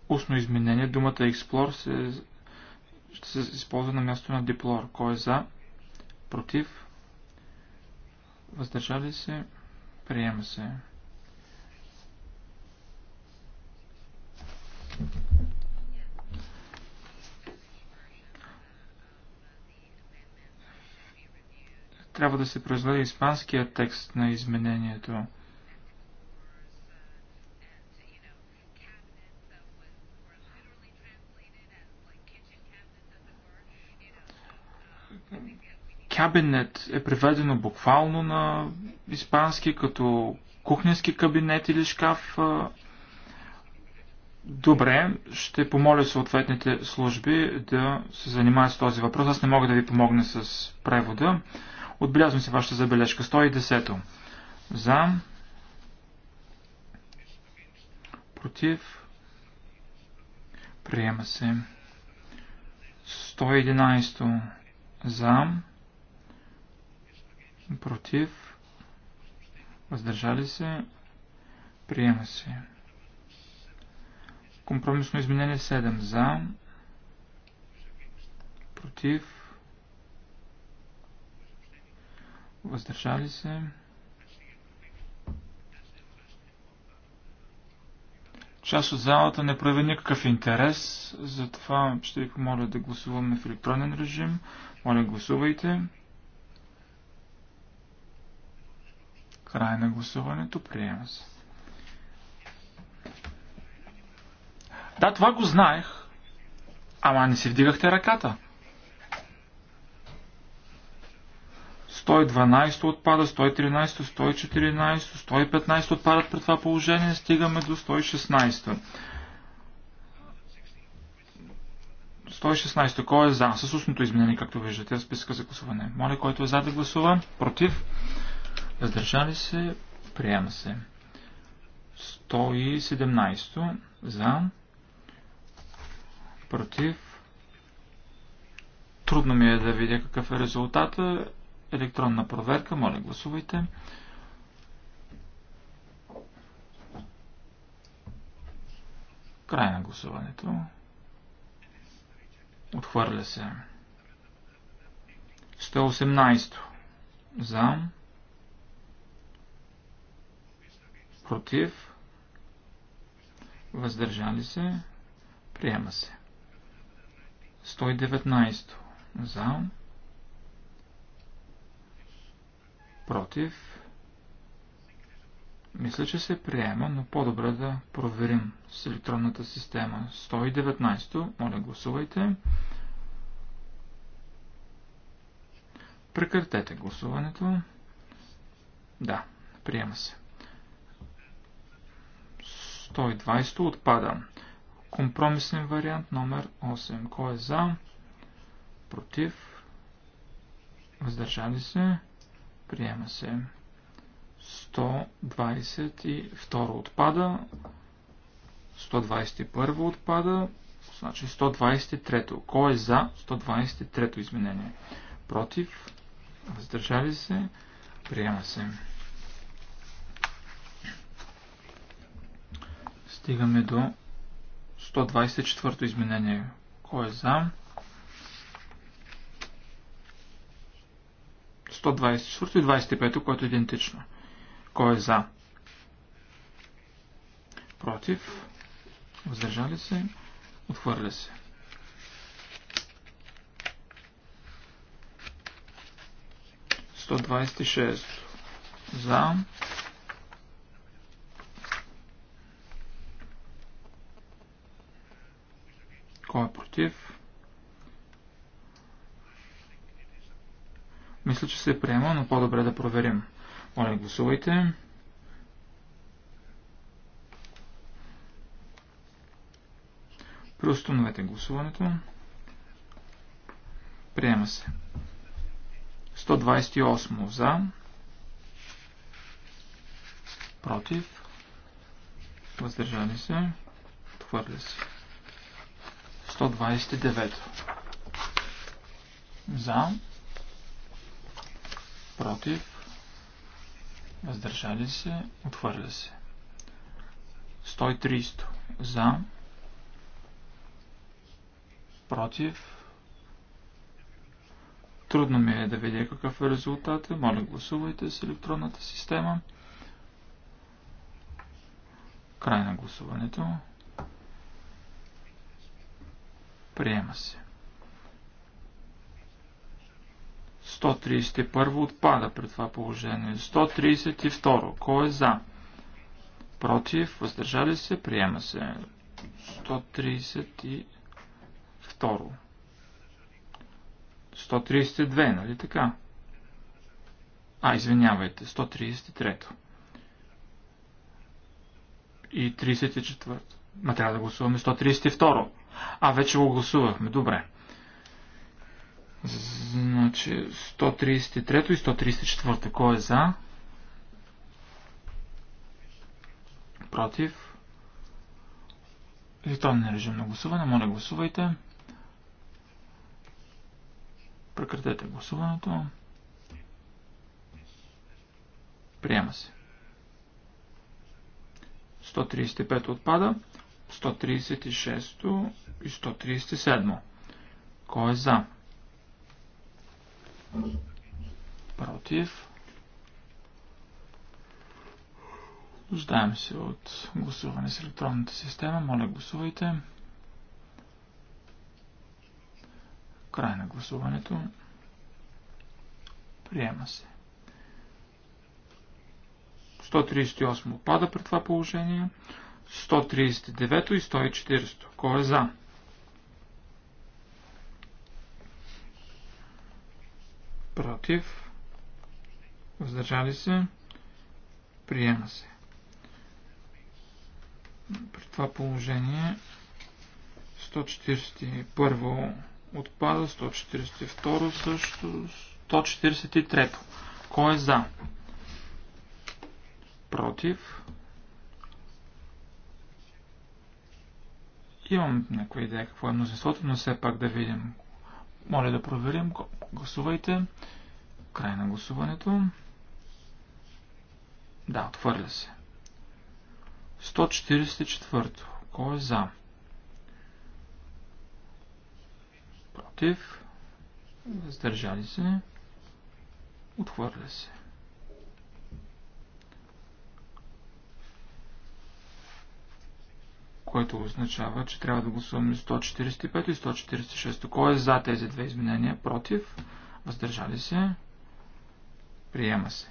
Устно изменение. Думата експлор се... ще се използва на място на диплор. Кой е за? Против? Въздържали се? Приема се. трябва да се произведе испанския текст на изменението. Кабинет е преведено буквално на испански като кухненски кабинет или шкаф. Добре, ще помоля съответните служби да се занимават с този въпрос. Аз не мога да ви помогна с превода. Отбелязвам се вашата забележка. 110. За. Против. Приема се. 111. За. Против. Въздържали се. Приема се. Компромисно изменение 7. За. Против въздържали се. Част от залата не прояви никакъв интерес, затова ще ви помоля да гласуваме в електронен режим. Моля, гласувайте. Край на гласуването. Приема се. Да, това го знаех. Ама не си вдигахте ръката. 112 отпада, 113, 114, 115 отпадат при това положение, стигаме до 116. 116. Кой е за? С устното изменение, както виждате, в списка за гласуване. Моля, който е за да гласува. Против. Въздържали се. Приема се. 117. За. Против. Трудно ми е да видя какъв е резултата електронна проверка. Моля, гласувайте. Край на гласуването. Отхвърля се. 118. За. Против. Въздържали се. Приема се. 119. За. против. Мисля, че се приема, но по-добре да проверим с електронната система. 119, моля гласувайте. Прекратете гласуването. Да, приема се. 120 отпада. Компромисен вариант номер 8. Кой е за? Против? Въздържали се? Приема се. 122 отпада. 121 отпада. Значи 123. Кой е за 123 изменение? Против? Въздържали се? Приема се. Стигаме до 124 изменение. Кой е за? 124 и 25, което е идентично. Кой е за? Против? Въздържали се? Отхвърля се. Сто за. Кой е против? Мисля, че се е приема, но по-добре да проверим. Моля, гласувайте. Преустановете гласуването. Приема се. 128 за. Против. Въздържали се. Отхвърля се. 129 за против, въздържали се, отвърля се. 130 за, против, трудно ми е да видя какъв е резултат, моля гласувайте с електронната система. Край на гласуването. Приема се. 131 отпада при това положение. 132. Кой е за? Против, въздържали се, приема се. 132. 132, нали така? А, извинявайте, 133. И 34. Ма трябва да гласуваме 132. А, вече го гласувахме, добре. 132. Значи 133 и 134. Кой е за? Против? Електронния режим на гласуване. Моля, гласувайте. Прекратете гласуването. Приема се. 135 отпада. 136 и 137. Кой е за? Против. Нуждаем се от гласуване с електронната система. Моля, гласувайте. Край на гласуването. Приема се. 138 пада при това положение. 139 и 140. Кой е за? против, въздържали се, приема се. При това положение 141 отпада, 142 също, 143. Кой е за? Против. Имам някаква идея какво е мнозинството, но все пак да видим. Моля да проверим Гласувайте. Край на гласуването. Да, отвърля се. 144. Кой е за? Против. Въздържали се. Отхвърля се. което означава, че трябва да гласуваме 145 и 146. Кой е за тези две изменения? Против? Въздържали се? Приема се.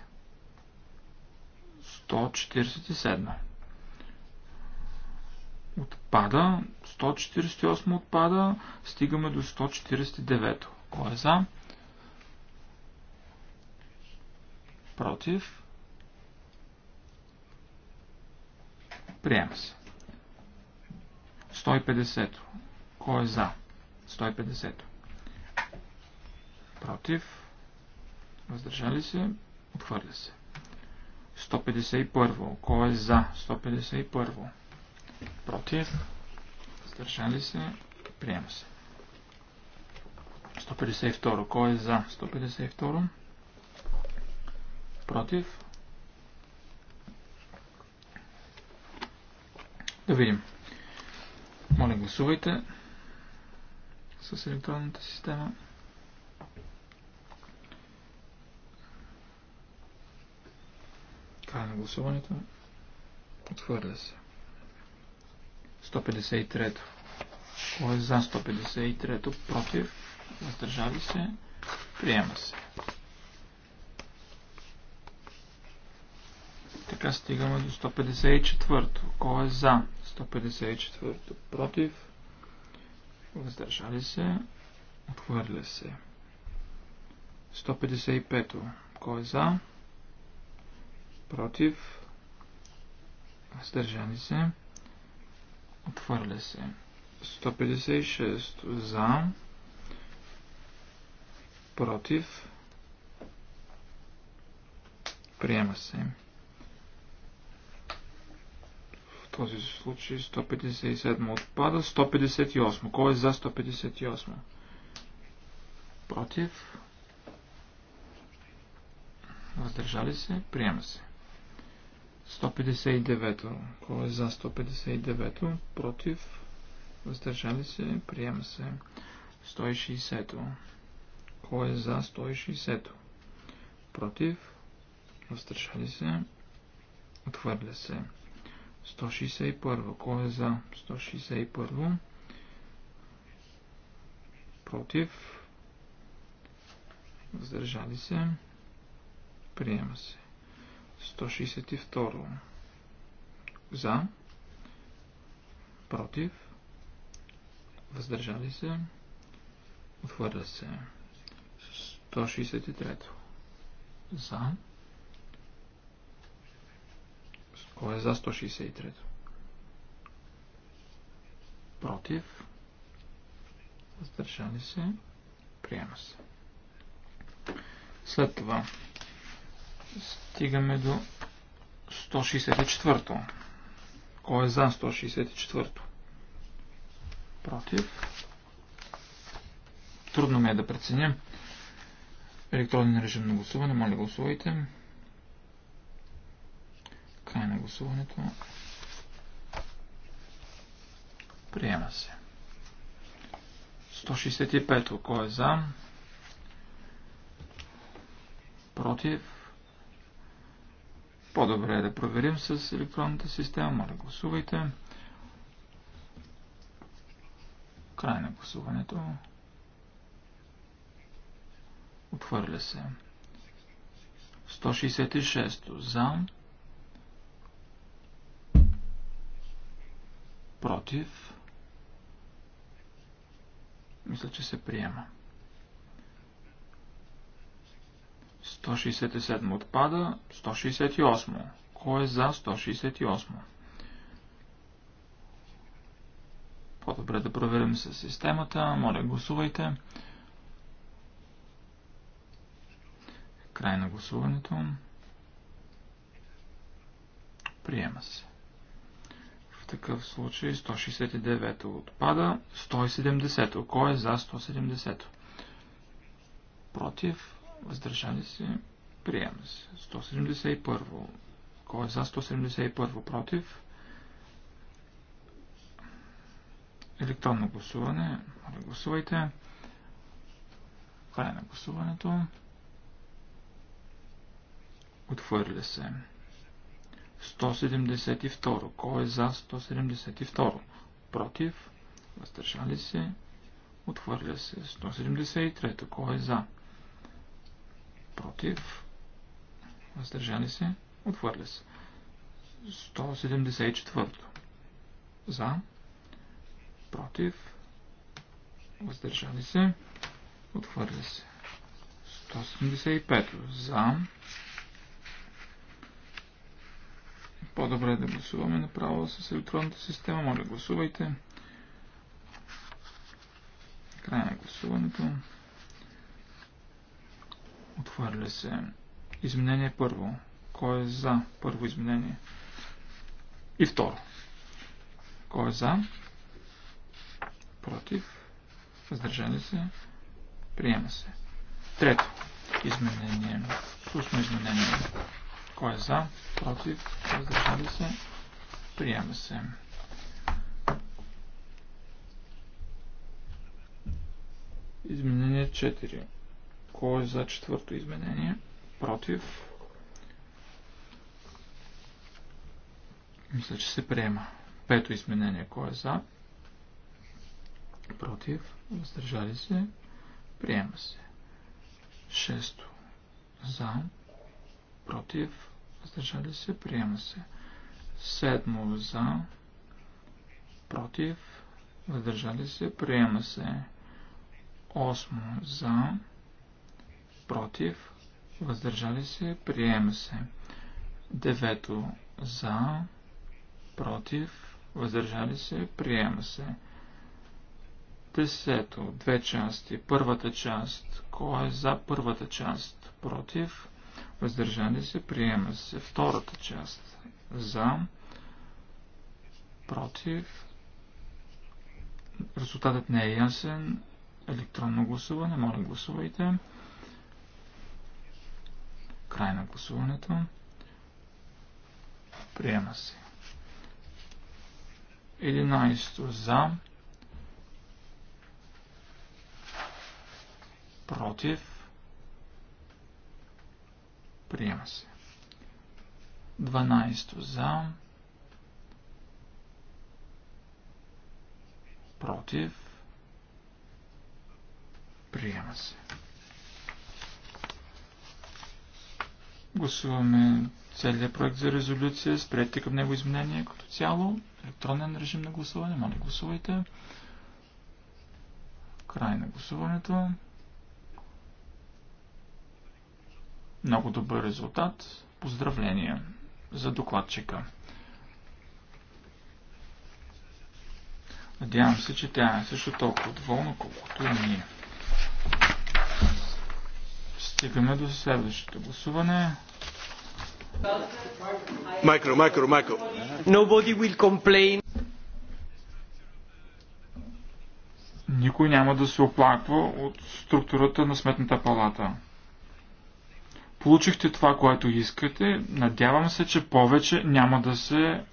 147. Отпада. 148 отпада. Стигаме до 149. Кой е за? Против? Приема се. 150. Кой е за? 150. Против. Въздържали се. Отхвърля се. 151. Кой е за? 151. Против. Въздържали се. Приема се. 152. Кой е за? 152. Против. Да видим. Моля, гласувайте с електронната система. Край на гласуването. Отхвърля се. 153. Кой е за 153? Против? Въздържали се? Приема се. Така стигаме до 154. Кой е за? 154. Против? Въздържали се? Отхвърля се. 155. Кой е за? Против? Въздържали се? Отхвърля се. 156. За? Против? Приема се. този случай 157 отпада. 158. Кой е за 158? Против. Въздържали се. Приема се. 159. Кой е за 159? Против. Въздържали се. Приема се. 160. Кой е за 160? Против. Въздържали се. Отвърля се. 161. Кой е за? 161. Против. Въздържали се. Приема се. 162. За. Против. Въздържали се. Отвърля се. 163. За. Кой е за 163? Против. Въздържали се. Приема се. След това стигаме до 164-то. Кой е за 164-то? Против. Трудно ми е да преценя. Електронен режим на гласуване. Моля гласувайте. Гласувайте. Край на гласуването. Приема се. 165. Кой е за? Против? По-добре е да проверим с електронната система. Моля, гласувайте. Край на гласуването. Отхвърля се. 166. За. против, мисля, че се приема. 167 отпада, 168. Кой е за 168? По-добре да проверим с системата. Моля, гласувайте. Край на гласуването. Приема се такъв случай 169 отпада. 170. Кой е за 170? Против. Въздържали се. Приема се. 171. Кой е за 171? Против. Електронно гласуване. Моля, гласувайте. Край на гласуването. Отвърли се. 172. Кой е за 172? Против? Въздържали се? Отхвърля се. 173. Кой е за? Против? Въздържали се? Отхвърля се. 174. За? Против? Въздържали се? Отхвърля се. 175. За? Против? По-добре е да гласуваме направо с електронната система. Моля, гласувайте. Край на гласуването. Отваря се. Изменение първо. Кой е за първо изменение? И второ. Кой е за? Против. Въздържане се. Приема се. Трето изменение. Вкусно изменение. Кой е за? Против? Въздържали се? Приема се. Изменение 4. Кой е за четвърто изменение? Против? Мисля, че се приема. Пето изменение. Кой е за? Против? Въздържали се? Приема се. Шесто. За? против, въздържали се, приема се. Седмо за, против, въздържали се, приема се. Осмо за, против, въздържали се, приема се. Девето за, против, въздържали се, приема се. Десето, две части, първата част, кой е за първата част, против, въздържали се, приема се. Втората част за, против, резултатът не е ясен, електронно гласуване, моля гласувайте. Край на гласуването. Приема се. 11 за, против, Приема се. 12 за. Против. Приема се. Гласуваме целият проект за резолюция. Спрете към него изменение като цяло. Електронен режим на гласуване. Моля, гласувайте. Край на гласуването. Много добър резултат. Поздравления за докладчика. Надявам се, че тя е също толкова доволна, колкото и ние. Стигаме до следващото гласуване. Майкро, майкро, майкро. Nobody will complain. Никой няма да се оплаква от структурата на сметната палата. Получихте това, което искате. Надявам се, че повече няма да се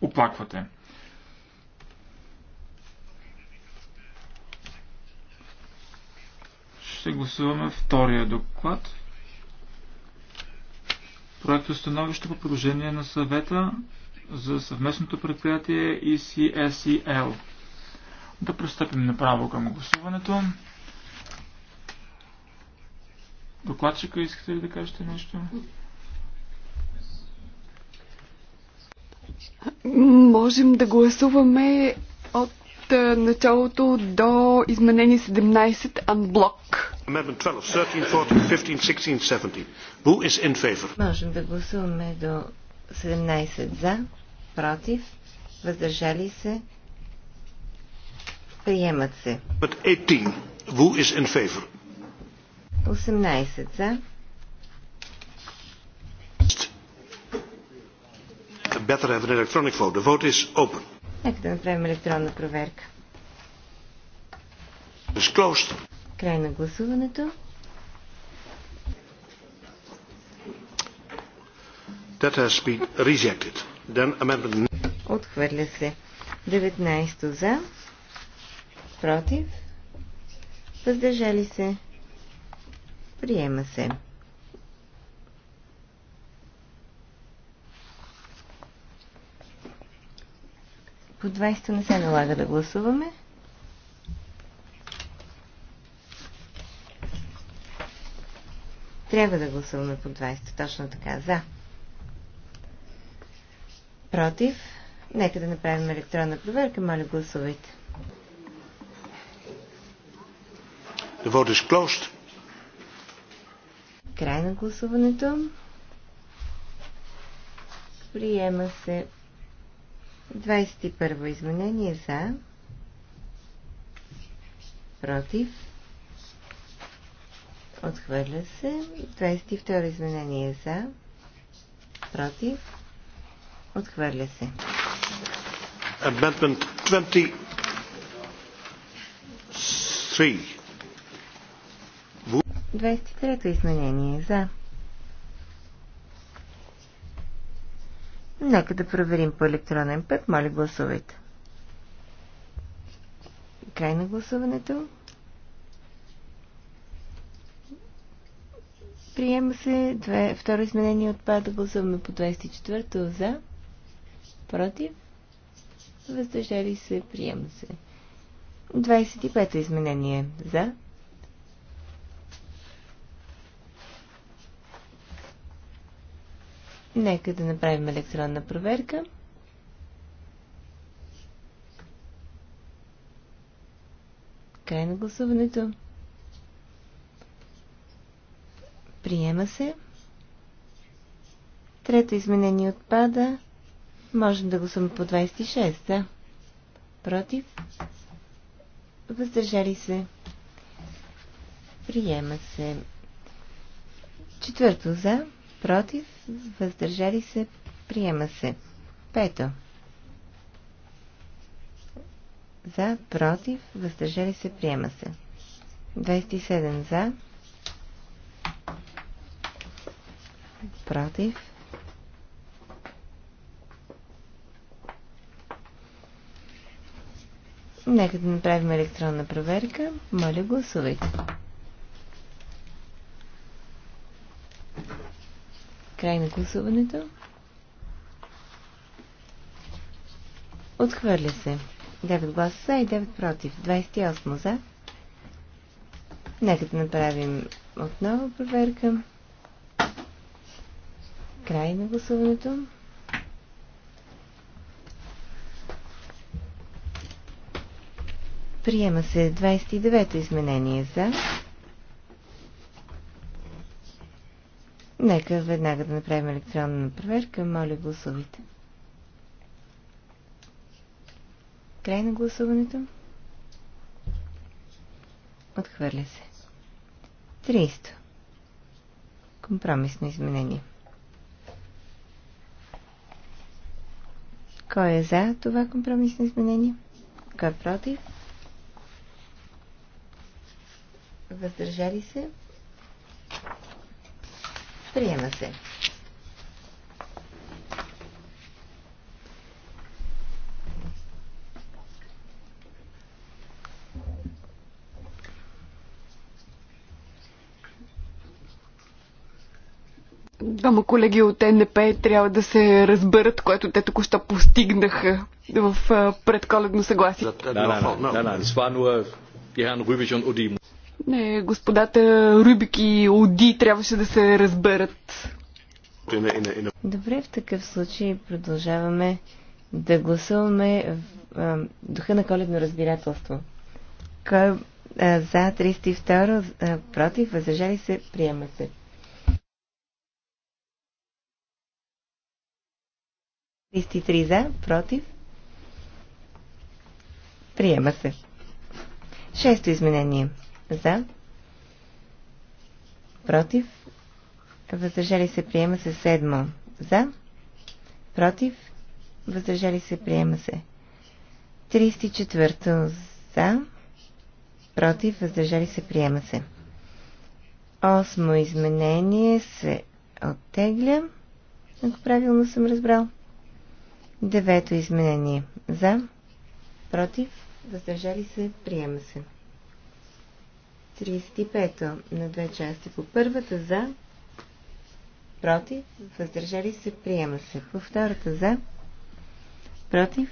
оплаквате. Ще гласуваме втория доклад. Проект установище по приложение на съвета за съвместното предприятие ECSEL. Е да пристъпим направо към гласуването. Докладчика, искате ли да кажете нещо? Можем да гласуваме от началото до изменение 17 анблок. Можем да гласуваме до 17 за, против, въздържали се, приемат се. But 18. Who is in favor? 18 за. Better have an electronic vote. The vote is open. Нека да направим електронна проверка. closed. Край на гласуването. That has been rejected. Then amendment... Отхвърля се. 19 за. Против. Въздържали се. Приема се. По 20 не се налага да гласуваме. Трябва да гласуваме по 20, точно така. За. Против. Нека да направим електронна проверка. Моля, гласувайте. The vote is closed. Край на гласуването. Приема се 21 во изменение за. Против. Отхвърля се. 22 изменение за. Против. Отхвърля се. Amendment 23. 23-то изменение за. Нека да проверим по електронен път. Моля, гласувайте. Край на гласуването. Приема се. Две, второ изменение отпада. Гласуваме по 24-то за. Против. Въздържали се. Приема се. 25-то изменение за. Нека да направим електронна проверка. Край на гласуването. Приема се. Трето изменение отпада. Можем да гласуваме по 26, та Против? Въздържали се? Приема се. Четвърто за? Против? въздържали се, приема се. Пето. За, против, въздържали се, приема се. 27 за, против, Нека да направим електронна проверка. Моля, гласувайте. Край на гласуването. Отхвърля се. 9 гласа за и 9 против. 28 за. Нека да направим отново проверка. Край на гласуването. Приема се 29-то изменение за. Нека веднага да направим електронна проверка. Моля, гласувайте. Край на гласуването. Отхвърля се. 30. Компромисно изменение. Кой е за това компромисно изменение? Кой е против? Въздържали се? Приема се. Двама колеги от НДП трябва да се разберат, което те току-що постигнаха в предколедно съгласие. Да, да, да, да, не, господата Рубик и Оди трябваше да се разберат. Добре, в такъв случай продължаваме да гласуваме в а, духа на коледно разбирателство. Кой а, за 302, а, против, възражали се, приема се. три за, против, приема се. Шесто изменение – за, против, въздържали се, приема се. Седмо за, против, въздържали се, приема се. 34 за, против, въздържали се, приема се. Осмо изменение се оттегля, ако правилно съм разбрал. Девето изменение за, против, въздържали се, приема се. 35 на две части. По първата за, против, въздържали се, приема се. По втората за, против,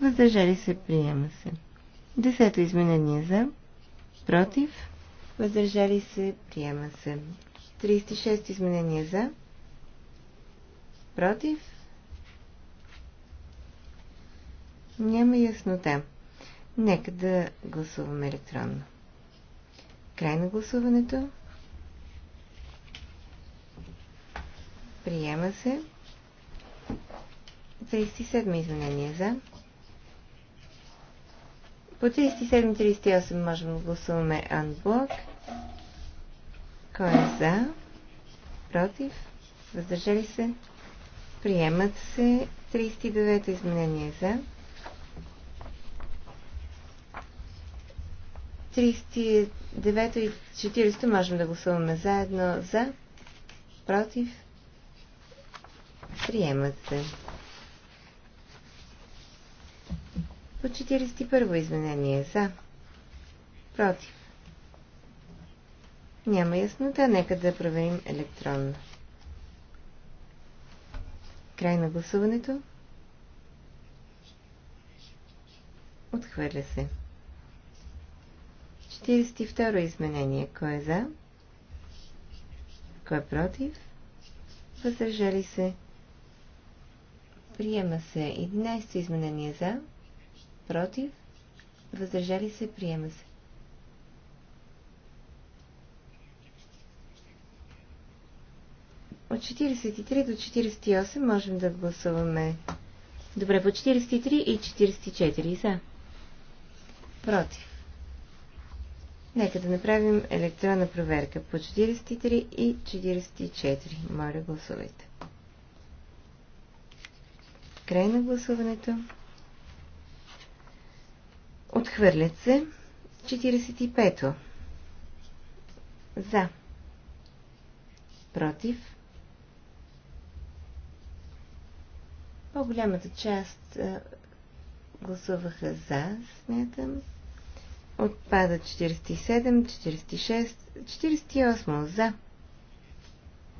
въздържали се, приема се. Десето изменение за, против, въздържали се, приема се. 36 изменение за, против, няма яснота. Нека да гласуваме електронно. Край на гласуването. Приема се. 37 изменение за. По 37-38 можем да гласуваме анблок. Кой е за? Против? Въздържали се? Приемат се 39 изменение за. 39 и 40 можем да гласуваме заедно за, против, приемат се. По 41 изменение за, против. Няма яснота, нека да проверим електронно. Край на гласуването. Отхвърля се. 42 изменение. Кой е за? Кой е против? Въздържали се. Приема се 11 изменение за. Против. Въздържали се. Приема се. От 43 до 48 можем да гласуваме. Добре, по 43 и 44 за. Против. Нека да направим електронна проверка по 43 и 44. Моля, гласувайте. Край на гласуването. Отхвърлят се 45-то. За. Против. По-голямата част гласуваха за, смятам. Отпада 47, 46, 48 за.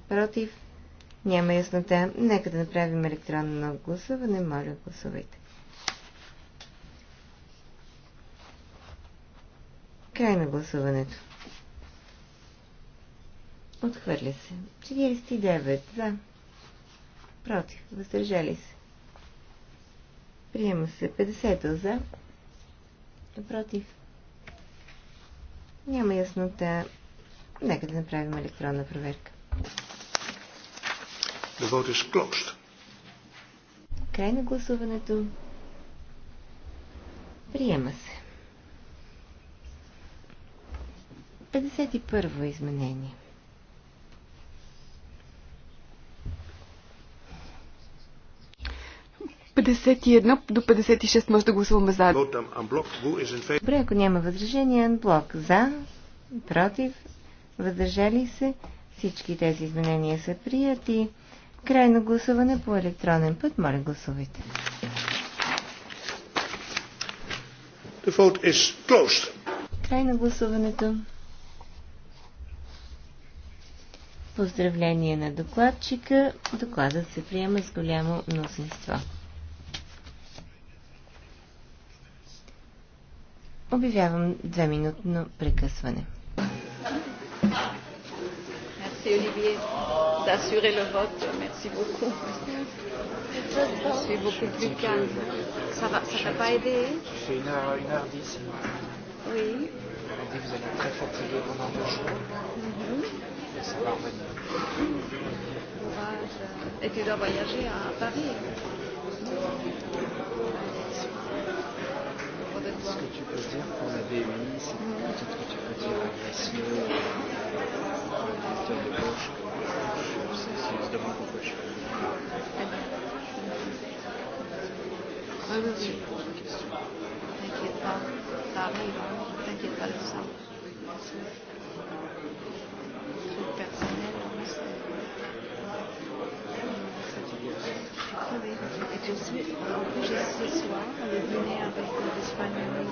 Против. Няма яснота. Нека да направим електронно гласуване. Моля, гласувайте. Край на гласуването. Отхвърля се. 49 за. Против. Въздържали се. Приема се 50 за. Против. Няма яснота. Нека да направим електронна проверка. Да водиш клопщ. Край на гласуването. Приема се. 51 изменение. 51 до 56 може да гласуваме за. Добре, ако няма възражение, анблок за, против, въздържали се. Всички тези изменения са прияти. Крайно гласуване по електронен път. Моля, гласувайте. The vote is closed. Край на гласуването. Поздравление на докладчика. Докладът се приема с голямо мнозинство. Обявявам две минутно прекъсване. Merci Olivier d'assurer le vote. Merci beaucoup. Oui. vous allez très Et Et tu dois voyager à Paris trop de toi. Ce que tu peux dire pour la BMI, c'est peut-être que tu peux dire à Gracieux, le directeur de Bosch, que je demande pourquoi je suis là. Oui, oui, oui. T'inquiète pas, ça arrive, hein. t'inquiète pas de ça. Truc personnel, c'est. Crevé. Et tu sais, ce soir, le dîner avec les Espagnols.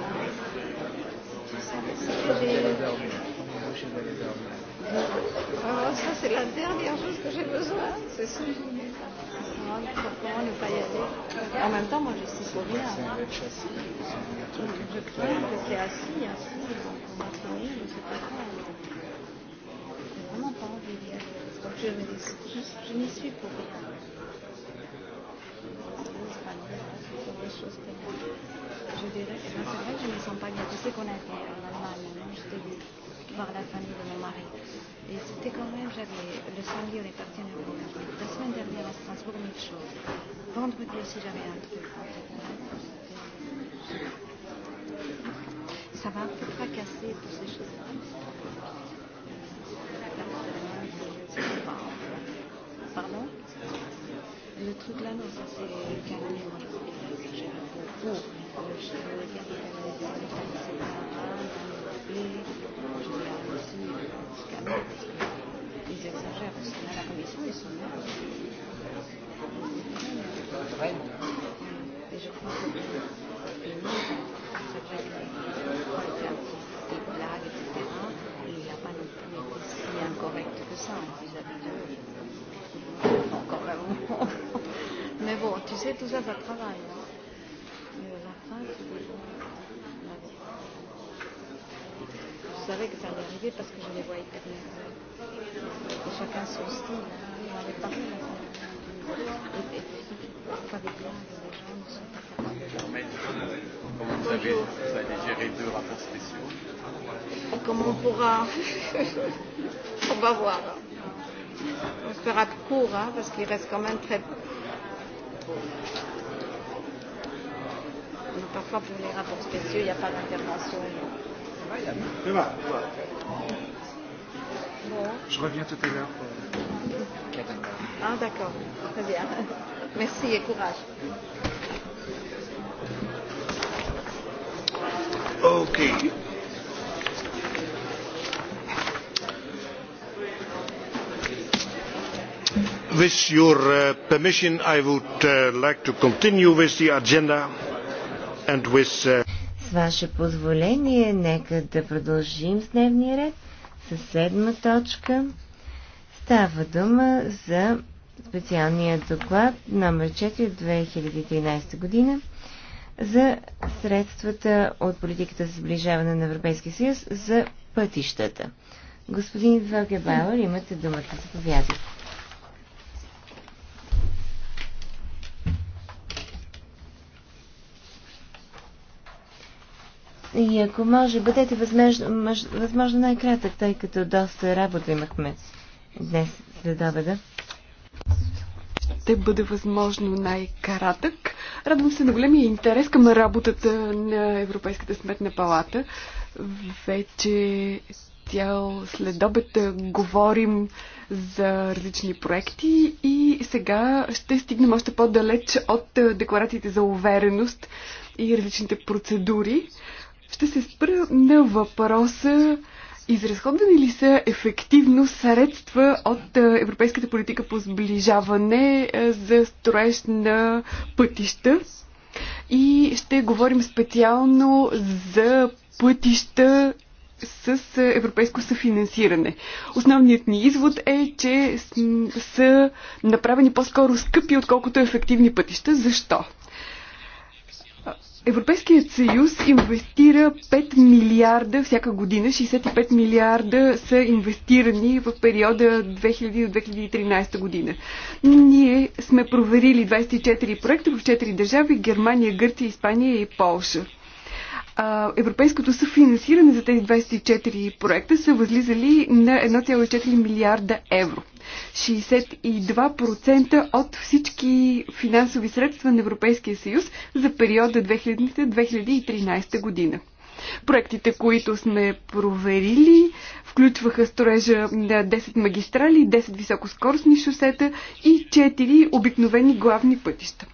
Oh, ça, c'est la dernière chose que j'ai besoin, c'est ce dîner. Comment ne pas y aller En même temps, moi, je suis rien. Je crois que c'est assis, assis, on va tenir, je ne sais pas quoi. Je n'ai vraiment pas envie d'y aller. Donc, je n'y suis pour rien. choses je dirais que c'est vrai, que je ne me sens pas bien. Tu sais qu'on a été en Allemagne, non j'étais voir la famille de mon mari. Et c'était quand même, j'avais le samedi, on est parti en Europe. La semaine dernière à Strasbourg, mille choses. Vendredi aussi, j'avais un truc. Ça m'a un peu fracassé, toutes ces choses-là. Pardon Le truc là, non, ça c'est carrément. Ils exagèrent parce que la commission, ils sont Et je crois que c'est vrai etc. Il n'y a pas incorrect que ça vis-à-vis Mais bon, tu sais, tout ça, ça travaille. Hein Je savais que ça allait arriver parce que je les voyais venir. Et chacun son style. Hein. On avait parlé la Et, et puis, des blagues, les gens ne sont pas capables Comment vous avez, vous avez géré deux rapports spéciaux et Comment on pourra On va voir. On se fera court, hein, parce qu'il reste quand même très mais parfois pour les rapports spéciaux, il n'y a pas d'intervention. Bon. Je reviens tout à l'heure. Ah d'accord, très bien. Merci et courage. Ok. With your uh, permission, I would uh, like to continue with the agenda Uh, с ваше позволение, нека да продължим с дневния ред. Със седма точка става дума за специалния доклад номер 4 от 2013 година за средствата от политиката за сближаване на Европейския съюз за пътищата. Господин Вългебауер, имате думата. Заповядайте. И ако може, бъдете възможно, възможно най-кратък, тъй като доста работа имахме днес след обеда. Ще бъде възможно най-кратък. Радвам се на големия интерес към работата на Европейската сметна палата. Вече цял обед говорим за различни проекти и сега ще стигнем още по-далеч от декларациите за увереност и различните процедури. Ще се спра на въпроса Изразходвани ли са ефективно средства от е, европейската политика по сближаване е, за строеж на пътища? И ще говорим специално за пътища с е, европейско съфинансиране. Основният ни извод е, че са направени по-скоро скъпи, отколкото ефективни пътища. Защо? Европейският съюз инвестира 5 милиарда всяка година, 65 милиарда са инвестирани в периода 2000-2013 година. Ние сме проверили 24 проекта в 4 държави Германия, Гърция, Испания и Полша. Европейското съфинансиране за тези 24 проекта са възлизали на 1,4 милиарда евро. 62% от всички финансови средства на Европейския съюз за периода 2000-2013 година. Проектите, които сме проверили, включваха строежа на 10 магистрали, 10 високоскоростни шосета и 4 обикновени главни пътища.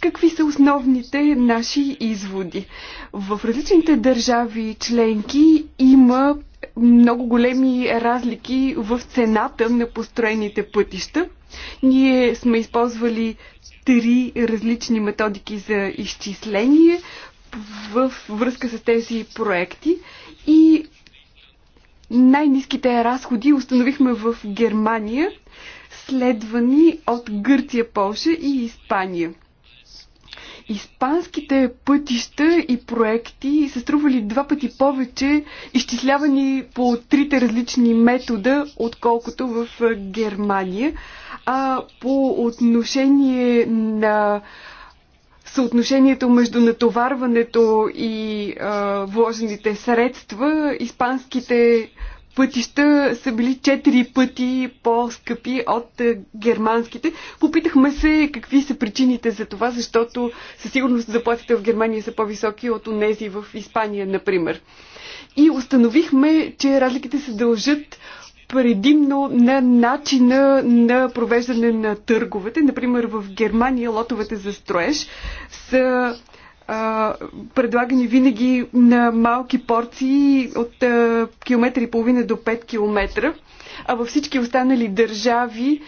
Какви са основните наши изводи? В различните държави членки има много големи разлики в цената на построените пътища. Ние сме използвали три различни методики за изчисление в връзка с тези проекти и най-низките разходи установихме в Германия, следвани от Гърция, Полша и Испания. Испанските пътища и проекти са стрували два пъти повече, изчислявани по трите различни метода, отколкото в Германия. А по отношение на съотношението между натоварването и а, вложените средства, испанските пътища са били 4 пъти по-скъпи от е, германските. Попитахме се какви са причините за това, защото със сигурност заплатите в Германия са по-високи от онези в Испания, например. И установихме, че разликите се дължат предимно на начина на провеждане на търговете. Например, в Германия лотовете за строеж са предлагани винаги на малки порции от километри и половина до 5 километра. А във всички останали държави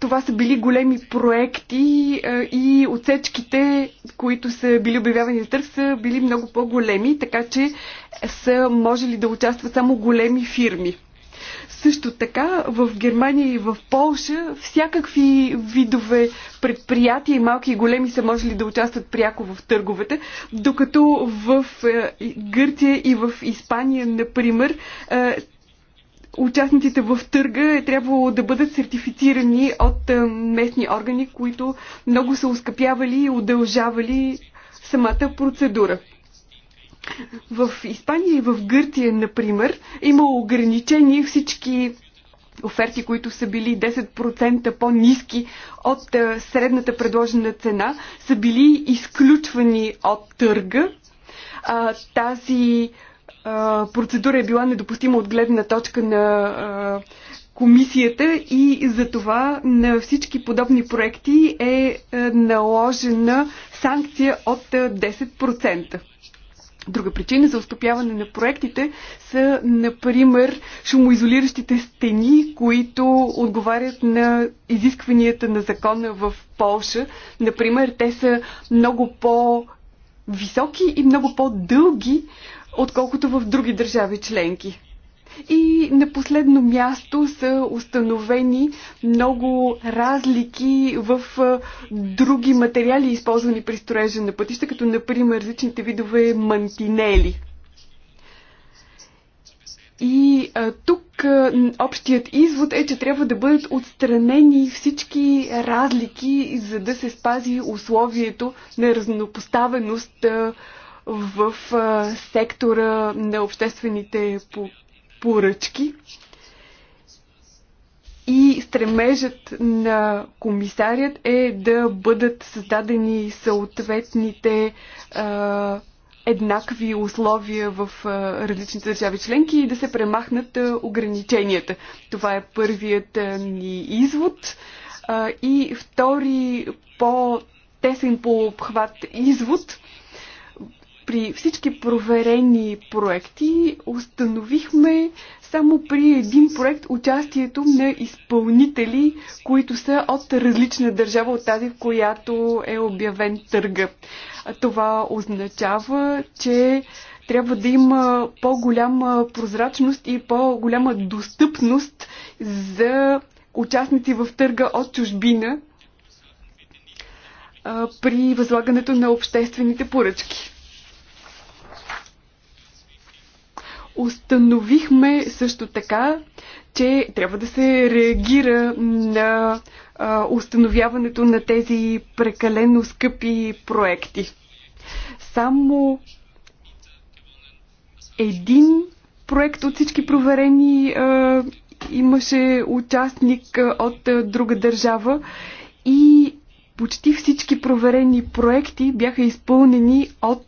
това са били големи проекти и отсечките, които са били обявявани за търг, са били много по-големи, така че са можели да участват само големи фирми. Също така в Германия и в Полша всякакви видове предприятия, малки и големи, са можели да участват пряко в търговете, докато в е, Гърция и в Испания, например, е, участниците в търга е трябвало да бъдат сертифицирани от е, местни органи, които много са ускъпявали и удължавали самата процедура. В Испания и в Гърция, например, има ограничени всички оферти, които са били 10% по-низки от средната предложена цена, са били изключвани от търга. Тази процедура е била недопустима от гледна точка на комисията и за това на всички подобни проекти е наложена санкция от 10%. Друга причина за устопяване на проектите са, например, шумоизолиращите стени, които отговарят на изискванията на закона в Полша. Например, те са много по- високи и много по-дълги, отколкото в други държави членки. И на последно място са установени много разлики в други материали, използвани при строежа на пътища, като например различните видове мантинели. И а, тук а, общият извод е, че трябва да бъдат отстранени всички разлики, за да се спази условието на разнопоставеност а, в а, сектора на обществените поръчки и стремежът на комисарят е да бъдат създадени съответните а, еднакви условия в а, различните държави членки и да се премахнат а, ограниченията. Това е първият а, ни извод. А, и втори по-тесен по обхват извод при всички проверени проекти установихме само при един проект участието на изпълнители, които са от различна държава от тази, в която е обявен търга. Това означава, че трябва да има по-голяма прозрачност и по-голяма достъпност за участници в търга от чужбина при възлагането на обществените поръчки. Установихме също така, че трябва да се реагира на а, установяването на тези прекалено скъпи проекти. Само един проект от всички проверени а, имаше участник а, от а, друга държава и почти всички проверени проекти бяха изпълнени от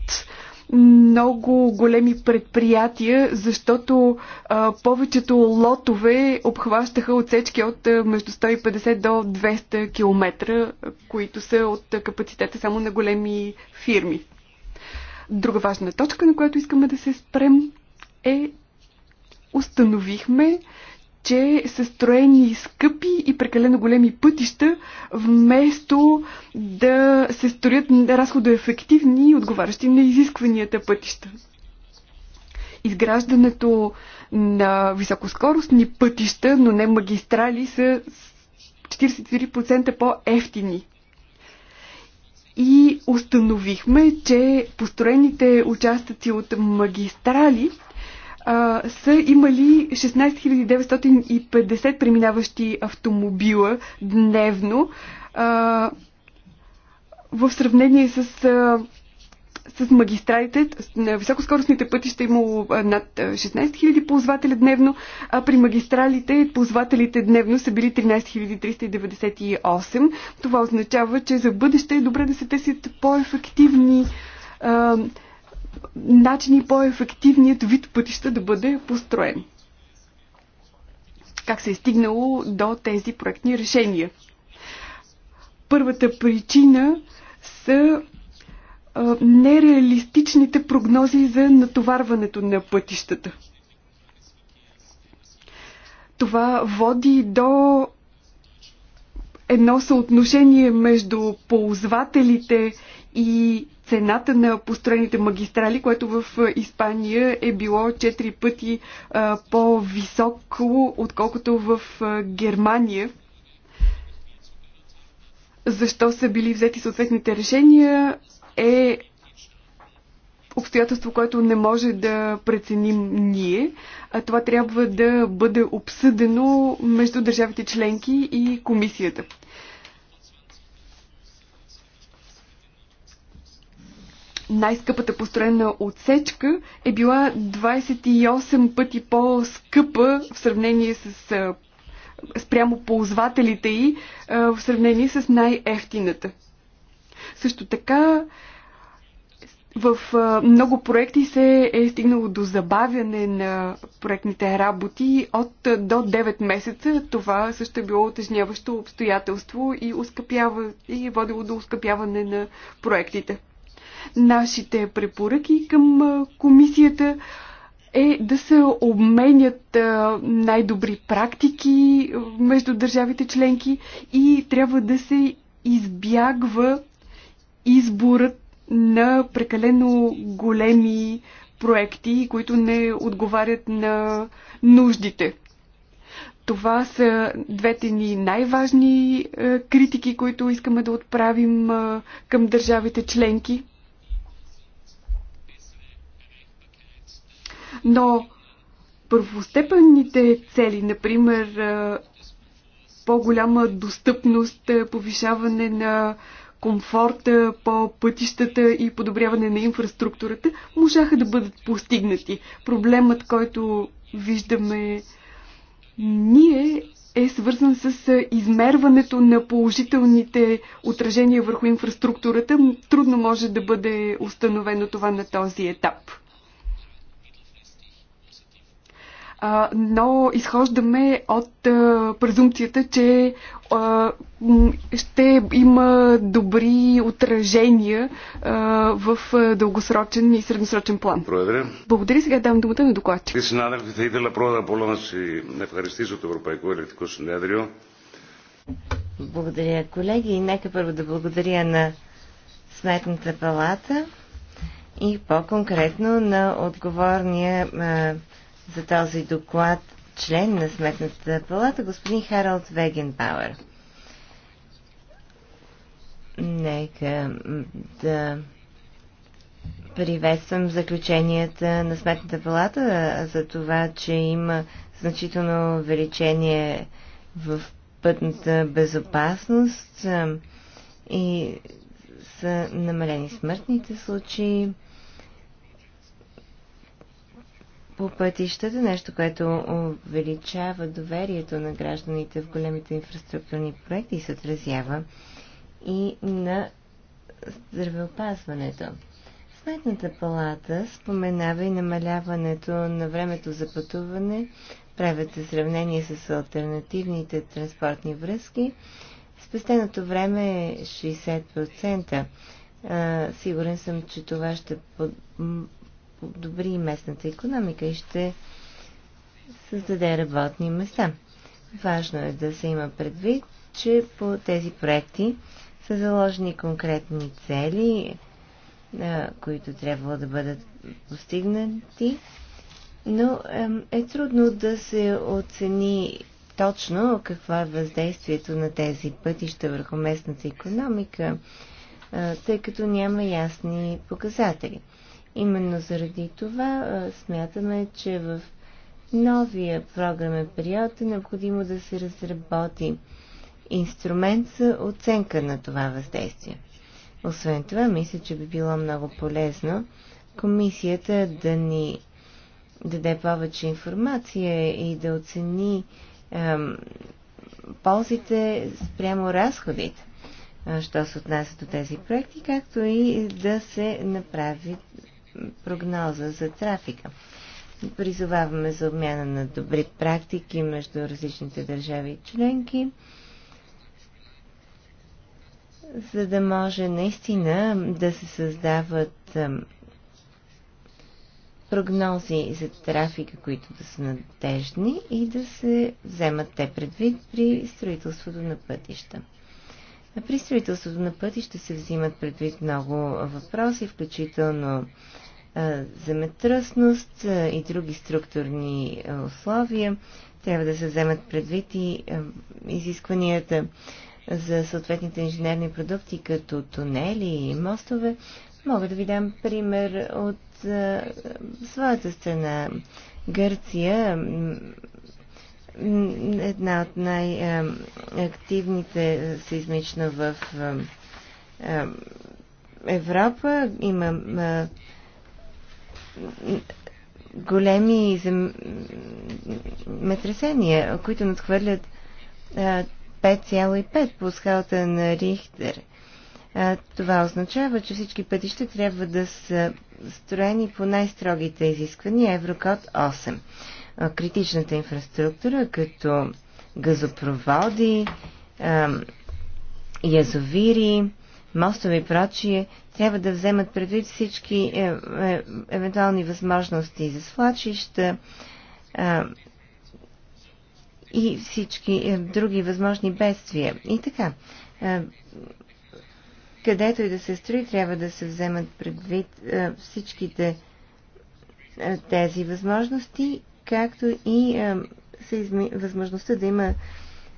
много големи предприятия, защото а, повечето лотове обхващаха отсечки от а, между 150 до 200 км, които са от а, капацитета само на големи фирми. Друга важна точка, на която искаме да се спрем е установихме, че са строени скъпи и прекалено големи пътища, вместо да се строят разходоефективни и отговарящи на изискванията пътища. Изграждането на високоскоростни пътища, но не магистрали, са 43% по-ефтини. И установихме, че построените участъци от магистрали – а, са имали 16 950 преминаващи автомобила дневно а, в сравнение с, а, с магистралите. На високоскоростните пътища е имало над 16 000 ползватели дневно, а при магистралите ползвателите дневно са били 13 398. Това означава, че за бъдеще е добре да се тесят по-ефективни начини по-ефективният вид пътища да бъде построен. Как се е стигнало до тези проектни решения? Първата причина са нереалистичните прогнози за натоварването на пътищата. Това води до едно съотношение между ползвателите и цената на построените магистрали, което в Испания е било 4 пъти по-високо, отколкото в Германия. Защо са били взети съответните решения е обстоятелство, което не може да преценим ние. А това трябва да бъде обсъдено между държавите членки и комисията. най-скъпата построена отсечка е била 28 пъти по-скъпа в сравнение с спрямо ползвателите й в сравнение с най-ефтината. Също така в много проекти се е стигнало до забавяне на проектните работи от до 9 месеца. Това също е било отежняващо обстоятелство и, ускъпява, и е водило до ускъпяване на проектите. Нашите препоръки към комисията е да се обменят най-добри практики между държавите членки и трябва да се избягва изборът на прекалено големи проекти, които не отговарят на нуждите. Това са двете ни най-важни критики, които искаме да отправим към държавите членки. но първостепенните цели, например по-голяма достъпност, повишаване на комфорта по пътищата и подобряване на инфраструктурата можаха да бъдат постигнати. Проблемът, който виждаме ние е свързан с измерването на положителните отражения върху инфраструктурата. Трудно може да бъде установено това на този етап. но изхождаме от презумцията, че ще има добри отражения в дългосрочен и средносрочен план. Благодаря. Благодаря. Сега давам думата на докладчик. Ти συνάδελφοι, θα ήθελα πρώτα απ' όλα να ευχαριστήσω το Ευρωπαϊκό Ελεκτικό Συνέδριο. Благодаря, колеги. И нека първо да благодаря на Сметната палата и по-конкретно на отговорния за този доклад член на Сметната палата, господин Харалд Вегенбауер. Нека да приветствам заключенията на Сметната палата за това, че има значително увеличение в пътната безопасност и са намалени смъртните случаи. по пътищата, нещо, което увеличава доверието на гражданите в големите инфраструктурни проекти и се отразява и на здравеопазването. Сметната палата споменава и намаляването на времето за пътуване, правят сравнение с альтернативните транспортни връзки. Спестеното време е 60%. А, сигурен съм, че това ще подобри местната економика и ще създаде работни места. Важно е да се има предвид, че по тези проекти са заложени конкретни цели, които трябва да бъдат постигнати, но е трудно да се оцени точно какво е въздействието на тези пътища върху местната економика, тъй като няма ясни показатели. Именно заради това смятаме, че в новия програмен период е необходимо да се разработи инструмент за оценка на това въздействие. Освен това, мисля, че би било много полезно комисията да ни даде повече информация и да оцени ем, ползите спрямо разходите, що се отнася до тези проекти, както и да се направи прогноза за трафика. Призоваваме за обмяна на добри практики между различните държави и членки, за да може наистина да се създават прогнози за трафика, които да са надежни и да се вземат те предвид при строителството на пътища. При строителството на пътища се взимат предвид много въпроси, включително земетръсност и други структурни условия. Трябва да се вземат предвид и изискванията за съответните инженерни продукти, като тунели и мостове. Мога да ви дам пример от своята страна. Гърция една от най-активните сейсмично в Европа. Има големи земетресения, които надхвърлят 5,5 по скалата на Рихтер. Това означава, че всички пътища трябва да са строени по най-строгите изисквания Еврокод 8. Критичната инфраструктура, като газопроводи, язовири, мостове и прочие, трябва да вземат предвид всички е, е, евентуални възможности за свлачища е, и всички е, други възможни бедствия. И така, е, където и да се строи, трябва да се вземат предвид е, всичките е, тези възможности, както и е, възможността да има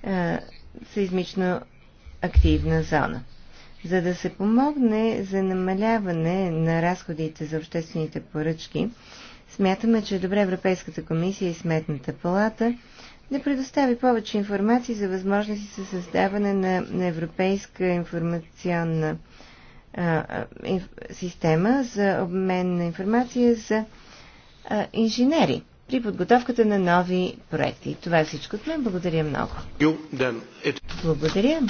е, сеизмично активна зона. За да се помогне за намаляване на разходите за обществените поръчки, смятаме, че е добре Европейската комисия и Сметната палата да предостави повече информации за възможности за създаване на, на европейска информационна а, инф, система за обмен на информация за а, инженери при подготовката на нови проекти. Това е всичко от мен. Благодаря много. Благодаря.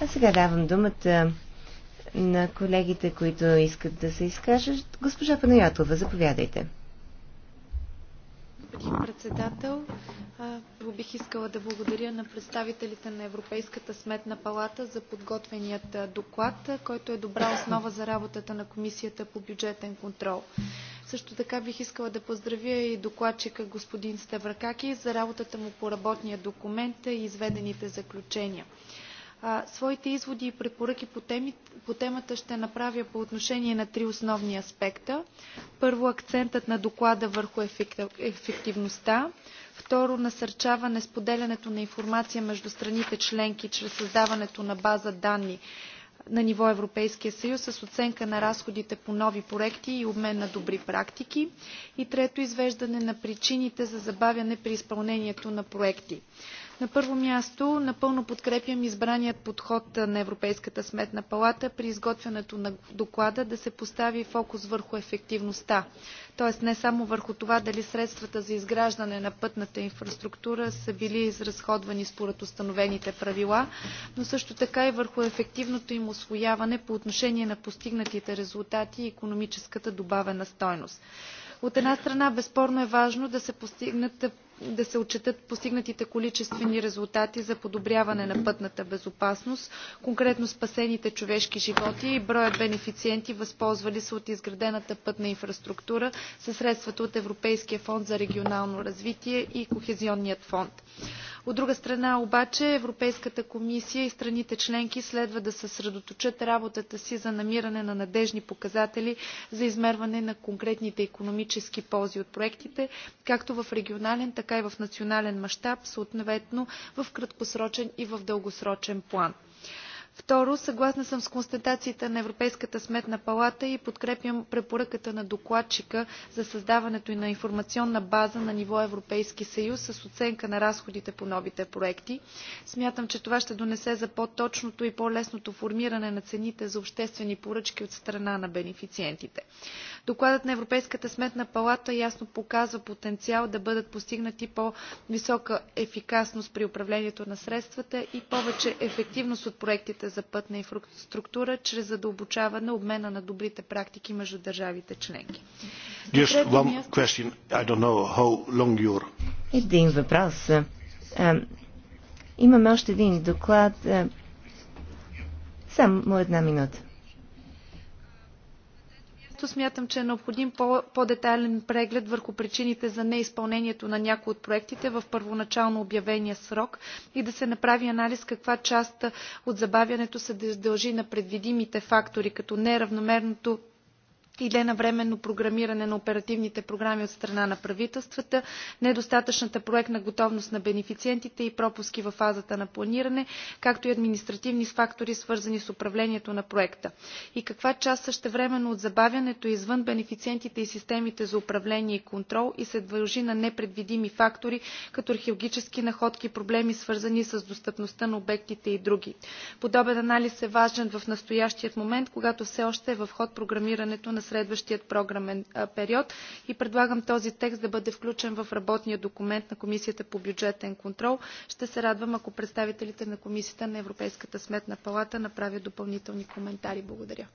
А сега давам думата на колегите, които искат да се изкажат. Госпожа Панайотова, заповядайте. Господин председател, бих искала да благодаря на представителите на Европейската сметна палата за подготвеният доклад, който е добра основа за работата на Комисията по бюджетен контрол. Също така бих искала да поздравя и докладчика господин Ставракаки за работата му по работния документ и изведените заключения. Своите изводи и препоръки по, теми, по темата ще направя по отношение на три основни аспекта. Първо, акцентът на доклада върху ефективността. Второ, насърчаване споделянето на информация между страните членки чрез създаването на база данни на ниво Европейския съюз с оценка на разходите по нови проекти и обмен на добри практики. И трето, извеждане на причините за забавяне при изпълнението на проекти. На първо място, напълно подкрепям избраният подход на Европейската сметна палата при изготвянето на доклада да се постави фокус върху ефективността. Тоест не само върху това дали средствата за изграждане на пътната инфраструктура са били изразходвани според установените правила, но също така и върху ефективното им освояване по отношение на постигнатите резултати и економическата добавена стойност. От една страна, безспорно е важно да се постигнат да се отчетат постигнатите количествени резултати за подобряване на пътната безопасност, конкретно спасените човешки животи и броя бенефициенти, възползвали се от изградената пътна инфраструктура със средствата от Европейския фонд за регионално развитие и Кохезионният фонд. От друга страна обаче Европейската комисия и страните членки следва да съсредоточат работата си за намиране на надежни показатели за измерване на конкретните економически ползи от проектите, както в регионален, така и в национален мащаб, съответно в краткосрочен и в дългосрочен план. Второ, съгласна съм с констатацията на Европейската сметна палата и подкрепям препоръката на докладчика за създаването и на информационна база на ниво Европейски съюз с оценка на разходите по новите проекти. Смятам, че това ще донесе за по-точното и по-лесното формиране на цените за обществени поръчки от страна на бенефициентите. Докладът на Европейската сметна палата ясно показва потенциал да бъдат постигнати по-висока ефикасност при управлението на средствата и повече ефективност от проектите Агенцията за пътна инфраструктура чрез задълбочаване обмена на добрите практики между държавите членки. Един въпрос. Е, имаме още един доклад. Е, само една минута. Смятам, че е необходим по-детайлен -по преглед върху причините за неизпълнението на някои от проектите в първоначално обявения срок и да се направи анализ каква част от забавянето се дължи на предвидимите фактори, като неравномерното или на временно програмиране на оперативните програми от страна на правителствата, недостатъчната проектна готовност на бенефициентите и пропуски във фазата на планиране, както и административни фактори, свързани с управлението на проекта. И каква част същевременно от забавянето извън бенефициентите и системите за управление и контрол и се дължи на непредвидими фактори, като археологически находки, проблеми свързани с достъпността на обектите и други. Подобен анализ е важен в настоящият момент, когато все още е в ход програмирането на следващия програмен период и предлагам този текст да бъде включен в работния документ на Комисията по бюджетен контрол. Ще се радвам, ако представителите на Комисията на Европейската сметна палата направят допълнителни коментари. Благодаря.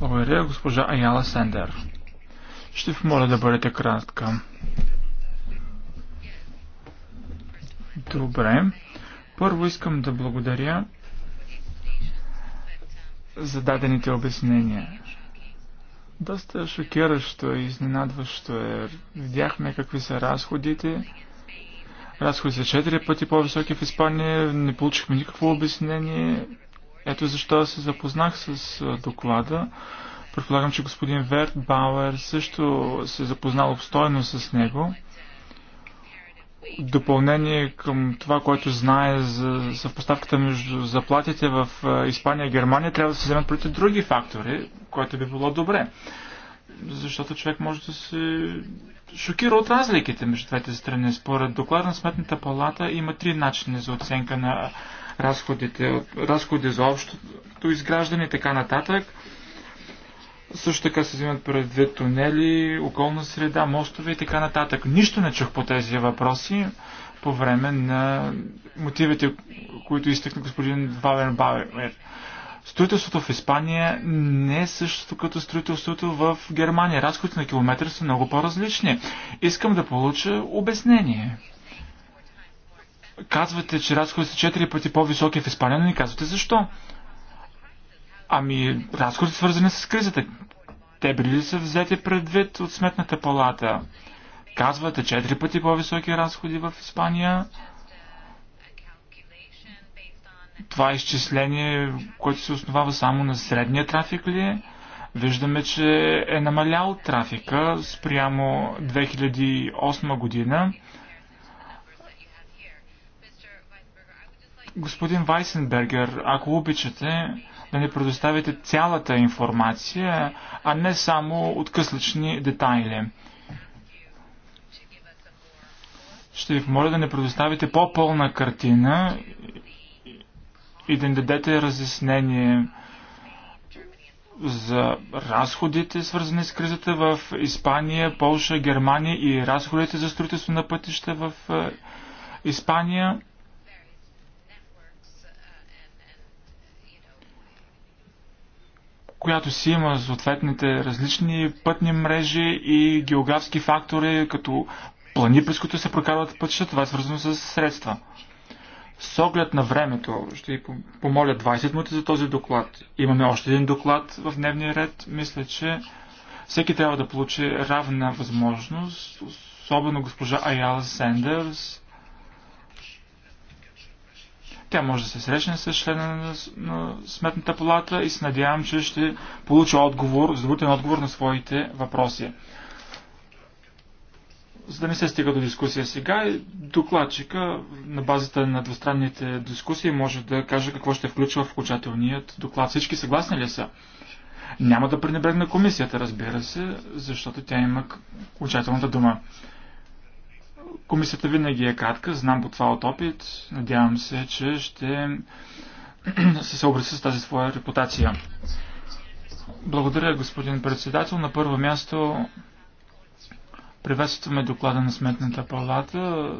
Благодаря, госпожа Аяла Сендер. Ще ви моля да бъдете кратка. Добре. Първо искам да благодаря за дадените обяснения. Доста шокиращо и е, изненадващо е. Видяхме какви са разходите. Разходи са четири пъти по-високи в Испания. Не получихме никакво обяснение. Ето защо се запознах с доклада. Предполагам, че господин Верт Бауер също се е запознал обстойно с него допълнение към това, което знае за съпоставката между заплатите в е, Испания и Германия, трябва да се вземат против други фактори, което би било добре. Защото човек може да се шокира от разликите между двете страни. Според доклада на Сметната палата има три начини за оценка на разходите. Разходи за общото изграждане и така нататък, също така се взимат две тунели, околна среда, мостове и така нататък. Нищо не чух по тези въпроси по време на мотивите, които изтъкна господин Вален Бауер. Строителството в Испания не е същото като строителството в Германия. Разходите на километър са много по-различни. Искам да получа обяснение. Казвате, че разходите са 4 пъти по-високи в Испания, но не казвате защо. Ами, разходите свързани с кризата. Те били ли са взети предвид от сметната палата? Казвате четири пъти по-високи разходи в Испания. Това изчисление, което се основава само на средния трафик ли е? Виждаме, че е намалял трафика спрямо 2008 година. Господин Вайсенбергер, ако обичате, да ни предоставите цялата информация, а не само откъслични детайли. Ще ви помоля да ни предоставите по-пълна картина и да ни дадете разяснение за разходите, свързани с кризата в Испания, Полша, Германия и разходите за строителство на пътища в е, Испания. която си има съответните различни пътни мрежи и географски фактори, като плани, през които се прокарват пътища, това е свързано с средства. С оглед на времето, ще ви помоля 20 минути за този доклад. Имаме още един доклад в дневния ред. Мисля, че всеки трябва да получи равна възможност, особено госпожа Аяла Сендърс, тя може да се срещне с члена на, Сметната палата и се надявам, че ще получи отговор, задоволителен отговор на своите въпроси. За да не се стига до дискусия сега, докладчика на базата на двустранните дискусии може да каже какво ще включва в окончателният доклад. Всички съгласни ли са? Няма да пренебрегна комисията, разбира се, защото тя има окончателната дума. Комисията винаги е кратка, знам по това от опит. Надявам се, че ще се съобрази с тази своя репутация. Благодаря, господин председател. На първо място приветстваме доклада на Сметната палата.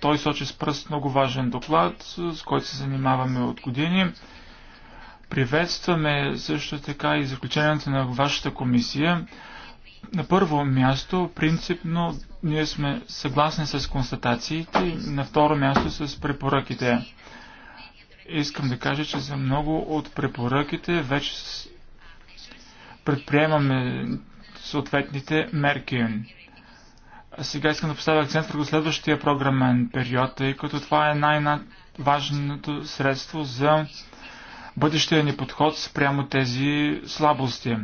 Той сочи с пръст много важен доклад, с който се занимаваме от години. Приветстваме също така и заключението на вашата комисия на първо място, принципно, ние сме съгласни с констатациите и на второ място с препоръките. Искам да кажа, че за много от препоръките вече предприемаме съответните мерки. А сега искам да поставя акцент върху следващия програмен период, тъй като това е най-важното средство за бъдещия ни подход спрямо тези слабости.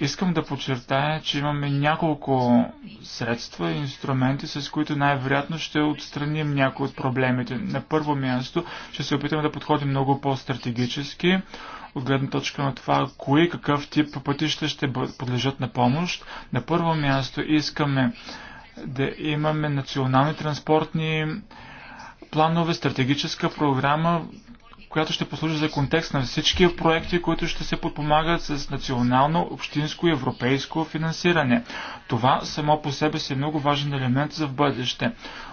Искам да подчертая, че имаме няколко средства и инструменти, с които най-вероятно ще отстраним някои от проблемите. На първо място ще се опитаме да подходим много по-стратегически, от гледна точка на това, кои какъв тип пътища ще подлежат на помощ. На първо място искаме да имаме национални транспортни планове, стратегическа програма, която ще послужи за контекст на всички проекти, които ще се подпомагат с национално, общинско и европейско финансиране. Това само по себе си е много важен елемент за в бъдеще.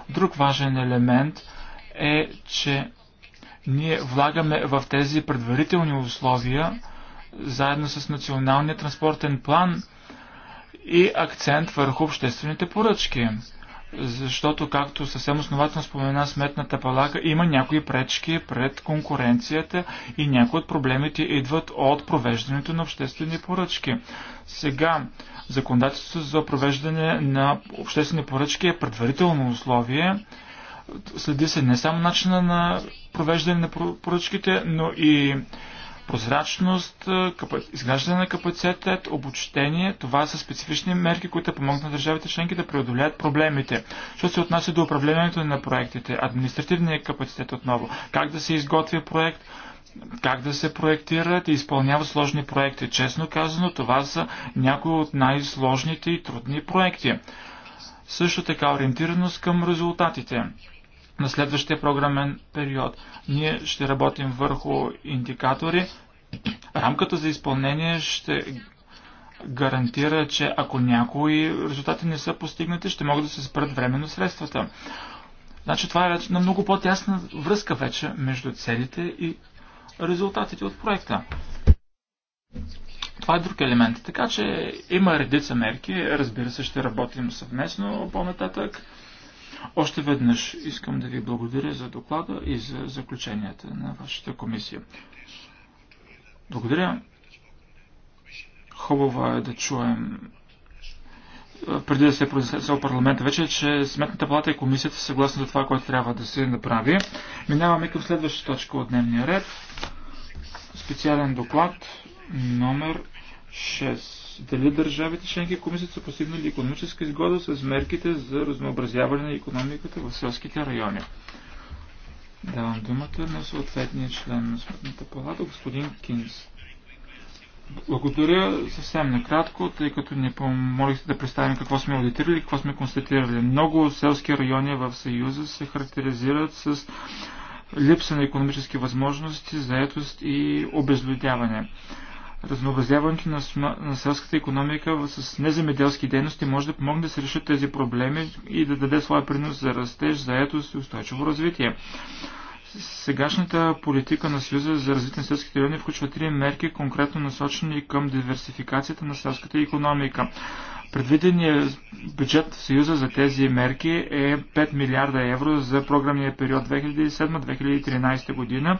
Друг важен елемент е, че ние влагаме в тези предварителни условия, заедно с националния транспортен план и акцент върху обществените поръчки защото, както съвсем основателно спомена Сметната палака, има някои пречки пред конкуренцията и някои от проблемите идват от провеждането на обществени поръчки. Сега, законодателството за провеждане на обществени поръчки е предварително условие. Следи се не само начина на провеждане на поръчките, но и прозрачност, изграждане на капацитет, обучение. Това са специфични мерки, които помогнат на държавите членки да преодолеят проблемите. Що се отнася до управлението на проектите, административния капацитет отново, как да се изготвя проект, как да се проектират и изпълняват сложни проекти. Честно казано, това са някои от най-сложните и трудни проекти. Също така ориентираност към резултатите на следващия програмен период. Ние ще работим върху индикатори. Рамката за изпълнение ще гарантира, че ако някои резултати не са постигнати, ще могат да се спрат временно средствата. Значи това е вече на много по-тясна връзка вече между целите и резултатите от проекта. Това е друг елемент. Така че има редица мерки. Разбира се, ще работим съвместно по-нататък. Още веднъж искам да ви благодаря за доклада и за заключенията на вашата комисия. Благодаря. Хубаво е да чуем преди да се е парламента вече, че Сметната палата и комисията са съгласни за това, което трябва да се направи. Минаваме към следващата точка от дневния ред. Специален доклад номер 6 дали държавите членки комисията са постигнали економическа изгода с мерките за разнообразяване на економиката в селските райони. Давам думата на съответния член на Сметната палата, господин Кинс. Благодаря съвсем накратко, тъй като не помолихте да представим какво сме аудитирали, какво сме констатирали. Много селски райони в Съюза се характеризират с липса на економически възможности, заетост и обезлюдяване разнообразяването на, на селската економика с неземеделски дейности може да помогне да се решат тези проблеми и да даде своя принос за растеж, заетост и устойчиво развитие. Сегашната политика на Съюза за развитие на селските райони включва три мерки, конкретно насочени към диверсификацията на селската економика. Предвиденият бюджет в Съюза за тези мерки е 5 милиарда евро за програмния период 2007-2013 година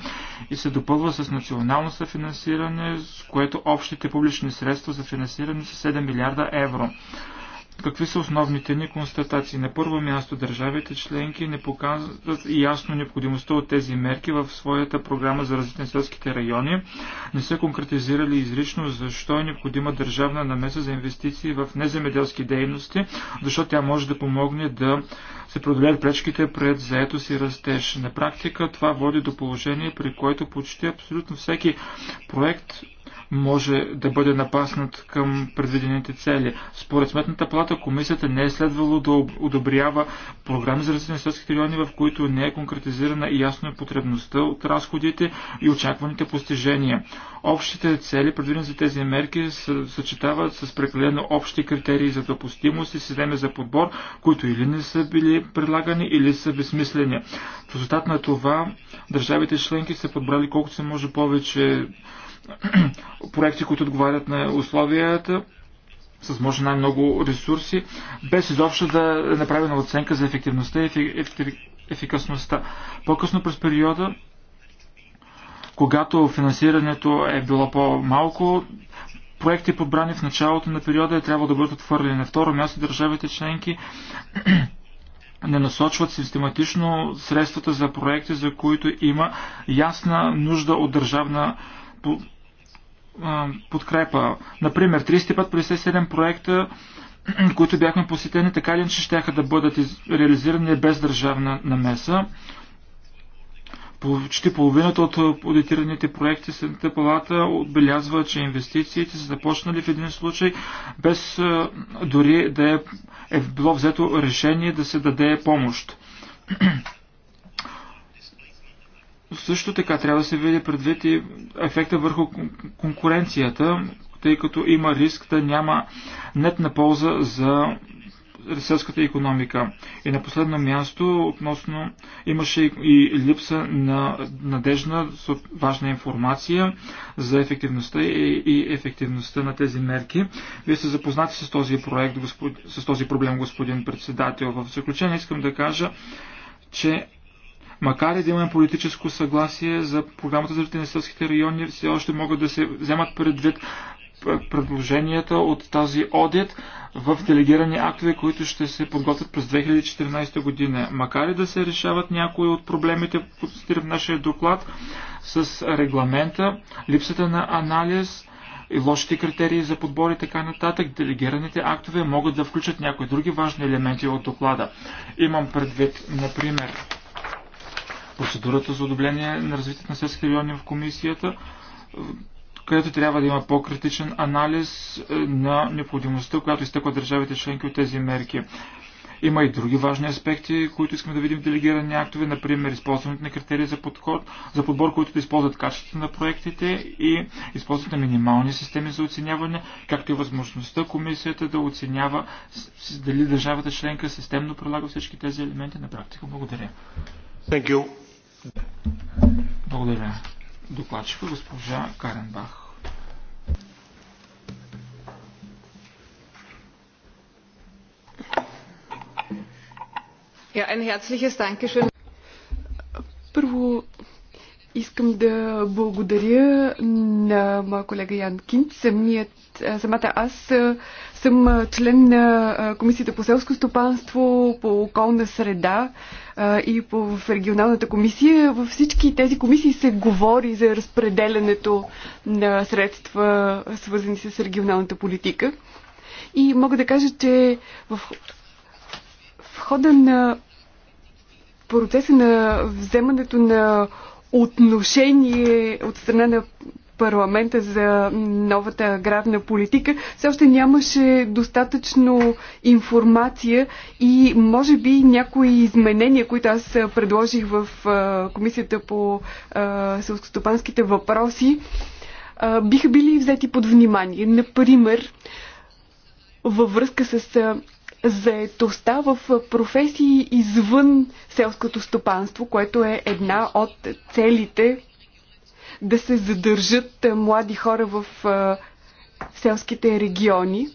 и се допълва с национално съфинансиране, с което общите публични средства за финансиране са 7 милиарда евро. Какви са основните ни констатации? На първо място държавите членки не показват ясно необходимостта от тези мерки в своята програма за развитие на селските райони. Не са конкретизирали изрично защо е необходима държавна намеса за инвестиции в неземеделски дейности, защото тя може да помогне да се преодолеят пречките пред заетост и растеж. На практика това води до положение, при което почти абсолютно всеки проект може да бъде напаснат към предвидените цели. Според Сметната плата комисията не е следвало да одобрява програми за развитие на селските райони, в които не е конкретизирана и ясно е потребността от разходите и очакваните постижения. Общите цели, предвидени за тези мерки, се съчетават с прекалено общи критерии за допустимост и системи за подбор, които или не са били предлагани, или са безсмислени. В резултат на това държавите членки са подбрали колкото се може повече проекти, които отговарят на условията, с може най-много ресурси, без изобщо да е направена оценка за ефективността и ефикасността. По-късно през периода, когато финансирането е било по-малко, проекти подбрани в началото на периода е трябва да бъдат отвърлени. На второ място държавите членки не насочват систематично средствата за проекти, за които има ясна нужда от държавна подкрепа. Например, 357 проекта, които бяхме посетени, така ли, че ще да бъдат реализирани без държавна намеса. Почти половината от аудитираните проекти Съдната палата отбелязва, че инвестициите са започнали в един случай, без дори да е, е било взето решение да се даде помощ. Също така трябва да се види предвид и ефекта върху конкуренцията, тъй като има риск да няма нетна полза за селската економика. И на последно място, относно, имаше и липса на надежна, важна информация за ефективността и, и ефективността на тези мерки. Вие сте запознати с този проект, господ... с този проблем, господин председател. В заключение искам да кажа, че Макар и да имаме политическо съгласие за програмата за развитие на селските райони, все още могат да се вземат предвид предложенията от тази одит в делегирани актове, които ще се подготвят през 2014 година. Макар и да се решават някои от проблемите, които в нашия доклад, с регламента, липсата на анализ и лошите критерии за подбор и така нататък, делегираните актове могат да включат някои други важни елементи от доклада. Имам предвид, например, процедурата за одобрение на развитието на селските райони в комисията, където трябва да има по-критичен анализ е, на необходимостта, която изтъква държавите членки от тези мерки. Има и други важни аспекти, които искаме да видим в делегирани актове, например използването на критерии за, подход, за подбор, които да използват качеството на проектите и използването на минимални системи за оценяване, както и възможността комисията да оценява дали държавата членка системно прилага всички тези елементи на практика. Благодаря. Thank you. Благодаря. Докладчика госпожа Каренбах. Ja, ein herzliches Dankeschön. Първо искам да благодаря на моя колега Ян Кинт. Самият, самата аз съм член на Комисията по селско стопанство, по околна среда и в регионалната комисия. Във всички тези комисии се говори за разпределенето на средства, свързани с регионалната политика. И мога да кажа, че в, в хода на процеса на вземането на отношение от страна на парламента за новата аграрна политика, все още нямаше достатъчно информация и може би някои изменения, които аз предложих в Комисията по селскостопанските въпроси, биха били взети под внимание. Например, във връзка с заетостта в професии извън селското стопанство, което е една от целите да се задържат е, млади хора в е, селските региони.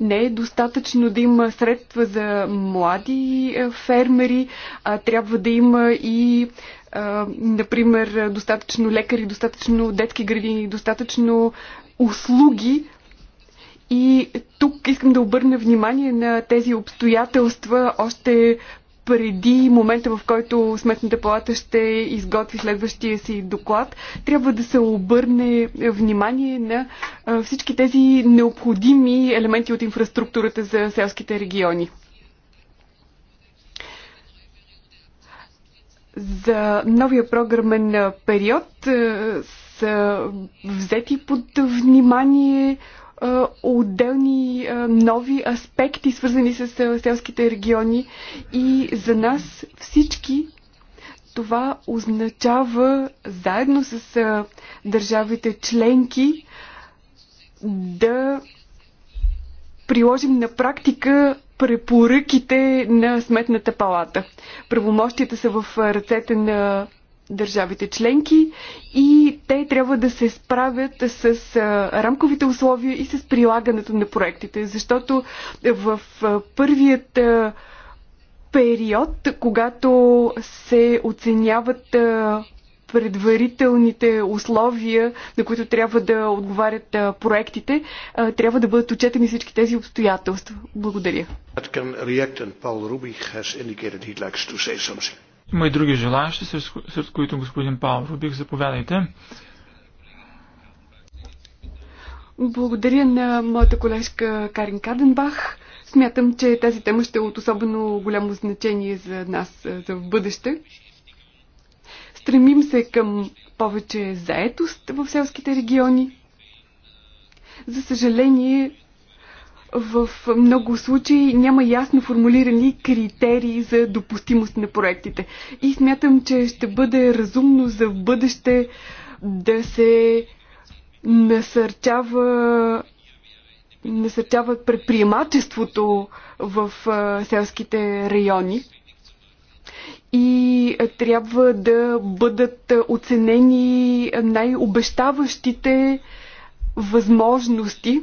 Не е достатъчно да има средства за млади е, фермери, а трябва да има и например, достатъчно лекари, достатъчно детски градини, достатъчно услуги. И тук искам да обърна внимание на тези обстоятелства още преди момента, в който Сметната палата ще изготви следващия си доклад, трябва да се обърне внимание на всички тези необходими елементи от инфраструктурата за селските региони. За новия програмен период са взети под внимание отделни нови аспекти, свързани с селските региони. И за нас всички това означава заедно с държавите членки да приложим на практика препоръките на Сметната палата. Правомощията са в ръцете на държавите членки и те трябва да се справят с рамковите условия и с прилагането на проектите, защото в първият период, когато се оценяват предварителните условия, на които трябва да отговарят проектите, трябва да бъдат отчетени всички тези обстоятелства. Благодаря. Има и други желаящи, сред които господин Павлов. Бих заповядайте. Благодаря на моята колежка Карин Каденбах. Смятам, че тази тема ще е от особено голямо значение за нас е, за в бъдеще. Стремим се към повече заетост в селските региони. За съжаление, в много случаи няма ясно формулирани критерии за допустимост на проектите. И смятам, че ще бъде разумно за бъдеще да се насърчава насърчават предприемачеството в селските райони и трябва да бъдат оценени най-обещаващите възможности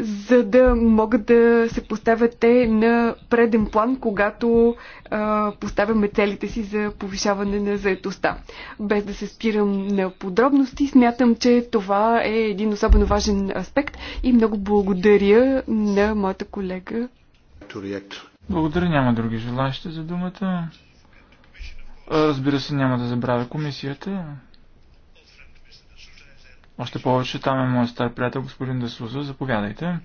за да могат да се поставят те на преден план, когато а, поставяме целите си за повишаване на заетостта. Без да се спирам на подробности, смятам, че това е един особено важен аспект и много благодаря на моята колега. Благодаря, няма други желащи за думата. Разбира се, няма да забравя комисията. Още повече там е моят стар приятел, господин Десуза. Заповядайте.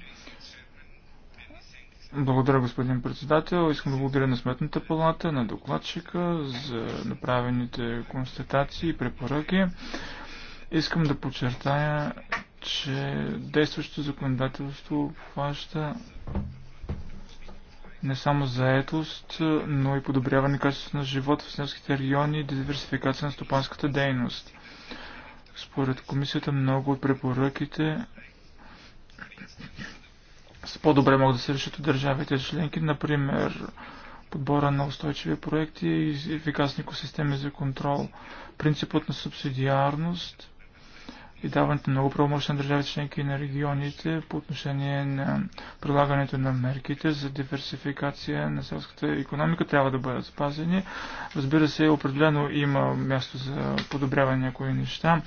Благодаря, господин председател. Искам да благодаря на Сметната палата, на докладчика за направените констатации и препоръки. Искам да подчертая, че действащото законодателство обхваща не само заетост, но и подобряване качеството на живот в селските региони и диверсификация на стопанската дейност. Според комисията много от препоръките с по-добре могат да се решат от държавите членки, например подбора на устойчиви проекти и ефикасни екосистеми за контрол, принципът на субсидиарност и даването на много правомощ на държави членки и на регионите по отношение на прилагането на мерките за диверсификация на селската економика трябва да бъдат спазени. Разбира се, определено има място за подобряване на някои неща.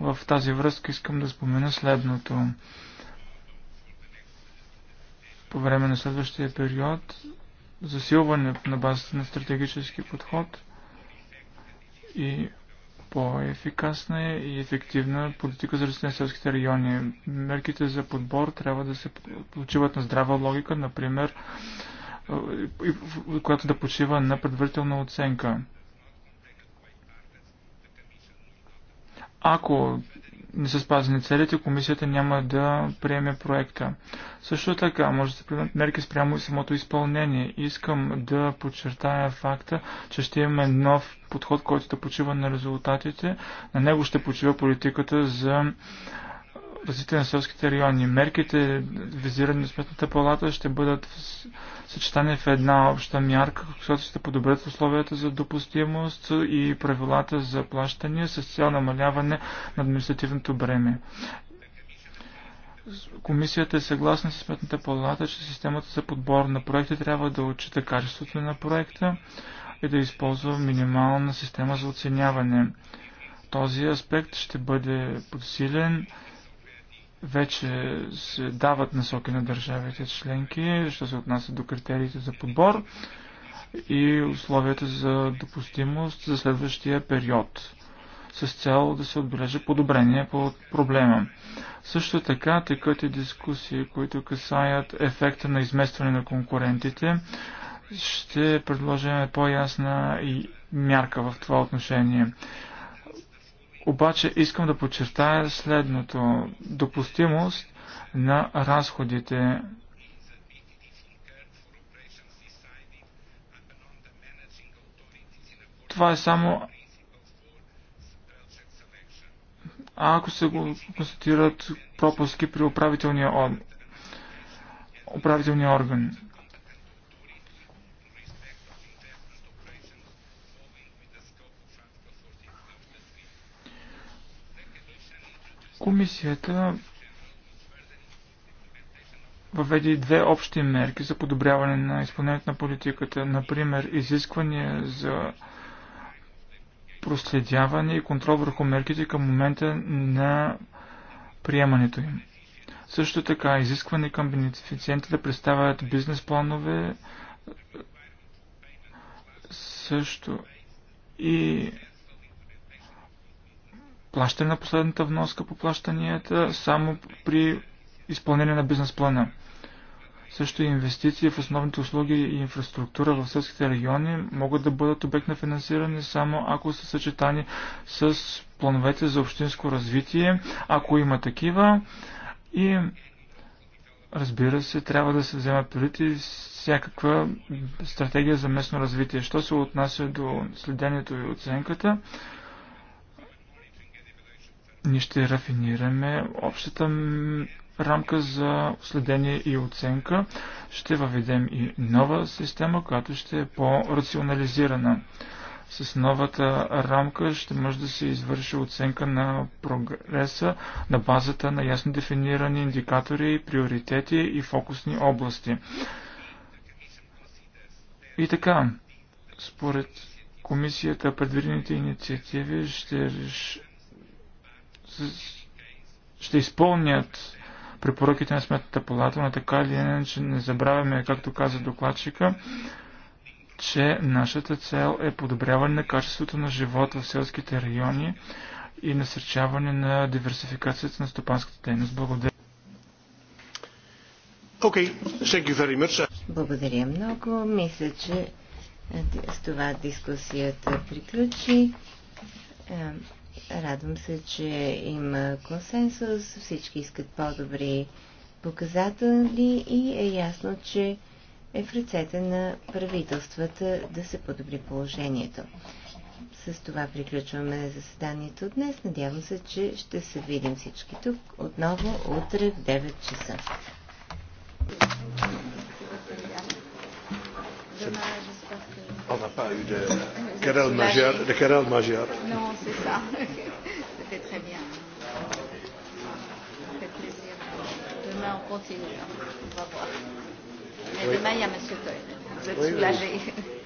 В тази връзка искам да спомена следното. По време на следващия период засилване на базата на стратегически подход и по-ефикасна и ефективна политика за развитие на селските райони. Мерките за подбор трябва да се почиват на здрава логика, например, която да почива на предварителна оценка. Ако не са спазени целите, комисията няма да приеме проекта. Също така, може да се приемат мерки спрямо и самото изпълнение. Искам да подчертая факта, че ще имаме нов подход, който да почива на резултатите. На него ще почива политиката за развитие на селските райони. Мерките, визирани от Сметната палата, ще бъдат в... съчетани в една обща мярка, която ще подобрят условията за допустимост и правилата за плащане с цял намаляване на административното бреме. Комисията е съгласна с Сметната палата, че системата за подбор на проекти трябва да отчита качеството на проекта и да използва минимална система за оценяване. Този аспект ще бъде подсилен вече се дават насоки на държавите членки, що се отнася до критериите за подбор и условията за допустимост за следващия период с цел да се отбележи подобрение по проблема. Също така текат и дискусии, които касаят ефекта на изместване на конкурентите. Ще предложим по-ясна и мярка в това отношение. Обаче искам да подчертая следното. Допустимост на разходите това е само ако се го констатират пропуски при управителния, управителния орган. Комисията въведе две общи мерки за подобряване на изпълнението на политиката, например изисквания за проследяване и контрол върху мерките към момента на приемането им. Също така изискване към бенефициентите да представят бизнес планове също и плащане на последната вноска по плащанията само при изпълнение на бизнес плана. Също и инвестиции в основните услуги и инфраструктура в селските региони могат да бъдат обект на финансиране само ако са съчетани с плановете за общинско развитие, ако има такива. И разбира се, трябва да се вземе преди всякаква стратегия за местно развитие. Що се отнася до следението и оценката, ние ще рафинираме общата рамка за следение и оценка. Ще въведем и нова система, която ще е по-рационализирана. С новата рамка ще може да се извърши оценка на прогреса на базата на ясно дефинирани индикатори, приоритети и фокусни области. И така, според комисията предвидените инициативи ще реш ще изпълнят препоръките на Сметната палата, но така или иначе не забравяме, както каза докладчика, че нашата цел е подобряване на качеството на живота в селските райони и насърчаване на диверсификацията на стопанската дейност. Благодаря. Okay, thank you very much. Благодаря много. Мисля, че с това дискусията приключи. Радвам се, че има консенсус, всички искат по-добри показатели и е ясно, че е в ръцете на правителствата да се подобри положението. С това приключваме заседанието днес. Надявам се, че ще се видим всички тук отново утре в 9 часа. On n'a pas eu de... Carole majeures. Non, c'est ça. C'était très bien. Ça fait plaisir. Demain, on continue. On va voir. Mais oui. demain, il y a M. Toy. Vous êtes oui, soulagés.